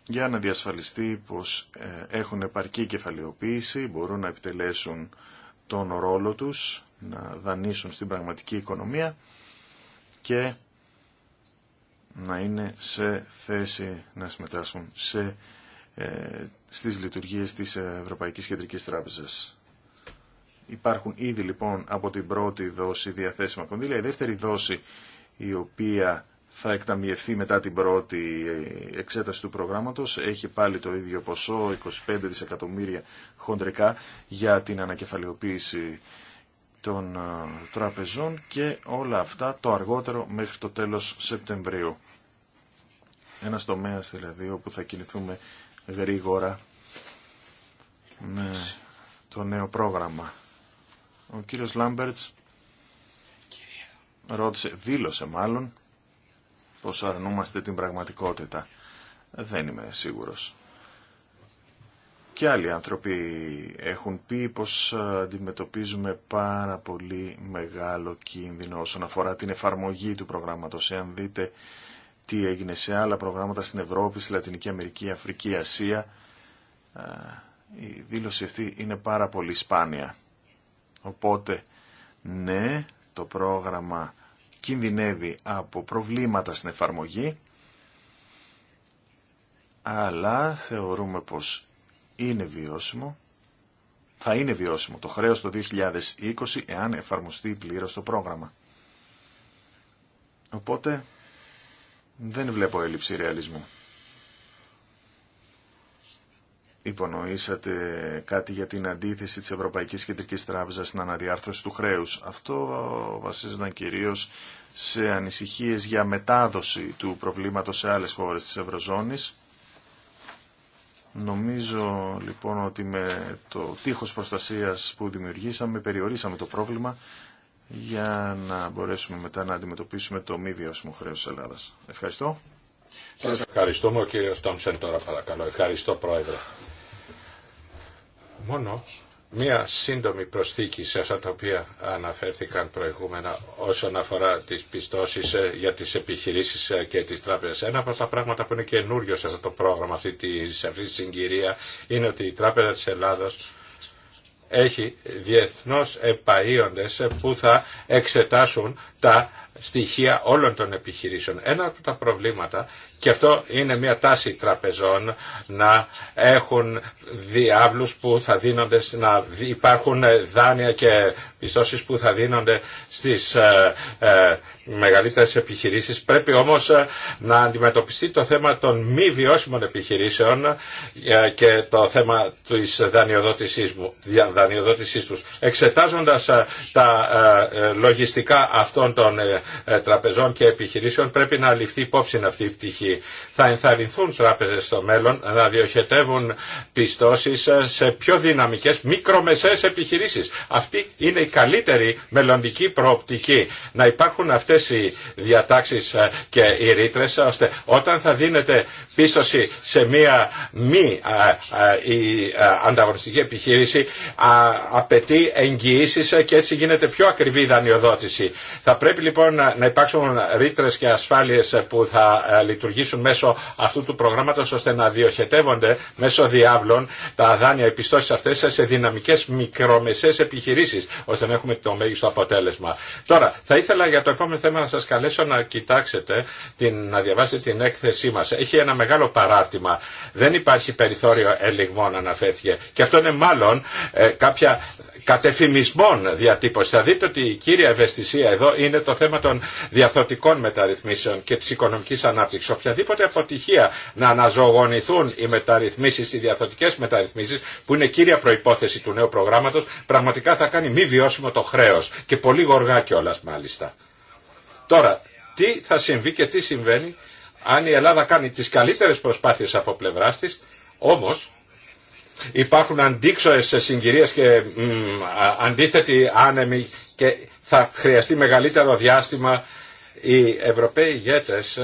για να διασφαλιστεί πως ε, έχουν επαρκή κεφαλαιοποίηση, μπορούν να επιτελέσουν τον ρόλο τους, να δανείσουν στην πραγματική οικονομία και να είναι σε θέση να συμμετάσχουν σε, ε, στις λειτουργίες της Ευρωπαϊκής Κεντρικής Τράπεζας. Υπάρχουν ήδη λοιπόν από την πρώτη δόση διαθέσιμα κονδύλια. Η δεύτερη δόση η οποία θα εκταμιευθεί μετά την πρώτη εξέταση του προγράμματος. Έχει πάλι το ίδιο ποσό, 25 δισεκατομμύρια χοντρικά, για την ανακεφαλαιοποίηση των ε, τραπεζών και όλα αυτά το αργότερο μέχρι το τέλος Σεπτεμβρίου. Ένας τομέας δηλαδή όπου θα κινηθούμε γρήγορα με το νέο πρόγραμμα. Ο κύριος Λάμπερτς ρώτησε, δήλωσε μάλλον, πως αρνούμαστε την πραγματικότητα. Δεν είμαι σίγουρος. Και άλλοι άνθρωποι έχουν πει πως αντιμετωπίζουμε πάρα πολύ μεγάλο κίνδυνο όσον αφορά την εφαρμογή του προγράμματος. Εάν δείτε τι έγινε σε άλλα προγράμματα στην Ευρώπη, στη Λατινική Αμερική, Αφρική, Ασία, η δήλωση αυτή είναι πάρα πολύ σπάνια. Οπότε, ναι, το πρόγραμμα κινδυνεύει από προβλήματα στην εφαρμογή, αλλά θεωρούμε πως είναι βιώσιμο, θα είναι βιώσιμο το χρέος το 2020 εάν εφαρμοστεί πλήρως το πρόγραμμα. Οπότε δεν βλέπω έλλειψη ρεαλισμού υπονοήσατε κάτι για την αντίθεση της Ευρωπαϊκής Κεντρικής Τράπεζας στην αναδιάρθρωση του χρέους. Αυτό βασίζονταν κυρίως σε ανησυχίες για μετάδοση του προβλήματος σε άλλες χώρες της Ευρωζώνης. Νομίζω λοιπόν ότι με το τείχος προστασίας που δημιουργήσαμε περιορίσαμε το πρόβλημα για να μπορέσουμε μετά να αντιμετωπίσουμε το μη βιώσιμο χρέος της Ελλάδας. Ευχαριστώ. Σας ευχαριστούμε ο κύριος Τόμσεν τώρα παρακαλώ. Ευχαριστώ πρόεδρε μόνο μία σύντομη προσθήκη σε αυτά τα οποία αναφέρθηκαν προηγούμενα όσον αφορά τις πιστώσεις ε, για τις επιχειρήσεις ε, και τις τράπεζες. Ένα από τα πράγματα που είναι καινούριο σε αυτό το πρόγραμμα, αυτή τη, σε αυτή τη συγκυρία, είναι ότι η Τράπεζα της Ελλάδος έχει διεθνώς επαΐοντες ε, που θα εξετάσουν τα στοιχεία όλων των επιχειρήσεων. Ένα από τα προβλήματα, και αυτό είναι μια τάση τραπεζών, να έχουν διάβλους που θα δίνονται, να υπάρχουν δάνεια και πιστώσεις που θα δίνονται στις ε, ε μεγαλύτερες επιχειρήσεις. Πρέπει όμως ε, να αντιμετωπιστεί το θέμα των μη βιώσιμων επιχειρήσεων ε, και το θέμα της δανειοδότησής, μου, δανειοδότησής τους. Εξετάζοντας τα λογιστικά αυτών των ε, ε, τραπεζών και επιχειρήσεων πρέπει να ληφθεί υπόψη αυτή η πτυχή. Θα ενθαρρυνθούν τράπεζες στο μέλλον να διοχετεύουν πιστώσεις σε πιο δυναμικές μικρομεσαίες επιχειρήσεις. Αυτή είναι η καλύτερη μελλοντική προοπτική. Να υπάρχουν αυτές οι διατάξεις ε, και οι ρήτρες ώστε όταν θα δίνεται πίστοση σε μία μη ανταγωνιστική επιχείρηση απαιτεί εγγυήσεις και έτσι γίνεται πιο ακριβή η δανειοδότηση πρέπει λοιπόν να υπάρξουν ρήτρε και ασφάλειε που θα ε, λειτουργήσουν μέσω αυτού του προγράμματο ώστε να διοχετεύονται μέσω διάβλων τα δάνεια επιστώσει αυτέ σε δυναμικέ μικρομεσαίε επιχειρήσει ώστε να έχουμε το μέγιστο αποτέλεσμα. Τώρα, θα ήθελα για το επόμενο θέμα να σα καλέσω να κοιτάξετε, την, να διαβάσετε την έκθεσή μα. Έχει ένα μεγάλο παράρτημα. Δεν υπάρχει περιθώριο ελιγμών αναφέθηκε. Και αυτό είναι μάλλον ε, κάποια κατεφημισμών διατύπωση. Θα δείτε ότι η κύρια ευαισθησία εδώ είναι το θέμα των διαθωτικών μεταρρυθμίσεων και της οικονομικής ανάπτυξης. Οποιαδήποτε αποτυχία να αναζωογονηθούν οι μεταρρυθμίσεις, οι διαθωτικές μεταρρυθμίσεις που είναι κύρια προϋπόθεση του νέου προγράμματος πραγματικά θα κάνει μη βιώσιμο το χρέος και πολύ γοργά κιόλα μάλιστα. Τώρα, τι θα συμβεί και τι συμβαίνει αν η Ελλάδα κάνει τις καλύτερες προσπάθειες από πλευράς της, όμως υπάρχουν αντίξωες συγκυρίες και αντίθετοι άνεμοι και θα χρειαστεί μεγαλύτερο διάστημα οι Ευρωπαίοι ηγέτες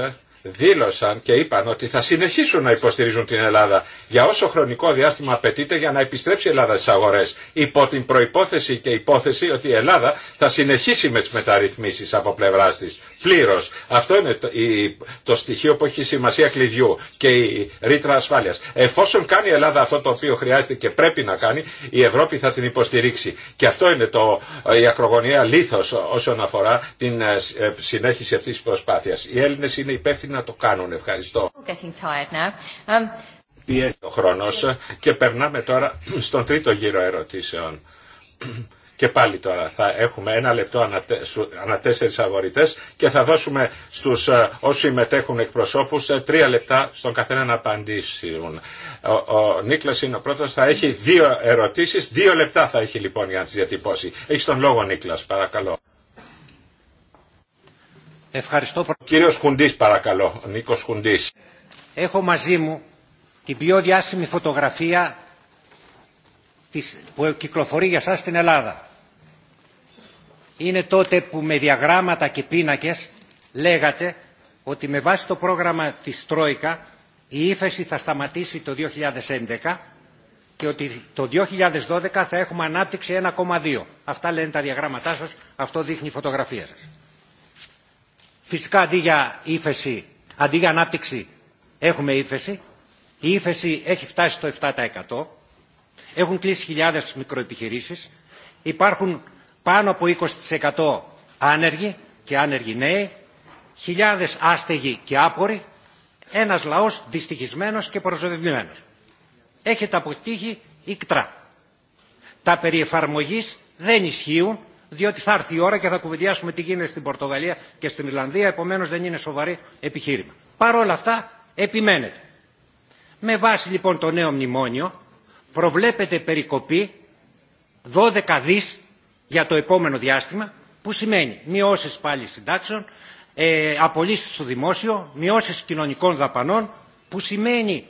δήλωσαν και είπαν ότι θα συνεχίσουν να υποστηρίζουν την Ελλάδα για όσο χρονικό διάστημα απαιτείται για να επιστρέψει η Ελλάδα στις αγορές υπό την προϋπόθεση και υπόθεση ότι η Ελλάδα θα συνεχίσει με τις μεταρρυθμίσεις από πλευρά τη. Πλήρω. Αυτό είναι το, η, το στοιχείο που έχει σημασία κλειδιού και η ρήτρα ασφάλεια. Εφόσον κάνει η Ελλάδα αυτό το οποίο χρειάζεται και πρέπει να κάνει, η Ευρώπη θα την υποστηρίξει. Και αυτό είναι το, η ακρογωνία λίθο όσον αφορά την ε, συνέχιση αυτή τη προσπάθεια. Οι Έλληνε είναι υπεύθυνοι να το κάνουν. Ευχαριστώ. Um, Πιέζει ο χρόνος και περνάμε τώρα στον τρίτο γύρο ερωτήσεων. Και πάλι τώρα θα έχουμε ένα λεπτό ανά τέσσερις αγορητές και θα δώσουμε στους ε, όσοι μετέχουν εκπροσώπους ε, τρία λεπτά στον καθένα να απαντήσουν. Ο, ο Νίκλας είναι ο πρώτος, θα έχει δύο ερωτήσεις, δύο λεπτά θα έχει λοιπόν για να τις διατυπώσει. Έχει τον λόγο Νίκλας, παρακαλώ. Ευχαριστώ. Κύριος Χουντής παρακαλώ, Νίκος Χουντής. Έχω μαζί μου την πιο διάσημη φωτογραφία που κυκλοφορεί για σας στην Ελλάδα. Είναι τότε που με διαγράμματα και πίνακες λέγατε ότι με βάση το πρόγραμμα της Τρόικα η ύφεση θα σταματήσει το 2011 και ότι το 2012 θα έχουμε ανάπτυξη 1,2. Αυτά λένε τα διαγράμματά σας, αυτό δείχνει η φωτογραφία σας. Φυσικά αντί για ύφεση, ανάπτυξη έχουμε ύφεση. Η ύφεση έχει φτάσει στο 7%. Έχουν κλείσει χιλιάδες μικροεπιχειρήσεις. Υπάρχουν πάνω από 20% άνεργοι και άνεργοι νέοι. Χιλιάδες άστεγοι και άποροι. Ένας λαός δυστυχισμένος και προσοδευμένος. Έχετε αποτύχει ικτρά. Τα περί δεν ισχύουν διότι θα έρθει η ώρα και θα κουβεντιάσουμε τι γίνεται στην Πορτογαλία και στην Ιρλανδία, επομένως δεν είναι σοβαρή επιχείρημα. Παρ' όλα αυτά επιμένετε. Με βάση λοιπόν το νέο μνημόνιο προβλέπεται περικοπή 12 δις για το επόμενο διάστημα που σημαίνει μειώσεις πάλι συντάξεων, ε, απολύσεις στο δημόσιο, μειώσεις κοινωνικών δαπανών που σημαίνει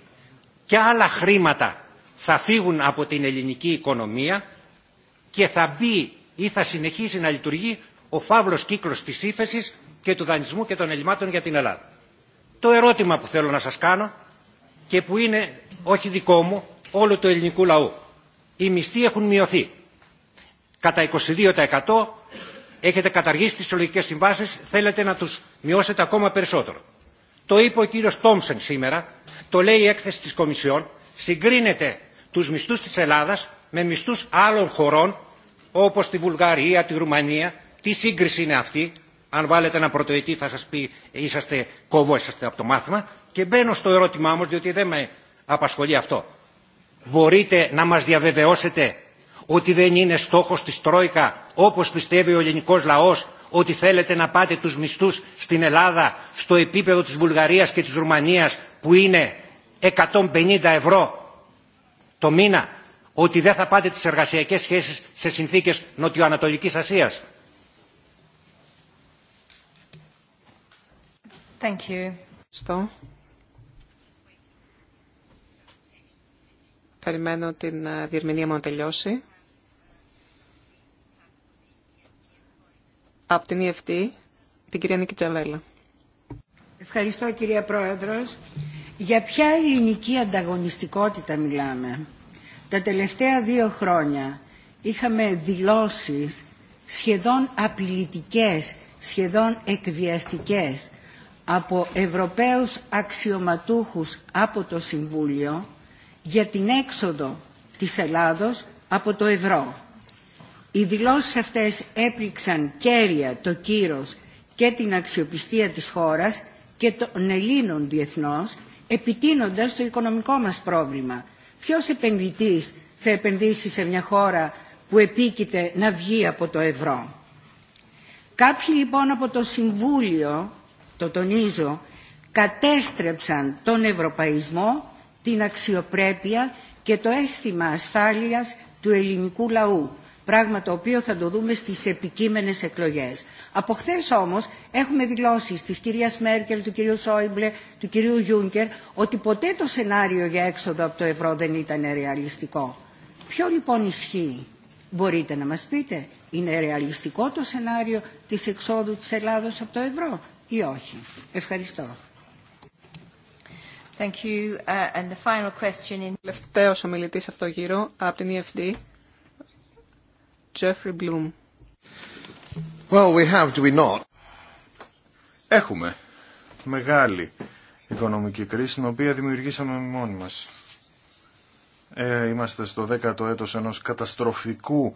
και άλλα χρήματα θα φύγουν από την ελληνική οικονομία και θα μπει ή θα συνεχίσει να λειτουργεί ο φαύλος κύκλος της ύφεση και του δανεισμού και των ελλημάτων για την Ελλάδα. Το ερώτημα που θέλω να σας κάνω και που είναι όχι δικό μου, όλο του ελληνικού λαού. Οι μισθοί έχουν μειωθεί. Κατά 22% έχετε καταργήσει τις συλλογικέ συμβάσεις, θέλετε να τους μειώσετε ακόμα περισσότερο. Το είπε ο κύριος Τόμσεν σήμερα, το λέει η έκθεση της Κομισιόν, συγκρίνεται τους μισθούς της Ελλάδας με μισθούς άλλων χωρών όπως τη Βουλγαρία, τη Ρουμανία. Τι σύγκριση είναι αυτή. Αν βάλετε ένα πρωτοετή θα σας πει είσαστε είσαστε από το μάθημα. Και μπαίνω στο ερώτημά μου, διότι δεν με απασχολεί αυτό. Μπορείτε να μας διαβεβαιώσετε ότι δεν είναι στόχος της Τρόικα όπως πιστεύει ο ελληνικός λαός ότι θέλετε να πάτε τους μισθούς στην Ελλάδα στο επίπεδο της Βουλγαρίας και της Ρουμανίας που είναι 150 ευρώ το μήνα ότι δεν θα πάτε τις εργασιακές σχέσεις σε συνθήκες νοτιοανατολικής Ασίας. Thank you. Στο. Περιμένω την ε, διερμηνία μου να τελειώσει. Από την EFT, την κυρία Νίκη Τσαβέλα. Ευχαριστώ κυρία Πρόεδρος. Για ποια ελληνική ανταγωνιστικότητα μιλάμε. Τα τελευταία δύο χρόνια είχαμε δηλώσεις σχεδόν απειλητικές, σχεδόν εκβιαστικές από Ευρωπαίους αξιωματούχους από το Συμβούλιο για την έξοδο της Ελλάδος από το ευρώ. Οι δηλώσεις αυτές έπληξαν κέρια το κύρος και την αξιοπιστία της χώρας και των Ελλήνων διεθνώς, επιτείνοντας το οικονομικό μας πρόβλημα Ποιος επενδυτής θα επενδύσει σε μια χώρα που επίκειται να βγει από το ευρώ. Κάποιοι λοιπόν από το Συμβούλιο, το τονίζω, κατέστρεψαν τον ευρωπαϊσμό, την αξιοπρέπεια και το αίσθημα ασφάλειας του ελληνικού λαού πράγμα το οποίο θα το δούμε στις επικείμενες εκλογές. Από χθε όμως έχουμε δηλώσεις της κυρίας Μέρκελ, του κυρίου Σόιμπλε, του κυρίου Γιούνκερ ότι ποτέ το σενάριο για έξοδο από το ευρώ δεν ήταν ρεαλιστικό. Ποιο λοιπόν ισχύει, μπορείτε να μας πείτε, είναι ρεαλιστικό το σενάριο της εξόδου της Ελλάδος από το ευρώ ή όχι. Ευχαριστώ. Thank uh, and ομιλητής αυτό από την e Έχουμε μεγάλη οικονομική κρίση την οποία δημιουργήσαμε μόνοι μας. Ε, είμαστε στο δέκατο ο έτος ενός καταστροφικού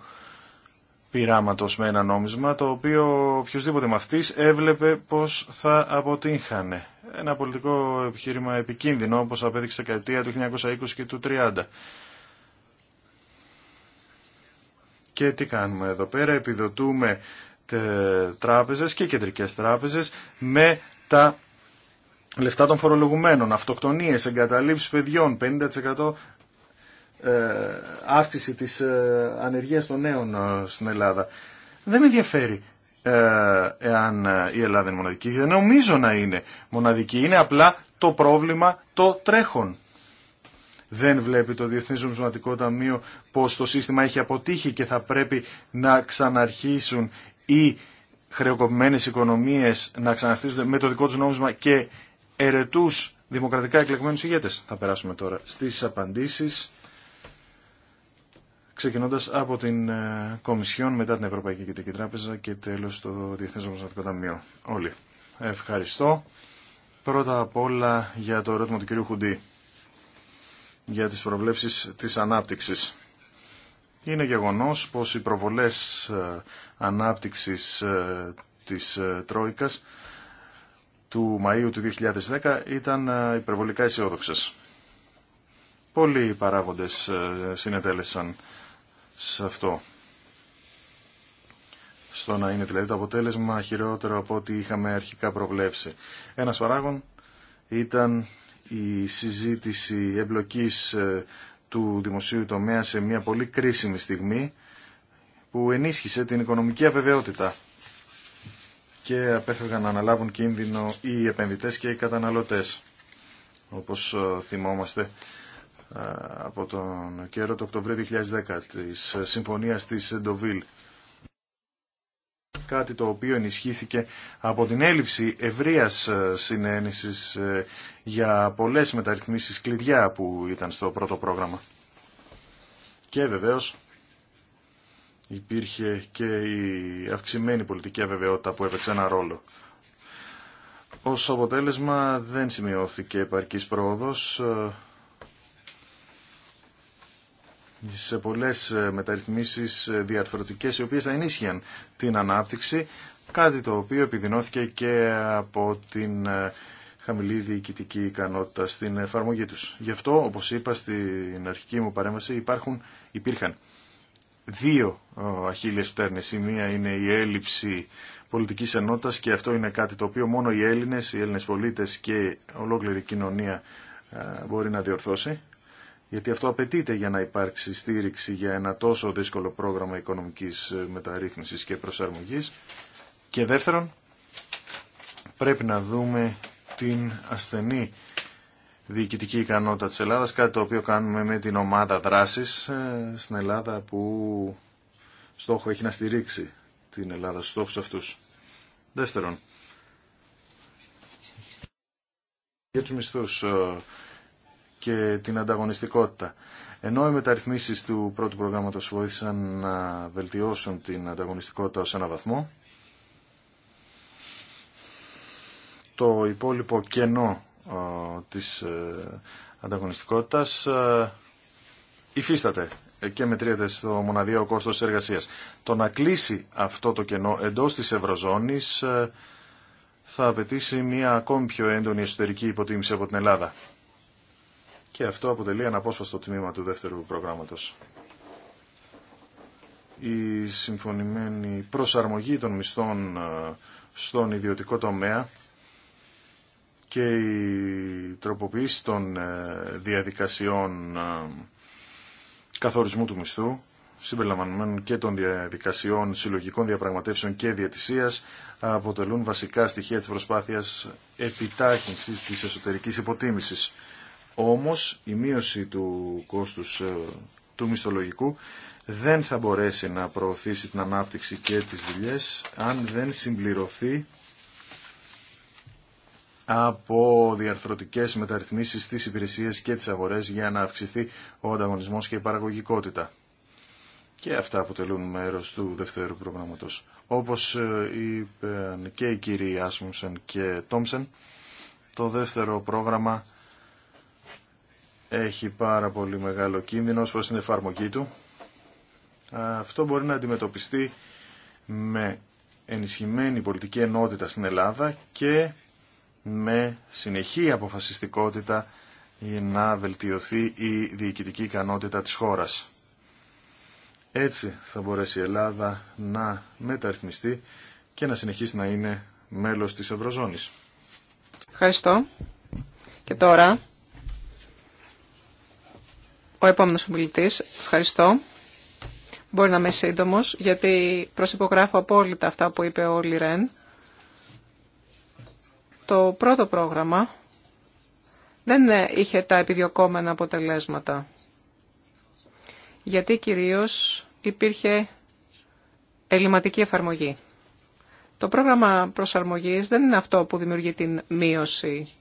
πειράματος με ένα νόμισμα το οποίο οποιοδήποτε μαθητής έβλεπε πως θα αποτύχανε. Ένα πολιτικό επιχείρημα επικίνδυνο όπως απέδειξε η του 1920 και του 30. Και τι κάνουμε εδώ πέρα, επιδοτούμε τράπεζες και κεντρικές τράπεζες με τα λεφτά των φορολογουμένων, αυτοκτονίες, εγκαταλείψεις παιδιών, 50% ε, αύξηση της ε, ανεργίας των νέων ε, στην Ελλάδα. Δεν με ενδιαφέρει εάν η Ελλάδα είναι μοναδική. Δεν νομίζω να είναι μοναδική. Είναι απλά το πρόβλημα το τρέχον δεν βλέπει το Διεθνή Νομισματικό Ταμείο πω το σύστημα έχει αποτύχει και θα πρέπει να ξαναρχίσουν οι χρεοκοπημένε οικονομίε να ξαναρχίσουν με το δικό του νόμισμα και ερετού δημοκρατικά εκλεγμένου ηγέτε. Θα περάσουμε τώρα στι απαντήσει, ξεκινώντα από την ε, Κομισιόν μετά την Ευρωπαϊκή Κεντρική Τράπεζα και τέλο το Διεθνέ Νομισματικό Ταμείο. Όλοι. Ευχαριστώ. Πρώτα απ' όλα για το ερώτημα του κ. Χουντή για τις προβλέψεις της ανάπτυξης. Είναι γεγονός πως οι προβολές ε, ανάπτυξης ε, της ε, Τρόικας του Μαΐου του 2010 ήταν υπερβολικά αισιόδοξε. Πολλοί παράγοντες συνετέλεσαν σε αυτό. Στο να είναι δηλαδή το αποτέλεσμα χειρότερο από ό,τι είχαμε αρχικά προβλέψει. Ένας παράγον ήταν η συζήτηση εμπλοκής ε, του δημοσίου τομέα σε μια πολύ κρίσιμη στιγμή που ενίσχυσε την οικονομική αβεβαιότητα και απέφευγαν να αναλάβουν κίνδυνο οι επενδυτές και οι καταναλωτές όπως ε, θυμόμαστε ε, από τον καιρό του Οκτωβρίου 2010 της Συμφωνίας της Ντοβίλ κάτι το οποίο ενισχύθηκε από την έλλειψη ευρείας ε, συνένεσης ε, για πολλές μεταρρυθμίσεις κλειδιά που ήταν στο πρώτο πρόγραμμα. Και βεβαίως υπήρχε και η αυξημένη πολιτική αβεβαιότητα που έπαιξε ένα ρόλο. Ως αποτέλεσμα δεν σημειώθηκε επαρκής πρόοδος ε, σε πολλές ε, μεταρρυθμίσεις ε, διαρθρωτικές οι οποίες θα ενίσχυαν την ανάπτυξη, κάτι το οποίο επιδεινώθηκε και από την ε, χαμηλή διοικητική ικανότητα στην εφαρμογή τους. Γι' αυτό, όπως είπα στην αρχική μου παρέμβαση, υπάρχουν, υπήρχαν δύο αχίλιες φτέρνες. Η μία είναι η έλλειψη πολιτικής ενότητας και αυτό είναι κάτι το οποίο μόνο οι Έλληνες, οι Έλληνες πολίτες και ολόκληρη κοινωνία μπορεί να διορθώσει γιατί αυτό απαιτείται για να υπάρξει στήριξη για ένα τόσο δύσκολο πρόγραμμα οικονομικής ε, μεταρρύθμισης και προσαρμογής. Και δεύτερον, πρέπει να δούμε την ασθενή διοικητική ικανότητα της Ελλάδας, κάτι το οποίο κάνουμε με την ομάδα δράσης ε, στην Ελλάδα που στόχο έχει να στηρίξει την Ελλάδα στους στόχους αυτούς. Δεύτερον, για τους μισθούς ε, και την ανταγωνιστικότητα. Ενώ οι μεταρρυθμίσεις του πρώτου προγράμματος βοήθησαν να βελτιώσουν την ανταγωνιστικότητα ως ένα βαθμό, το υπόλοιπο κενό της ε, ανταγωνιστικότητας ε, υφίσταται και μετριέται στο μοναδιαίο κόστο εργασία. Το να κλείσει αυτό το κενό εντός τη Ευρωζώνης ε, θα απαιτήσει μια ακόμη πιο έντονη εσωτερική υποτίμηση από την Ελλάδα και αυτό αποτελεί αναπόσπαστο τμήμα του δεύτερου προγράμματος. Η συμφωνημένη προσαρμογή των μισθών ε, στον ιδιωτικό τομέα και η τροποποίηση των ε, διαδικασιών ε, καθορισμού του μισθού συμπεριλαμβανομένων και των διαδικασιών συλλογικών διαπραγματεύσεων και διατησίας αποτελούν βασικά στοιχεία της προσπάθειας επιτάχυνσης της εσωτερικής υποτίμησης. Όμως η μείωση του κόστους ε, του μισθολογικού δεν θα μπορέσει να προωθήσει την ανάπτυξη και τις δουλειές αν δεν συμπληρωθεί από διαρθρωτικές μεταρρυθμίσεις στις υπηρεσίες και τις αγορές για να αυξηθεί ο ανταγωνισμός και η παραγωγικότητα. Και αυτά αποτελούν μέρος του δευτέρου προγράμματος. Όπως ε, είπαν και οι κύριοι Άσμουσεν και Τόμσεν, το δεύτερο πρόγραμμα έχει πάρα πολύ μεγάλο κίνδυνο ως προς την εφαρμογή του. Αυτό μπορεί να αντιμετωπιστεί με ενισχυμένη πολιτική ενότητα στην Ελλάδα και με συνεχή αποφασιστικότητα για να βελτιωθεί η διοικητική ικανότητα της χώρας. Έτσι θα μπορέσει η Ελλάδα να μεταρρυθμιστεί και να συνεχίσει να είναι μέλος της Ευρωζώνης. Ευχαριστώ. Και τώρα ο επόμενος ομιλητής, ευχαριστώ. Μπορεί να είμαι σύντομο, γιατί προσυπογράφω απόλυτα αυτά που είπε ο Λιρέν. Το πρώτο πρόγραμμα δεν είχε τα επιδιωκόμενα αποτελέσματα, γιατί κυρίως υπήρχε ελληματική εφαρμογή. Το πρόγραμμα προσαρμογής δεν είναι αυτό που δημιουργεί την μείωση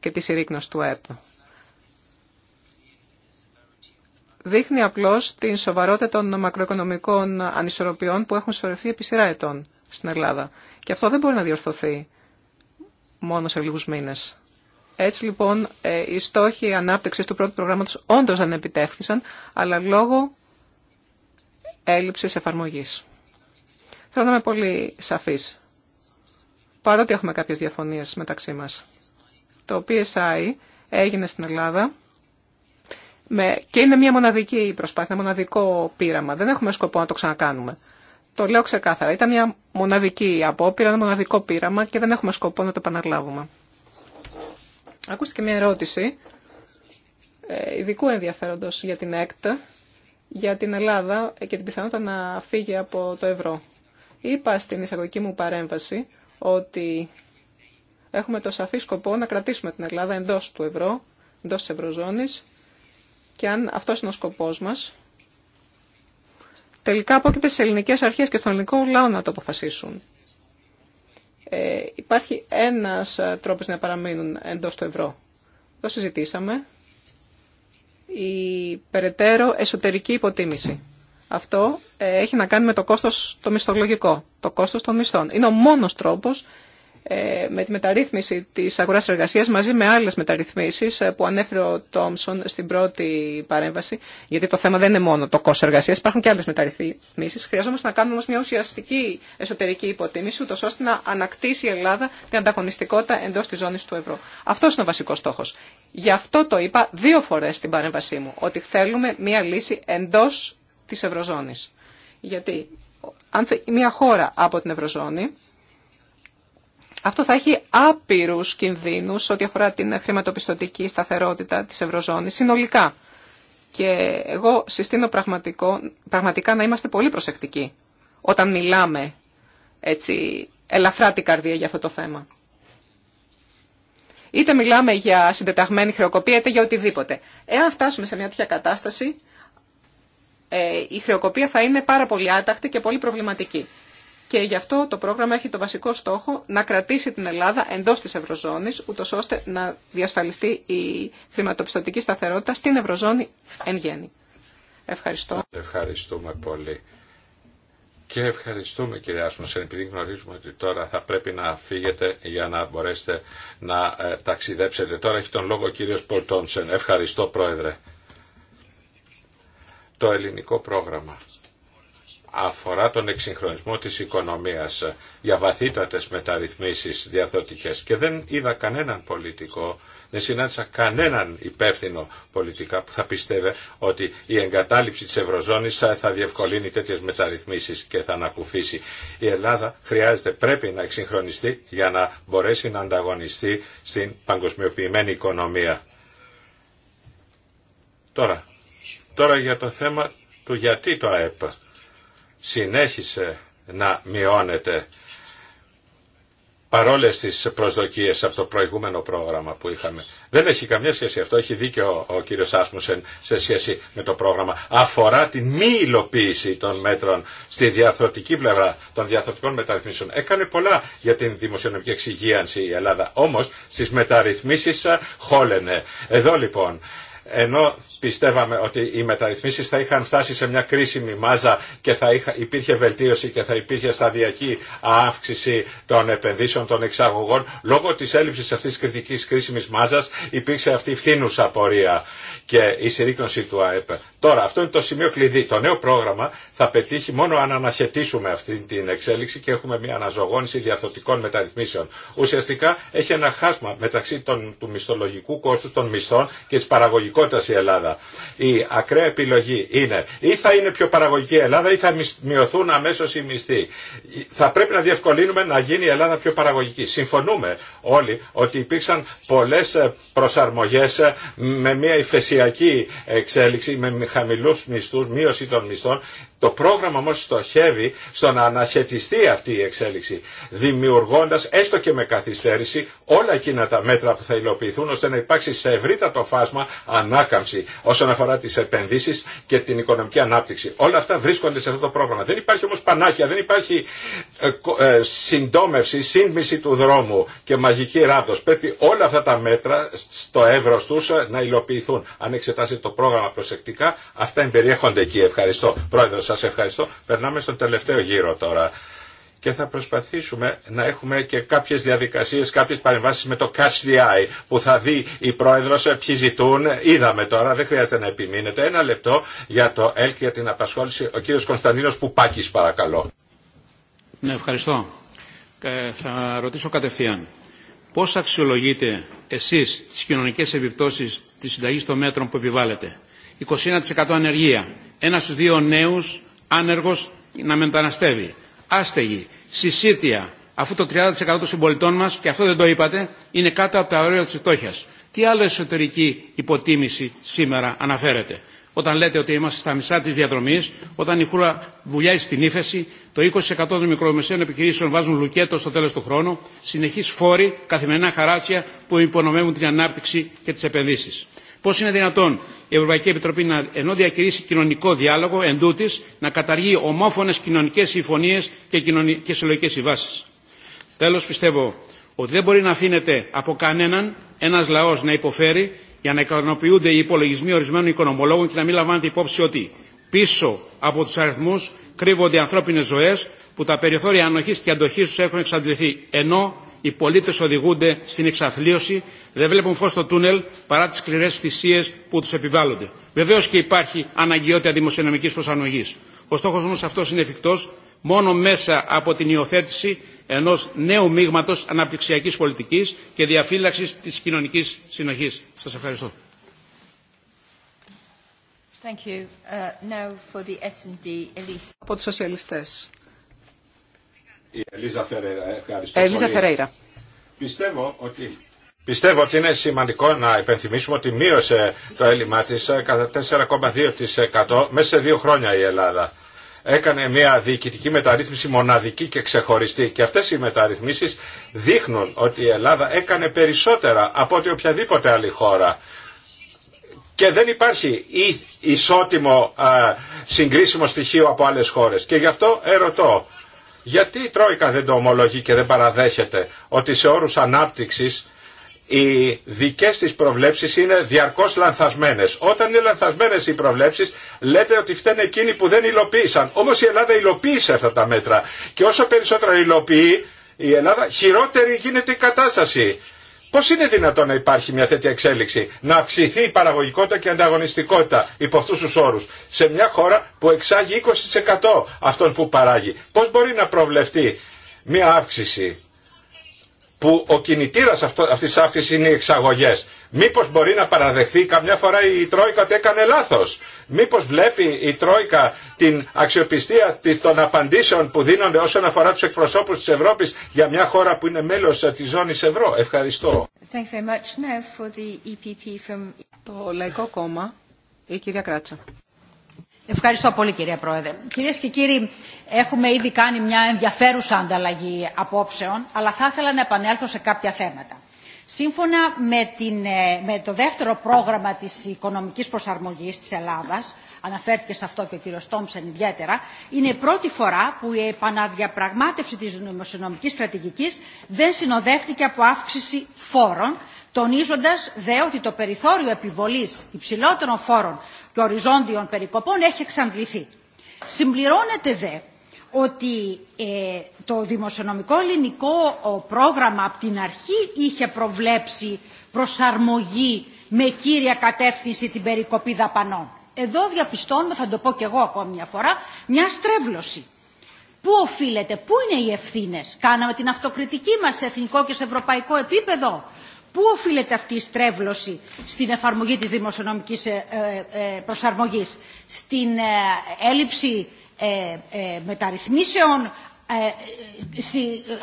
και τη συρρήκνωση του ΕΠ. δείχνει απλώς την σοβαρότητα των μακροοικονομικών ανισορροπιών που έχουν σωρευτεί επί σειρά ετών στην Ελλάδα. Και αυτό δεν μπορεί να διορθωθεί μόνο σε λίγους μήνες. Έτσι λοιπόν ε, οι στόχοι ανάπτυξης του πρώτου προγράμματος όντως δεν επιτεύχθησαν, αλλά λόγω έλλειψης εφαρμογής. Θέλω να είμαι πολύ σαφής, παρότι έχουμε κάποιες διαφωνίες μεταξύ μας. Το PSI έγινε στην Ελλάδα με, και είναι μια μοναδική προσπάθεια, ένα μοναδικό πείραμα. Δεν έχουμε σκοπό να το ξανακάνουμε. Το λέω ξεκάθαρα. Ήταν μια μοναδική απόπειρα, ένα μοναδικό πείραμα και δεν έχουμε σκοπό να το επαναλάβουμε. Ακούστηκε μια ερώτηση ε, ειδικού ενδιαφέροντος για την ΕΚΤ, για την Ελλάδα και την πιθανότητα να φύγει από το ευρώ. Είπα στην εισαγωγική μου παρέμβαση ότι έχουμε το σαφή σκοπό να κρατήσουμε την Ελλάδα εντός του ευρώ, εντός της ευρωζώνης και αν αυτός είναι ο σκοπό μας, τελικά απόκειται στι ελληνικές αρχές και στον ελληνικό λαό να το αποφασίσουν. Ε, υπάρχει ένας ε, τρόπος να παραμείνουν εντός του ευρώ. Το συζητήσαμε. Η περαιτέρω εσωτερική υποτίμηση. Αυτό ε, έχει να κάνει με το κόστος το μισθολογικό, το κόστος των μισθών. Είναι ο μόνος τρόπος ε, με τη μεταρρύθμιση της αγοράς εργασίας μαζί με άλλες μεταρρυθμίσεις ε, που ανέφερε ο Τόμσον στην πρώτη παρέμβαση, γιατί το θέμα δεν είναι μόνο το κόστος εργασίας, υπάρχουν και άλλες μεταρρυθμίσεις. Χρειαζόμαστε να κάνουμε όμως μια ουσιαστική εσωτερική υποτίμηση, ούτως ώστε να ανακτήσει η Ελλάδα την ανταγωνιστικότητα εντός της ζώνης του ευρώ. Αυτός είναι ο βασικός στόχος. Γι' αυτό το είπα δύο φορές στην παρέμβασή μου, ότι θέλουμε μια λύση εντός της ευρωζώνης. Γιατί αν μια χώρα από την ευρωζώνη αυτό θα έχει άπειρους κινδύνους ό,τι αφορά την χρηματοπιστωτική σταθερότητα τη Ευρωζώνης συνολικά. Και εγώ συστήνω πραγματικό, πραγματικά να είμαστε πολύ προσεκτικοί όταν μιλάμε έτσι ελαφρά την καρδία για αυτό το θέμα. Είτε μιλάμε για συντεταγμένη χρεοκοπία, είτε για οτιδήποτε. Εάν φτάσουμε σε μια τέτοια κατάσταση, ε, η χρεοκοπία θα είναι πάρα πολύ άτακτη και πολύ προβληματική. Και γι' αυτό το πρόγραμμα έχει το βασικό στόχο να κρατήσει την Ελλάδα εντό τη Ευρωζώνη, ούτω ώστε να διασφαλιστεί η χρηματοπιστωτική σταθερότητα στην Ευρωζώνη εν γέννη. Ευχαριστώ. Ευχαριστούμε πολύ. Και ευχαριστούμε κυρία Άσμουσεν, επειδή γνωρίζουμε ότι τώρα θα πρέπει να φύγετε για να μπορέσετε να ε, ταξιδέψετε. Τώρα έχει τον λόγο ο κύριος Πορτόνσεν. Ευχαριστώ πρόεδρε. Το ελληνικό πρόγραμμα αφορά τον εξυγχρονισμό της οικονομίας για βαθύτατες μεταρρυθμίσεις διαδοτικές. και δεν είδα κανέναν πολιτικό, δεν συνάντησα κανέναν υπεύθυνο πολιτικά που θα πιστεύε ότι η εγκατάλειψη της Ευρωζώνης θα διευκολύνει τέτοιες μεταρρυθμίσεις και θα ανακουφίσει. Η Ελλάδα χρειάζεται, πρέπει να εξυγχρονιστεί για να μπορέσει να ανταγωνιστεί στην παγκοσμιοποιημένη οικονομία. Τώρα, τώρα για το θέμα του γιατί το ΑΕΠ συνέχισε να μειώνεται παρόλες τις προσδοκίες από το προηγούμενο πρόγραμμα που είχαμε. Δεν έχει καμιά σχέση αυτό, έχει δίκιο ο κύριος Άσμουσεν σε σχέση με το πρόγραμμα. Αφορά την μη υλοποίηση των μέτρων στη διαθροτική πλευρά των διαθροτικών μεταρρυθμίσεων. Έκανε πολλά για την δημοσιονομική εξυγίανση η Ελλάδα, όμως στις μεταρρυθμίσεις χόλενε. Εδώ λοιπόν, ενώ πιστεύαμε ότι οι μεταρρυθμίσει θα είχαν φτάσει σε μια κρίσιμη μάζα και θα υπήρχε βελτίωση και θα υπήρχε σταδιακή αύξηση των επενδύσεων των εξαγωγών. Λόγω τη έλλειψη αυτή τη κριτικής κρίσιμης μάζας υπήρξε αυτή η φθήνουσα πορεία και η συρρήκνωση του ΑΕΠ. Τώρα, αυτό είναι το σημείο κλειδί. Το νέο πρόγραμμα θα πετύχει μόνο αν αναχαιτήσουμε αυτή την εξέλιξη και έχουμε μια αναζωγόνηση διαθωτικών μεταρρυθμίσεων. Ουσιαστικά έχει ένα χάσμα μεταξύ του μισθολογικού κόστου των μισθών και τη παραγωγικότητα η Ελλάδα. Η ακραία επιλογή είναι ή θα είναι πιο παραγωγική η Ελλάδα ή θα μειωθούν αμέσω οι μισθοί. Θα πρέπει να διευκολύνουμε να γίνει η Ελλάδα πιο παραγωγική. Συμφωνούμε όλοι ότι υπήρξαν πολλέ ε, προσαρμογέ ε, με μια υφεσιακή εξέλιξη, με χαμηλού μισθού, μείωση των μισθών το πρόγραμμα όμως στοχεύει στο να αναχαιτιστεί αυτή η εξέλιξη, δημιουργώντας έστω και με καθυστέρηση όλα εκείνα τα μέτρα που θα υλοποιηθούν ώστε να υπάρξει σε ευρύτατο φάσμα ανάκαμψη όσον αφορά τις επενδύσεις και την οικονομική ανάπτυξη. Όλα αυτά βρίσκονται σε αυτό το πρόγραμμα. Δεν υπάρχει όμως πανάκια, δεν υπάρχει ε, ε, συντόμευση, σύντμηση του δρόμου και μαγική ράβδος. Πρέπει όλα αυτά τα μέτρα στο εύρος τους ε, να υλοποιηθούν. Αν εξετάσετε το πρόγραμμα προσεκτικά, αυτά εμπεριέχονται εκεί. Ευχαριστώ. Πρόεδρος, σας ευχαριστώ. Περνάμε στον τελευταίο γύρο τώρα και θα προσπαθήσουμε να έχουμε και κάποιες διαδικασίες, κάποιες παρεμβάσεις με το catch the eye που θα δει η πρόεδρος ποιοι ζητούν. Είδαμε τώρα, δεν χρειάζεται να επιμείνετε. Ένα λεπτό για το ΕΛΚ για την απασχόληση. Ο κύριος Κωνσταντίνος Πουπάκης παρακαλώ. Ναι, ευχαριστώ. Ε, θα ρωτήσω κατευθείαν. Πώς αξιολογείτε εσείς τις κοινωνικές επιπτώσεις της συνταγής των μέτρων που επιβάλλετε. 21% ανεργία, ένας στους δύο νέους άνεργος να μεταναστεύει. Άστεγοι, συσίτια, αφού το 30% των συμπολιτών μας, και αυτό δεν το είπατε, είναι κάτω από τα όρια της φτώχεια. Τι άλλο εσωτερική υποτίμηση σήμερα αναφέρεται. Όταν λέτε ότι είμαστε στα μισά της διαδρομής, όταν η χώρα βουλιάει στην ύφεση, το 20% των μικρομεσαίων επιχειρήσεων βάζουν λουκέτο στο τέλος του χρόνου, συνεχείς φόροι, καθημερινά χαράτσια που υπονομεύουν την ανάπτυξη και τις επενδύσεις. Πώ είναι δυνατόν η Ευρωπαϊκή Επιτροπή να, ενώ διακηρύσει κοινωνικό διάλογο εν τούτης, να καταργεί ομόφωνε κοινωνικέ συμφωνίε και, κοινωνι... και συλλογικέ συμβάσει. Τέλο, πιστεύω ότι δεν μπορεί να αφήνεται από κανέναν ένα λαό να υποφέρει για να ικανοποιούνται οι υπολογισμοί ορισμένων οικονομολόγων και να μην λαμβάνεται υπόψη ότι πίσω από του αριθμού κρύβονται ανθρώπινε ζωέ που τα περιθώρια ανοχή και αντοχή του έχουν εξαντληθεί, ενώ οι πολίτες οδηγούνται στην εξαθλίωση, δεν βλέπουν φως στο τούνελ παρά τις σκληρέ θυσίε που τους επιβάλλονται. Βεβαίω και υπάρχει αναγκαιότητα δημοσιονομικής προσαρμογή. Ο στόχο όμως αυτός είναι εφικτό μόνο μέσα από την υιοθέτηση ενός νέου μείγματος αναπτυξιακής πολιτικής και διαφύλαξης τη κοινωνική συνοχή. Σα ευχαριστώ. Thank you. Uh, now for the Από σοσιαλιστές, η Ελίζα Φερέιρα, ευχαριστώ πολύ. Πιστεύω ότι... Πιστεύω ότι είναι σημαντικό να υπενθυμίσουμε ότι μείωσε το έλλειμμα τη ε, κατά 4,2% μέσα σε δύο χρόνια η Ελλάδα έκανε μια διοικητική μεταρρύθμιση μοναδική και ξεχωριστή. Και αυτές οι μεταρρυθμίσει δείχνουν ότι η Ελλάδα έκανε περισσότερα από ότι οποιαδήποτε άλλη χώρα. Και δεν υπάρχει ισότιμο ε, συγκρίσιμο στοιχείο από άλλες χώρες. Και γι' αυτό ερωτώ, γιατί η Τρόικα δεν το ομολογεί και δεν παραδέχεται ότι σε όρους ανάπτυξης οι δικές της προβλέψεις είναι διαρκώς λανθασμένες. Όταν είναι λανθασμένες οι προβλέψεις λέτε ότι φταίνε εκείνοι που δεν υλοποίησαν. Όμως η Ελλάδα υλοποίησε αυτά τα μέτρα και όσο περισσότερο υλοποιεί η Ελλάδα χειρότερη γίνεται η κατάσταση. Πώς είναι δυνατόν να υπάρχει μια τέτοια εξέλιξη, να αυξηθεί η παραγωγικότητα και η ανταγωνιστικότητα υπό αυτούς τους όρους σε μια χώρα που εξάγει 20% αυτών που παράγει. Πώς μπορεί να προβλεφτεί μια αύξηση που ο κινητήρας αυτής της αύξησης είναι οι εξαγωγές Μήπως μπορεί να παραδεχθεί καμιά φορά η Τρόικα ότι έκανε λάθος. Μήπως βλέπει η Τρόικα την αξιοπιστία των απαντήσεων που δίνονται όσον αφορά τους εκπροσώπους της Ευρώπης για μια χώρα που είναι μέλος ε, της ζώνης ευρώ. Ευχαριστώ. Το Λαϊκό Κόμμα, η κυρία Κράτσα. Ευχαριστώ πολύ κυρία Πρόεδρε. Κυρίε και κύριοι, έχουμε ήδη κάνει μια ενδιαφέρουσα ανταλλαγή απόψεων, αλλά θα ήθελα να επανέλθω σε κάποια θέματα. Σύμφωνα ε, με, το δεύτερο πρόγραμμα της οικονομικής προσαρμογής της Ελλάδας, αναφέρθηκε σε αυτό και ο κύριος Τόμψεν ιδιαίτερα, είναι η πρώτη φορά που η επαναδιαπραγμάτευση της νομοσυνομικής στρατηγικής δεν συνοδεύτηκε από αύξηση φόρων, τονίζοντας δε ότι το περιθώριο επιβολής υψηλότερων φόρων και οριζόντιων περικοπών έχει εξαντληθεί. Συμπληρώνεται δε ότι ε, το δημοσιονομικό ελληνικό πρόγραμμα από την αρχή είχε προβλέψει προσαρμογή με κύρια κατεύθυνση την περικοπή δαπανών. Εδώ διαπιστώνουμε, θα το πω και εγώ ακόμη μια φορά, μια στρέβλωση. Πού οφείλεται, πού είναι οι ευθύνε. Κάναμε την αυτοκριτική μα σε εθνικό και σε ευρωπαϊκό επίπεδο. Πού οφείλεται αυτή η στρέβλωση στην εφαρμογή της δημοσιονομική ε, ε, προσαρμογή, στην έλλειψη ε, ε, μεταρρυθμίσεων ε,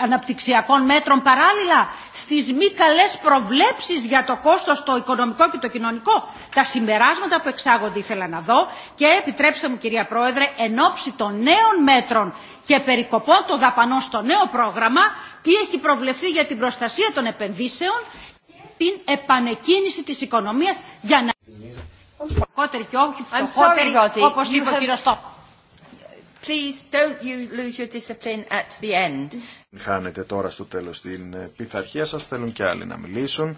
αναπτυξιακών μέτρων παράλληλα στις μη καλές προβλέψεις για το κόστος το οικονομικό και το κοινωνικό. Τα συμπεράσματα που εξάγονται ήθελα να δω και επιτρέψτε μου κυρία Πρόεδρε εν ώψη των νέων μέτρων και περικοπών των δαπανών στο νέο πρόγραμμα τι έχει προβλεφθεί για την προστασία των επενδύσεων και την επανεκκίνηση της οικονομίας για να... και όχι όπως είπε Please don't you lose your discipline at the end. Χάνετε τώρα στο τέλος την ε, πειθαρχία σας, θέλουν και άλλοι να μιλήσουν.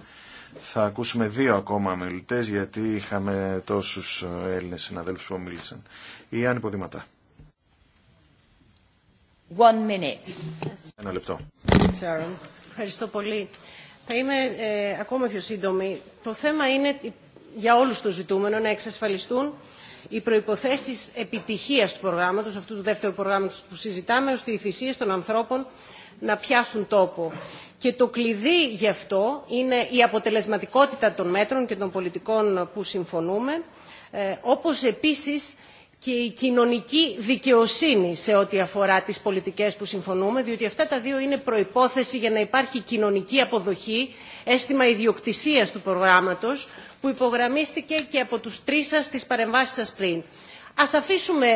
Θα ακούσουμε δύο ακόμα μιλητέ γιατί είχαμε τόσους ε, Έλληνες συναδέλφους που μίλησαν. Η Άννη Ποδηματά. One minute. Ένα λεπτό. Ευχαριστώ πολύ. Θα είμαι ε, ακόμα πιο σύντομη. Το θέμα είναι για όλους το ζητούμενο να εξασφαλιστούν οι προποθέσει επιτυχίας του προγράμματος, αυτού του δεύτερου προγράμματος που συζητάμε, ώστε οι θυσίε των ανθρώπων να πιάσουν τόπο. Και το κλειδί γι' αυτό είναι η αποτελεσματικότητα των μέτρων και των πολιτικών που συμφωνούμε, ε, όπως επίσης και η κοινωνική δικαιοσύνη σε ό,τι αφορά τις πολιτικές που συμφωνούμε, διότι αυτά τα δύο είναι προϋπόθεση για να υπάρχει κοινωνική αποδοχή, αίσθημα ιδιοκτησίας του προγράμματος, που υπογραμμίστηκε και από τους τρεις σας στις παρεμβάσεις σας πριν. Ας αφήσουμε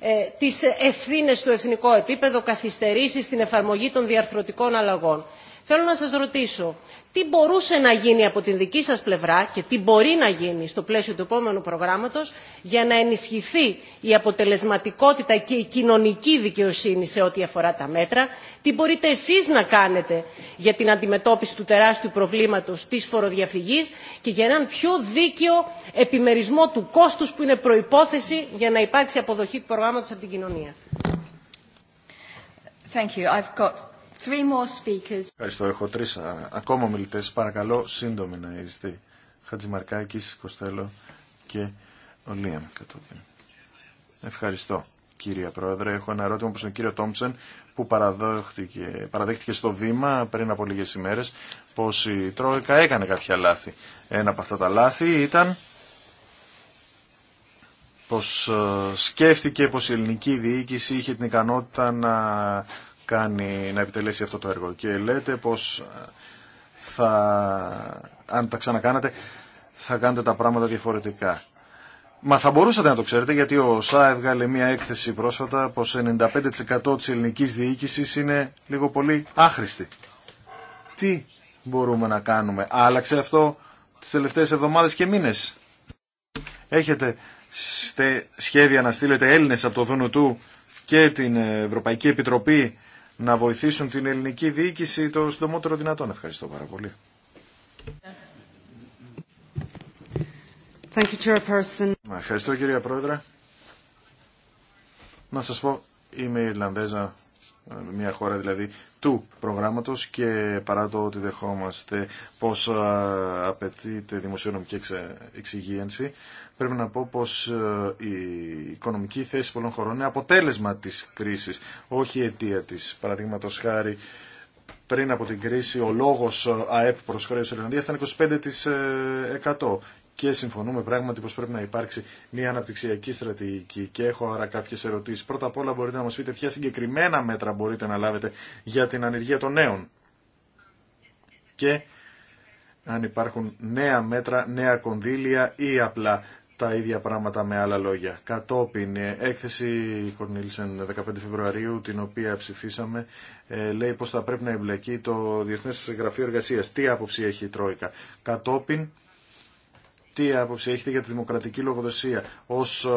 ε, τις ευθύνες στο εθνικό επίπεδο καθυστερήσεις στην εφαρμογή των διαρθρωτικών αλλαγών. Θέλω να σας ρωτήσω, τι μπορούσε να γίνει από την δική σας πλευρά και τι μπορεί να γίνει στο πλαίσιο του επόμενου προγράμματος για να ενισχυθεί η αποτελεσματικότητα και η κοινωνική δικαιοσύνη σε ό,τι αφορά τα μέτρα, τι μπορείτε εσείς να κάνετε για την αντιμετώπιση του τεράστιου προβλήματος της φοροδιαφυγής και για έναν πιο δίκαιο επιμερισμό του κόστους που είναι προϋπόθεση για να υπάρξει αποδοχή του προγράμματος από την κοινωνία. Ευχαριστώ. Έχω τρεις ακόμα μιλητές. Παρακαλώ σύντομη να είστε. Χατζημαρκάκη, Κοστέλο και ο Λίαμ κατόπιν. Ευχαριστώ κύριε Πρόεδρε. Έχω ένα ερώτημα προς τον κύριο Τόμψεν που παραδέχτηκε, παραδέχτηκε στο βήμα πριν από λίγες ημέρες πως η Τρόικα έκανε κάποια λάθη. Ένα από αυτά τα λάθη ήταν πως ε, σκέφτηκε πως η ελληνική διοίκηση είχε την ικανότητα να κάνει, να επιτελέσει αυτό το έργο. Και λέτε πως ε, θα, αν τα ξανακάνατε, θα κάνετε τα πράγματα διαφορετικά. Μα θα μπορούσατε να το ξέρετε γιατί ο ΣΑ έβγαλε μια έκθεση πρόσφατα πως 95% της ελληνικής διοίκησης είναι λίγο πολύ άχρηστη. Τι μπορούμε να κάνουμε. Άλλαξε αυτό τις τελευταίες εβδομάδες και μήνες. Έχετε σχέδια να στείλετε Έλληνες από το Δούνου του και την Ευρωπαϊκή Επιτροπή να βοηθήσουν την ελληνική διοίκηση το συντομότερο δυνατόν. Ευχαριστώ πάρα πολύ. Thank you, Ευχαριστώ κυρία Πρόεδρε. Να σας πω, είμαι Ιρλανδέζα ε, μια χώρα δηλαδή του προγράμματος και παρά το ότι δεχόμαστε πως ε, απαιτείται δημοσιονομική εξυγίανση πρέπει να πω πως ε, η οικονομική θέση πολλών χωρών είναι αποτέλεσμα της κρίσης όχι αιτία της. Παραδείγματο χάρη πριν από την κρίση ο λόγος ΑΕΠ προς χρέος Ιρλανδίας ήταν 25% και συμφωνούμε πράγματι πως πρέπει να υπάρξει μια αναπτυξιακή στρατηγική και έχω άρα κάποιες ερωτήσεις. Πρώτα απ' όλα μπορείτε να μας πείτε ποια συγκεκριμένα μέτρα μπορείτε να λάβετε για την ανεργία των νέων και αν υπάρχουν νέα μέτρα, νέα κονδύλια ή απλά τα ίδια πράγματα με άλλα λόγια. Κατόπιν, ε, έκθεση Κορνίλσεν 15 Φεβρουαρίου, την οποία ψηφίσαμε, ε, λέει πως θα πρέπει να εμπλακεί το Διεθνές Γραφείο Εργασίας. Τι άποψη έχει η Τρόικα. Κατόπιν, τι άποψη έχετε για τη δημοκρατική λογοδοσία ως ε,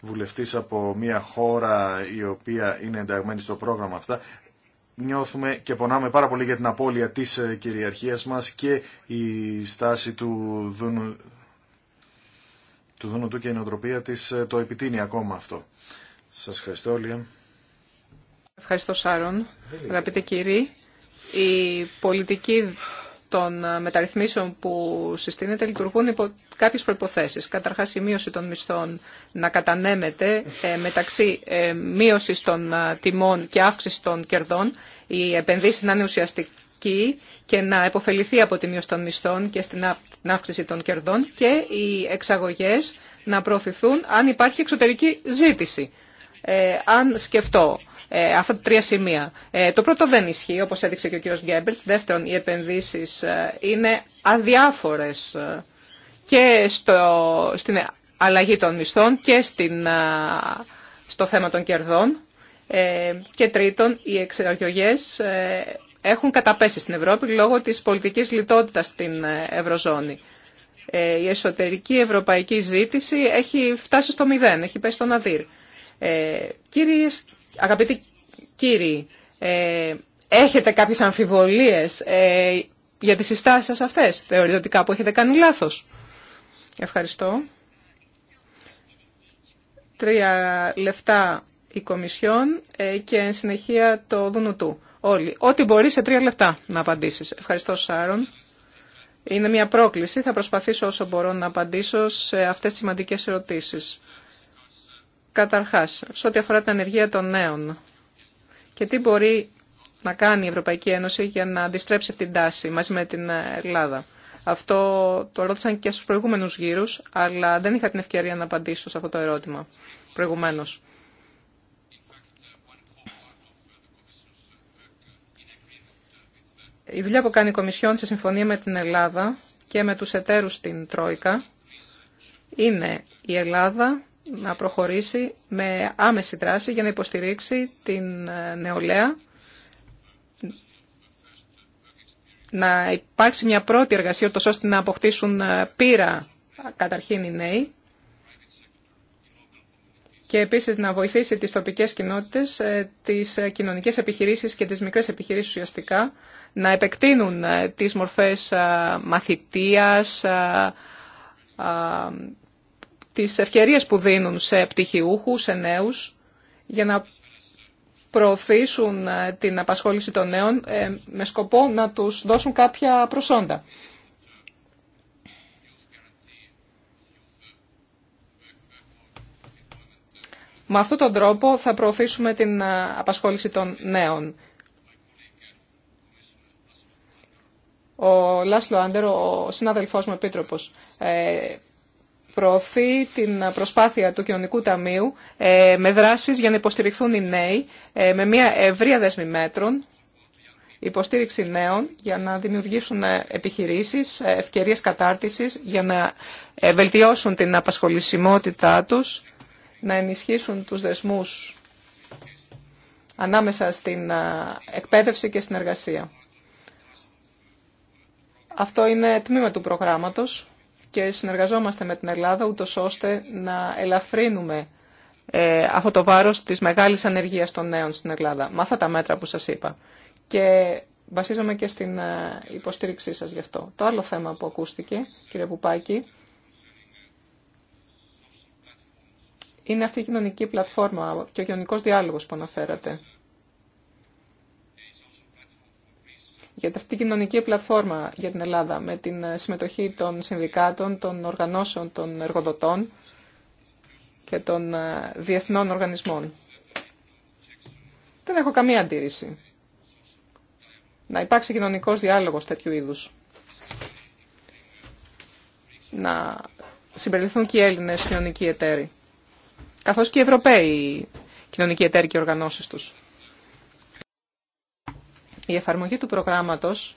βουλευτής από μια χώρα η οποία είναι ενταγμένη στο πρόγραμμα αυτά νιώθουμε και πονάμε πάρα πολύ για την απώλεια της ε, κυριαρχίας μας και η στάση του Δούνου του, Δούνου του και η νοοτροπία της ε, το επιτείνει ακόμα αυτό. Σας ευχαριστώ όλοι. Ευχαριστώ Σάρον. Αγαπητοί κύριοι, η πολιτική των ε, μεταρρυθμίσεων που συστήνεται λειτουργούν υπό κάποιες προϋποθέσεις. Καταρχάς η μείωση των μισθών να κατανέμεται ε, μεταξύ ε, μείωσης των τιμών και αύξηση των κερδών, οι επενδύσεις να είναι ουσιαστικοί και να επωφεληθεί από τη μείωση των μισθών και στην αύξηση των κερδών και οι εξαγωγές να προωθηθούν αν υπάρχει εξωτερική ζήτηση. Ε, αν σκεφτώ ε, αυτά τα τρία σημεία. Ε, το πρώτο δεν ισχύει, όπως έδειξε και ο κύριος Γκέμπελς. Δεύτερον, οι επενδύσεις ε, είναι αδιάφορες και στο, στην αλλαγή των μισθών και στην, στο θέμα των κερδών. και τρίτον, οι ε, έχουν καταπέσει στην Ευρώπη λόγω της πολιτικής λιτότητας στην Ευρωζώνη. η εσωτερική ευρωπαϊκή ζήτηση έχει φτάσει στο μηδέν, έχει πέσει στον αδύρ. Ε, Αγαπητοί κύριοι, ε, έχετε κάποιες αμφιβολίες ε, για τις συστάσεις σας αυτές, θεωρείτε ότι κάπου έχετε κάνει λάθος. Ευχαριστώ. Τρία λεφτά η Κομισιόν ε, και εν συνεχεία το Δουνουτού. Όλοι. Ό,τι μπορεί σε τρία λεπτά να απαντήσεις. Ευχαριστώ Σάρον. Είναι μια πρόκληση. Θα προσπαθήσω όσο μπορώ να απαντήσω σε αυτές τις σημαντικές ερωτήσεις. Καταρχάς, σε ό,τι αφορά την ανεργία των νέων και τι μπορεί να κάνει η Ευρωπαϊκή Ένωση για να αντιστρέψει αυτήν την τάση μαζί με την Ελλάδα. Αυτό το ρώτησαν και στους προηγούμενους γύρους, αλλά δεν είχα την ευκαιρία να απαντήσω σε αυτό το ερώτημα προηγουμένως. Η δουλειά που κάνει η Κομισιόν σε συμφωνία με την Ελλάδα και με τους εταίρους στην Τρόικα είναι η Ελλάδα να προχωρήσει με άμεση δράση για να υποστηρίξει την ε, νεολαία, να υπάρξει μια πρώτη εργασία, ώστε να αποκτήσουν ε, πείρα καταρχήν οι νέοι και επίσης να βοηθήσει τις τοπικές κοινότητες, ε, τις κοινωνικές επιχειρήσεις και τις μικρές επιχειρήσεις ουσιαστικά να επεκτείνουν τις μορφές μαθητείας, τις ευκαιρίες που δίνουν σε πτυχιούχους, σε νέους, για να προωθήσουν ε, την απασχόληση των νέων ε, με σκοπό να τους δώσουν κάποια προσόντα. Με αυτόν τον τρόπο θα προωθήσουμε την ε, απασχόληση των νέων. Ο Λάσλο Άντερ, ο συνάδελφός μου επίτροπος, προωθεί την προσπάθεια του Κοινωνικού Ταμείου ε, με δράσεις για να υποστηριχθούν οι νέοι ε, με μια ευρία δέσμη μέτρων, υποστήριξη νέων για να δημιουργήσουν ε, επιχειρήσεις, ευκαιρίες κατάρτισης, για να βελτιώσουν την απασχολησιμότητά τους, να ενισχύσουν τους δεσμούς ανάμεσα στην εκπαίδευση και στην εργασία. Αυτό είναι τμήμα του προγράμματος και συνεργαζόμαστε με την Ελλάδα ούτω ώστε να ελαφρύνουμε ε, αυτό το βάρο τη μεγάλη ανεργία των νέων στην Ελλάδα. Μάθα τα μέτρα που σας είπα. Και βασίζομαι και στην ε, υποστήριξή σας γι' αυτό. Το άλλο θέμα που ακούστηκε, κύριε Πουπάκη, είναι αυτή η κοινωνική πλατφόρμα και ο κοινωνικό διάλογος που αναφέρατε. για αυτή την κοινωνική πλατφόρμα για την Ελλάδα με την ε, συμμετοχή των συνδικάτων, των οργανώσεων των εργοδοτών και των ε, διεθνών οργανισμών. Δεν έχω καμία αντίρρηση να υπάρξει κοινωνικός διάλογος τέτοιου είδους. Να συμπεριληφθούν και οι Έλληνες κοινωνικοί εταίροι, καθώς και οι Ευρωπαίοι κοινωνικοί εταίροι και οργανώσεις τους η εφαρμογή του προγράμματος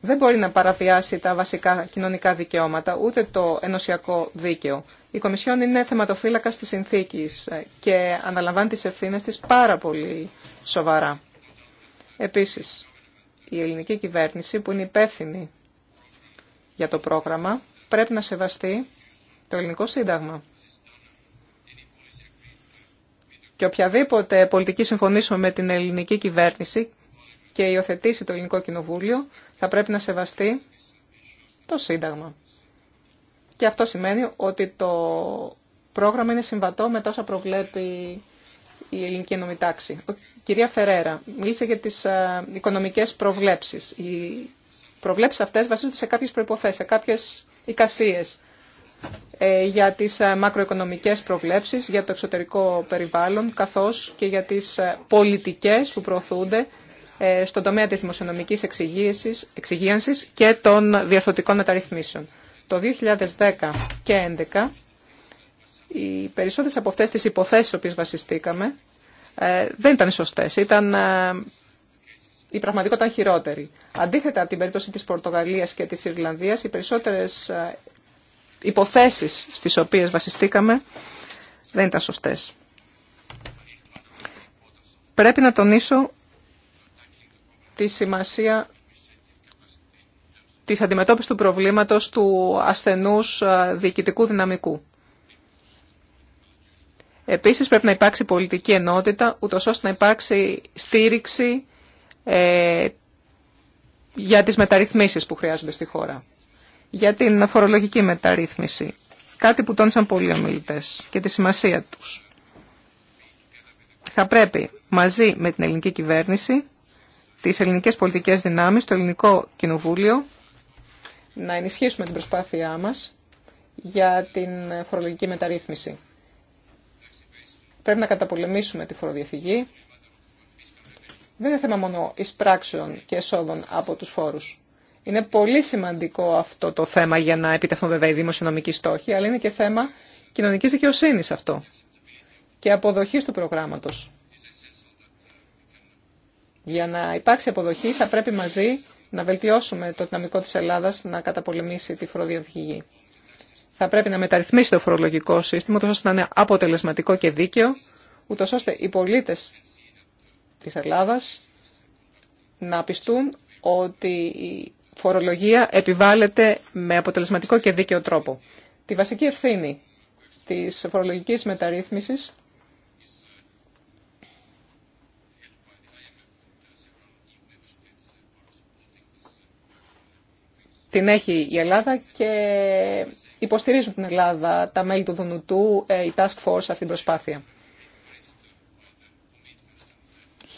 δεν μπορεί να παραβιάσει τα βασικά κοινωνικά δικαιώματα, ούτε το ενωσιακό δίκαιο. Η Κομισιόν είναι θεματοφύλακα της συνθήκης ε, και αναλαμβάνει τις ευθύνες της πάρα πολύ σοβαρά. Επίσης, η ελληνική κυβέρνηση που είναι υπεύθυνη για το πρόγραμμα πρέπει να σεβαστεί το ελληνικό σύνταγμα. Και οποιαδήποτε πολιτική συμφωνήσουμε με την ελληνική κυβέρνηση και υιοθετήσει το ελληνικό κοινοβούλιο, θα πρέπει να σεβαστεί το Σύνταγμα. Και αυτό σημαίνει ότι το πρόγραμμα είναι συμβατό με τόσα προβλέπει η ελληνική νομιτάξη. Κυρία Φερέρα, μίλησε για τις οικονομικές προβλέψεις. Οι προβλέψεις αυτές βασίζονται σε κάποιες προϋποθέσεις, σε κάποιες εικασίες. Ε, για τις ε, μακροοικονομικές προβλέψεις, για το εξωτερικό περιβάλλον, καθώς και για τις ε, πολιτικές που προωθούνται στον τομέα της δημοσιονομικής εξυγίανσης και των διαρθωτικών μεταρρυθμίσεων. Το 2010 και 2011, οι περισσότερες από αυτές τις υποθέσεις στις οποίες βασιστήκαμε δεν ήταν σωστές. Ήταν, η πραγματικότητα ήταν χειρότερη. Αντίθετα από την περίπτωση της Πορτογαλίας και της Ιρλανδίας, οι περισσότερες υποθέσεις στις οποίες βασιστήκαμε δεν ήταν σωστές. Πρέπει να τονίσω τη σημασία της αντιμετώπισης του προβλήματος του ασθενούς διοικητικού δυναμικού. Επίσης πρέπει να υπάρξει πολιτική ενότητα, ούτως ώστε να υπάρξει στήριξη ε, για τις μεταρρυθμίσεις που χρειάζονται στη χώρα για την φορολογική μεταρρύθμιση. Κάτι που τόνισαν πολλοί ομιλητέ και τη σημασία τους. Θα πρέπει μαζί με την ελληνική κυβέρνηση, τις ελληνικές πολιτικές δυνάμεις, το ελληνικό κοινοβούλιο, να ενισχύσουμε την προσπάθειά μας για την φορολογική μεταρρύθμιση. Πρέπει να καταπολεμήσουμε τη φοροδιαφυγή. Δεν είναι θέμα μόνο εισπράξεων και εσόδων από τους φόρους. Είναι πολύ σημαντικό αυτό το θέμα για να επιτευχθούν βέβαια οι δημοσιονομικοί στόχοι, αλλά είναι και θέμα κοινωνικής δικαιοσύνης αυτό και αποδοχής του προγράμματος. Για να υπάρξει αποδοχή θα πρέπει μαζί να βελτιώσουμε το δυναμικό της Ελλάδας να καταπολεμήσει τη φοροδιαφυγή. Θα πρέπει να μεταρρυθμίσει το φορολογικό σύστημα, τόσο ώστε να είναι αποτελεσματικό και δίκαιο, ούτως ώστε οι πολίτες της Ελλάδας να πιστούν ότι φορολογία επιβάλλεται με αποτελεσματικό και δίκαιο τρόπο. Τη βασική ευθύνη της φορολογικής μεταρρύθμισης την έχει η Ελλάδα και υποστηρίζουν την Ελλάδα τα μέλη του Δουνουτού, ε, η Task Force, αυτήν την προσπάθεια.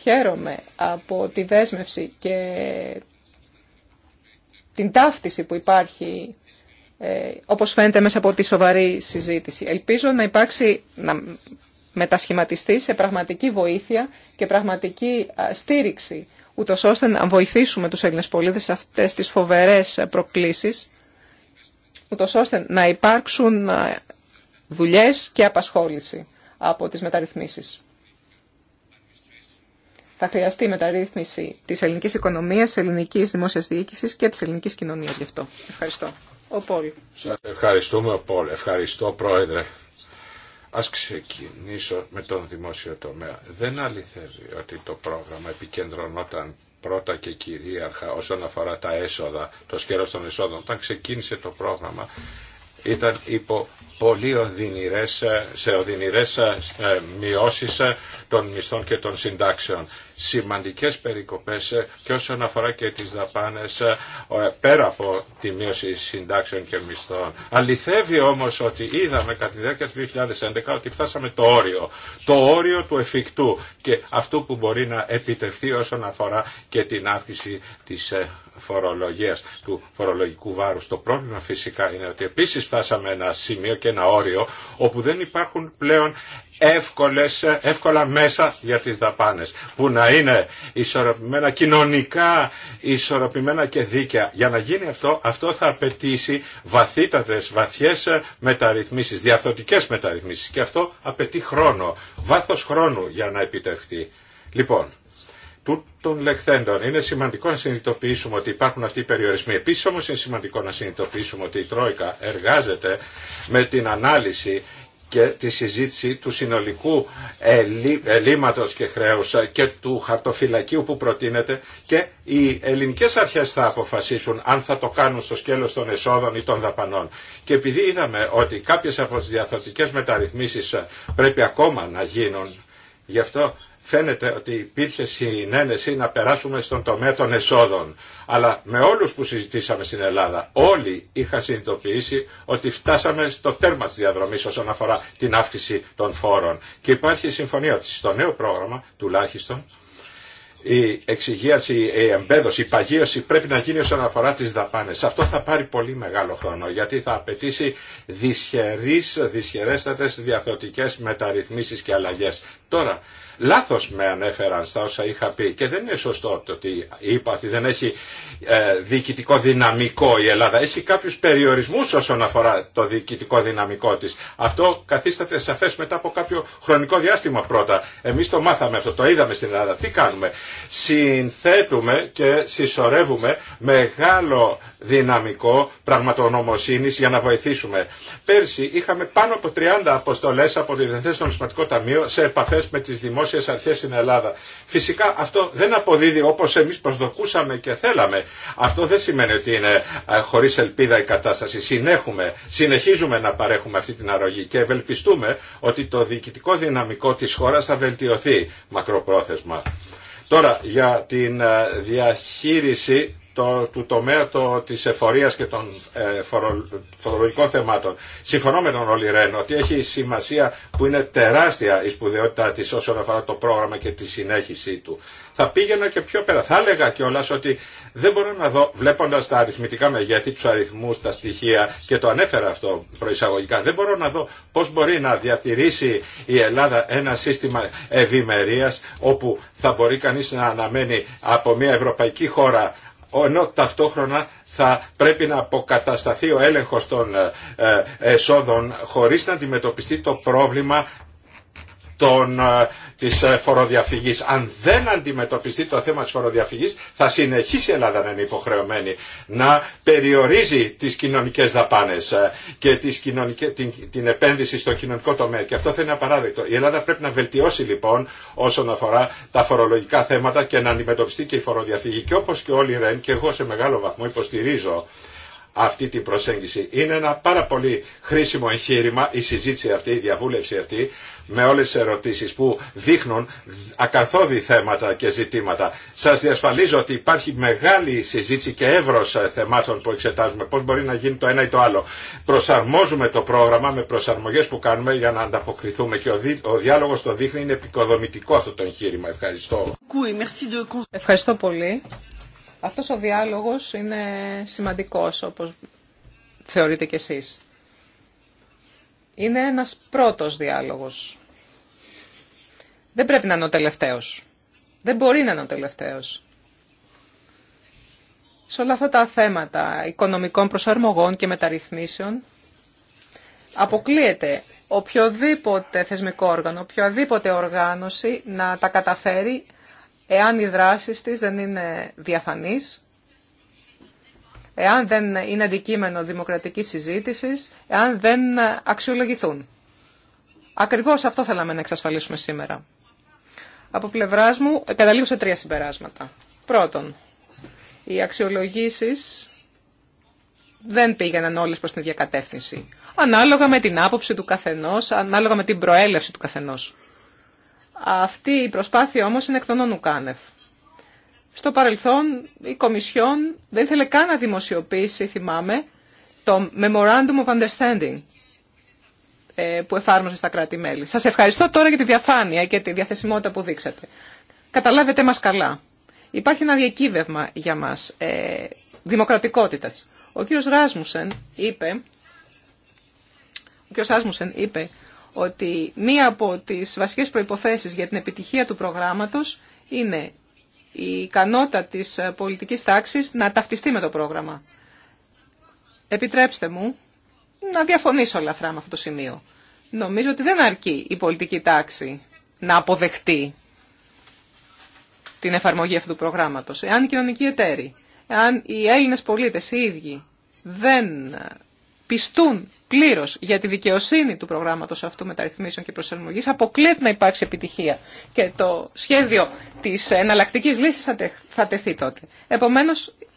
Χαίρομαι από τη δέσμευση και την ταύτιση που υπάρχει, ε, όπως φαίνεται μέσα από τη σοβαρή συζήτηση. Ελπίζω να υπάρξει, να μετασχηματιστεί σε πραγματική βοήθεια και πραγματική στήριξη, ούτω ώστε να βοηθήσουμε τους Έλληνες πολίτες σε αυτές τις φοβερές ε, προκλήσεις, ούτω ώστε να υπάρξουν ε, δουλειές και απασχόληση από τις μεταρρυθμίσεις θα χρειαστεί μεταρρύθμιση της ελληνικής οικονομίας, τη ελληνικής δημόσια διοίκηση και τη ελληνικής κοινωνίας γι' αυτό. Ευχαριστώ. Ο Πολ. Ευχαριστούμε, ευχαριστούμε, Πολ. Ευχαριστώ, Πρόεδρε. Ας ξεκινήσω με τον δημόσιο τομέα. Δεν αληθεύει ότι το πρόγραμμα επικεντρωνόταν πρώτα και κυρίαρχα όσον αφορά τα έσοδα, το σκέρος των εσόδων. Όταν ξεκίνησε το πρόγραμμα ήταν υπό πολύ οδυνηρές, σε οδυνηρές ε, ε, μειώσεις ε, των μισθών και των συντάξεων. Σημαντικές περικοπές και όσον αφορά και τις δαπάνες πέρα από τη μείωση συντάξεων και μισθών. Αληθεύει όμως ότι είδαμε κατά τη διάρκεια του 2011 ότι φτάσαμε το όριο. Το όριο του εφικτού και αυτού που μπορεί να επιτευχθεί όσον αφορά και την αύξηση της φορολογίας, του φορολογικού βάρους. Το πρόβλημα φυσικά είναι ότι επίσης φτάσαμε ένα σημείο και ένα όριο όπου δεν υπάρχουν πλέον εύκολες, εύκολα μέσα για τις δαπάνες που να είναι ισορροπημένα κοινωνικά, ισορροπημένα και δίκαια. Για να γίνει αυτό, αυτό θα απαιτήσει βαθύτατες, βαθιές μεταρρυθμίσεις, διαθωτικές μεταρρυθμίσεις και αυτό απαιτεί χρόνο, βάθος χρόνου για να επιτευχθεί. Λοιπόν, τούτων λεχθέντων. Είναι σημαντικό να συνειδητοποιήσουμε ότι υπάρχουν αυτοί οι περιορισμοί. Επίση όμω είναι σημαντικό να συνειδητοποιήσουμε ότι η Τρόικα εργάζεται με την ανάλυση και τη συζήτηση του συνολικού ελλείμματος και χρέους και του χαρτοφυλακίου που προτείνεται και οι ελληνικές αρχές θα αποφασίσουν αν θα το κάνουν στο σκέλος των εσόδων ή των δαπανών. Και επειδή είδαμε ότι κάποιες από τις διαθωτικές μεταρρυθμίσεις πρέπει ακόμα να γίνουν, γι' αυτό φαίνεται ότι υπήρχε συνένεση να περάσουμε στον τομέα των εσόδων. Αλλά με όλους που συζητήσαμε στην Ελλάδα, όλοι είχαν συνειδητοποιήσει ότι φτάσαμε στο τέρμα της διαδρομής όσον αφορά την αύξηση των φόρων. Και υπάρχει συμφωνία ότι στο νέο πρόγραμμα, τουλάχιστον, η εξυγίαση, η εμπέδωση, η παγίωση πρέπει να γίνει όσον αφορά τις δαπάνες. Αυτό θα πάρει πολύ μεγάλο χρόνο γιατί θα απαιτήσει δυσχερείς, δυσχερέστατες διαθεωτικές μεταρρυθμίσεις και αλλαγές. Τώρα, Λάθος με ανέφεραν στα όσα είχα πει και δεν είναι σωστό το ότι είπα ότι δεν έχει ε, διοικητικό δυναμικό η Ελλάδα. Έχει κάποιους περιορισμούς όσον αφορά το διοικητικό δυναμικό της. Αυτό καθίσταται σαφές μετά από κάποιο χρονικό διάστημα πρώτα. Εμείς το μάθαμε αυτό, το είδαμε στην Ελλάδα. Τι κάνουμε. Συνθέτουμε και συσσωρεύουμε μεγάλο δυναμικό πραγματονομοσύνη για να βοηθήσουμε. Πέρσι είχαμε πάνω από 30 αποστολέ από το Διεθνές Νομισματικό Ταμείο σε επαφέ με τι δημόσιε αρχέ στην Ελλάδα. Φυσικά αυτό δεν αποδίδει όπω εμεί προσδοκούσαμε και θέλαμε. Αυτό δεν σημαίνει ότι είναι χωρί ελπίδα η κατάσταση. Συνέχουμε, συνεχίζουμε να παρέχουμε αυτή την αρρωγή και ευελπιστούμε ότι το διοικητικό δυναμικό τη χώρα θα βελτιωθεί μακροπρόθεσμα. Τώρα για την διαχείριση το, του τομέα το, της εφορίας και των ε, φορολογικών θεμάτων. Συμφωνώ με τον Όλη Ρέν ότι έχει σημασία που είναι τεράστια η σπουδαιότητά της όσον αφορά το πρόγραμμα και τη συνέχιση του. Θα πήγαινα και πιο πέρα. Θα έλεγα κιόλα ότι δεν μπορώ να δω, βλέποντα τα αριθμητικά μεγέθη, του αριθμού, τα στοιχεία, και το ανέφερα αυτό προεισαγωγικά, δεν μπορώ να δω πώ μπορεί να διατηρήσει η Ελλάδα ένα σύστημα ευημερία όπου θα μπορεί κανεί να αναμένει από μια ευρωπαϊκή χώρα ενώ ταυτόχρονα θα πρέπει να αποκατασταθεί ο έλεγχος των ε, ε, εσόδων χωρίς να αντιμετωπιστεί το πρόβλημα των ε, της ε, φοροδιαφυγής. Αν δεν αντιμετωπιστεί το θέμα της φοροδιαφυγής θα συνεχίσει η Ελλάδα να είναι υποχρεωμένη να περιορίζει τις κοινωνικές δαπάνες ε, και τις κοινωνικές, την, επένδυση στο κοινωνικό τομέα. Και αυτό θα είναι απαράδεκτο. Η Ελλάδα πρέπει να βελτιώσει λοιπόν όσον αφορά τα φορολογικά θέματα και να αντιμετωπιστεί και η φοροδιαφυγή. Και όπως και όλοι οι ΡΕΝ και εγώ σε μεγάλο βαθμό υποστηρίζω αυτή την προσέγγιση. Είναι ένα πάρα πολύ χρήσιμο εγχείρημα η συζήτηση αυτή, η διαβούλευση αυτή, με όλες τις ερωτήσεις που δείχνουν ακαθόδη θέματα και ζητήματα. Σας διασφαλίζω ότι υπάρχει μεγάλη συζήτηση και εύρος ε, θεμάτων που εξετάζουμε. Πώς μπορεί να γίνει το ένα ή το άλλο. Προσαρμόζουμε το πρόγραμμα με προσαρμογές που κάνουμε για να ανταποκριθούμε και ο, διάλογος το δείχνει είναι επικοδομητικό αυτό το εγχείρημα. Ευχαριστώ. Ευχαριστώ πολύ. Αυτός ο διάλογος είναι σημαντικός όπως θεωρείτε κι εσείς είναι ένας πρώτος διάλογος. Δεν πρέπει να είναι ο τελευταίος. Δεν μπορεί να είναι ο τελευταίος. Σε όλα αυτά τα θέματα οικονομικών προσαρμογών και μεταρρυθμίσεων αποκλείεται οποιοδήποτε θεσμικό όργανο, οποιαδήποτε οργάνωση να τα καταφέρει εάν οι δράσεις της δεν είναι διαφανείς εάν δεν είναι αντικείμενο δημοκρατικής συζήτησης, εάν δεν αξιολογηθούν. Ακριβώς αυτό θέλαμε να εξασφαλίσουμε σήμερα. Από πλευράς μου καταλήγω σε τρία συμπεράσματα. Πρώτον, οι αξιολογήσεις δεν πήγαιναν όλες προς την ίδια Ανάλογα με την άποψη του καθενός, ανάλογα με την προέλευση του καθενός. Αυτή η προσπάθεια όμως είναι εκ των ονουκάνευ. Στο παρελθόν η Κομισιόν δεν ήθελε καν να δημοσιοποιήσει, θυμάμαι, το Memorandum of Understanding ε, που εφάρμοσε στα κράτη-μέλη. Σας ευχαριστώ τώρα για τη διαφάνεια και τη διαθεσιμότητα που δείξατε. Καταλάβετε μας καλά. Υπάρχει ένα διακύβευμα για μας ε, δημοκρατικότητας. Ο κ. Ράσμουσεν είπε, ο κύριος Ράσμουσεν είπε ότι μία από τις βασικές προϋποθέσεις για την επιτυχία του προγράμματος είναι η ικανότητα της ε, πολιτικής τάξης να ταυτιστεί με το πρόγραμμα. Επιτρέψτε μου να διαφωνήσω ελαφρά με αυτό το σημείο. Νομίζω ότι δεν αρκεί η πολιτική τάξη να αποδεχτεί την εφαρμογή αυτού του προγράμματος. Εάν οι κοινωνικοί εταίροι, εάν οι Έλληνες πολίτες οι ίδιοι δεν πιστούν πλήρω για τη δικαιοσύνη του προγράμματο αυτού μεταρρυθμίσεων και προσαρμογή, αποκλείεται να υπάρξει επιτυχία. Και το σχέδιο τη εναλλακτική λύση θα τεθεί τότε. Επομένω,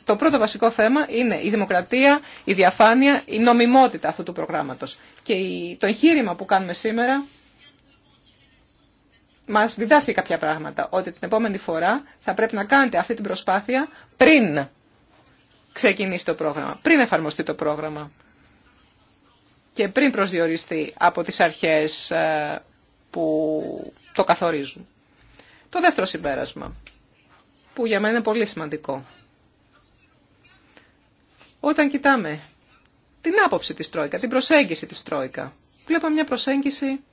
το πρώτο βασικό θέμα είναι η δημοκρατία, η διαφάνεια, η νομιμότητα αυτού του προγράμματο. Και το εγχείρημα που κάνουμε σήμερα μα διδάσκει κάποια πράγματα. Ότι την επόμενη φορά θα πρέπει να κάνετε αυτή την προσπάθεια πριν ξεκινήσει το πρόγραμμα, πριν εφαρμοστεί το πρόγραμμα και πριν προσδιοριστεί από τις αρχές ε, που το καθορίζουν. Το δεύτερο συμπέρασμα, που για μένα είναι πολύ σημαντικό. Όταν κοιτάμε την άποψη της Τρόικα, την προσέγγιση της Τρόικα, Βλέπουμε μια προσέγγιση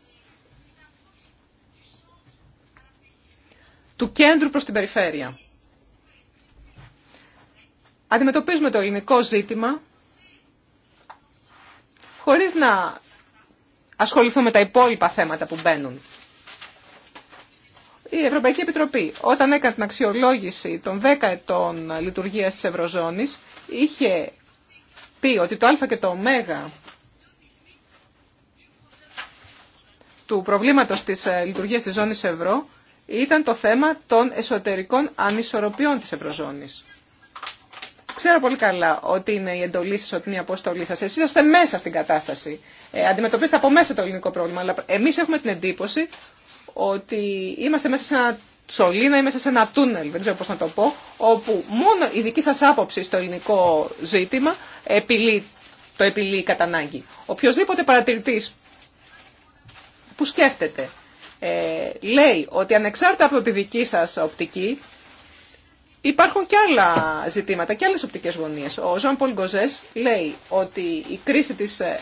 του κέντρου προς την περιφέρεια. Αντιμετωπίζουμε το ελληνικό ζήτημα χωρίς να ασχοληθούμε με τα υπόλοιπα θέματα που μπαίνουν. Η Ευρωπαϊκή Επιτροπή, όταν έκανε την αξιολόγηση των 10 ετών λειτουργίας της Ευρωζώνης, είχε πει ότι το α και το ω του προβλήματος της ε, λειτουργίας της ζώνης ευρώ ήταν το θέμα των εσωτερικών ανισορροπιών της Ευρωζώνης ξέρω πολύ καλά ότι είναι η εντολή σα, ότι είναι η αποστολή σα. Εσεί είστε μέσα στην κατάσταση. Ε, αντιμετωπίζετε από μέσα το ελληνικό πρόβλημα. Αλλά εμεί έχουμε την εντύπωση ότι είμαστε μέσα σε ένα τσολίνα ή μέσα σε ένα τούνελ, δεν ξέρω πώ να το πω, όπου μόνο η δική σα άποψη στο ελληνικό ζήτημα επιλύει, το επιλύει κατά ανάγκη. Οποιοδήποτε παρατηρητή που σκέφτεται ε, λέει ότι ανεξάρτητα από τη δική σα οπτική Υπάρχουν και άλλα ζητήματα και άλλες οπτικές γωνίες. Ο Ζαν Πολ λέει ότι η κρίση της ε,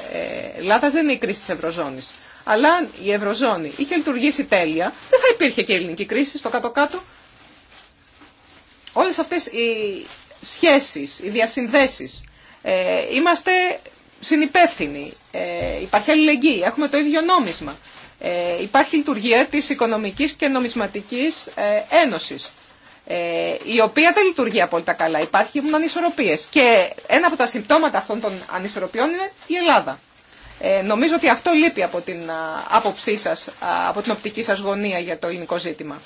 Ελλάδας δεν είναι η κρίση της Ευρωζώνης. Αλλά αν η Ευρωζώνη είχε λειτουργήσει τέλεια, δεν θα υπήρχε και η ελληνική κρίση στο κάτω-κάτω. Όλες αυτές οι σχέσεις, οι διασυνδέσεις, ε, είμαστε συνυπεύθυνοι, ε, υπάρχει αλληλεγγύη, έχουμε το ίδιο νόμισμα. Ε, υπάρχει λειτουργία της Οικονομικής και Νομισματικής ε, Ένωσης. Ε, η οποία δεν λειτουργεί απόλυτα καλά. Υπάρχουν ανισορροπίες και ένα από τα συμπτώματα αυτών των ανισορροπιών είναι η Ελλάδα. Ε, νομίζω ότι αυτό λείπει από την άποψή σας, από την οπτική σας γωνία για το ελληνικό ζήτημα.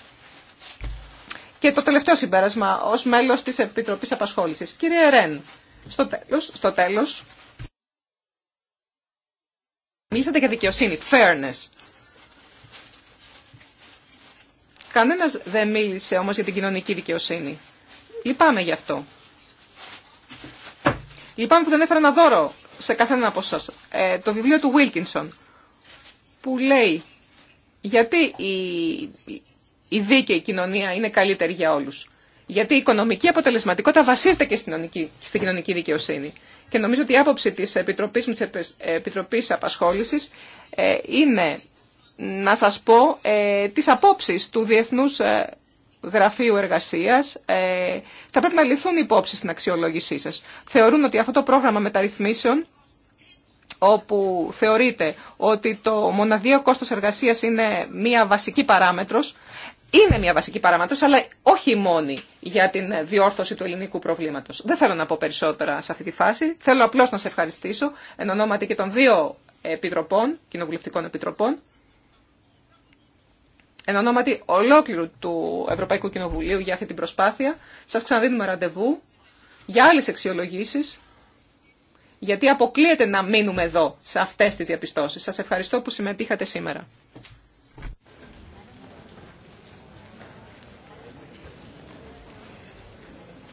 Και το τελευταίο συμπέρασμα ως μέλος της Επιτροπής Απασχόλησης. Κύριε Ρεν, στο τέλος, στο τέλος μιλήσατε για δικαιοσύνη, fairness. Κανένας δεν μίλησε όμως για την κοινωνική δικαιοσύνη. Λυπάμαι γι' αυτό. Λυπάμαι που δεν έφερα ένα δώρο σε καθένα από εσά. το βιβλίο του Βίλκινσον που λέει γιατί η, η δίκαιη κοινωνία είναι καλύτερη για όλους. Γιατί η οικονομική αποτελεσματικότητα βασίζεται και στην κοινωνική, στην κοινωνική δικαιοσύνη. Και νομίζω ότι η άποψη τη επιτροπή Απασχόληση ε, είναι να σας πω ε, τις απόψεις του Διεθνούς ε, Γραφείου Εργασίας. Ε, θα πρέπει να λυθούν οι υπόψεις στην αξιολόγησή σας. Θεωρούν ότι αυτό το πρόγραμμα μεταρρυθμίσεων, όπου θεωρείται ότι το μοναδίο κόστος εργασίας είναι μία βασική παράμετρος, είναι μια βασική παράμετρος, βασικη παραμετρο όχι μόνη για την διόρθωση του ελληνικού προβλήματο. Δεν θέλω να πω περισσότερα σε αυτή τη φάση. Θέλω απλώ να σε ευχαριστήσω εν ονόματι και των δύο επιτροπών, κοινοβουλευτικών επιτροπών, εν ονόματι ολόκληρου του Ευρωπαϊκού Κοινοβουλίου για αυτή την προσπάθεια. Σας ξαναδίνουμε ραντεβού για άλλες αξιολογήσει. γιατί αποκλείεται να μείνουμε εδώ σε αυτές τις διαπιστώσεις. Σας ευχαριστώ που συμμετείχατε σήμερα.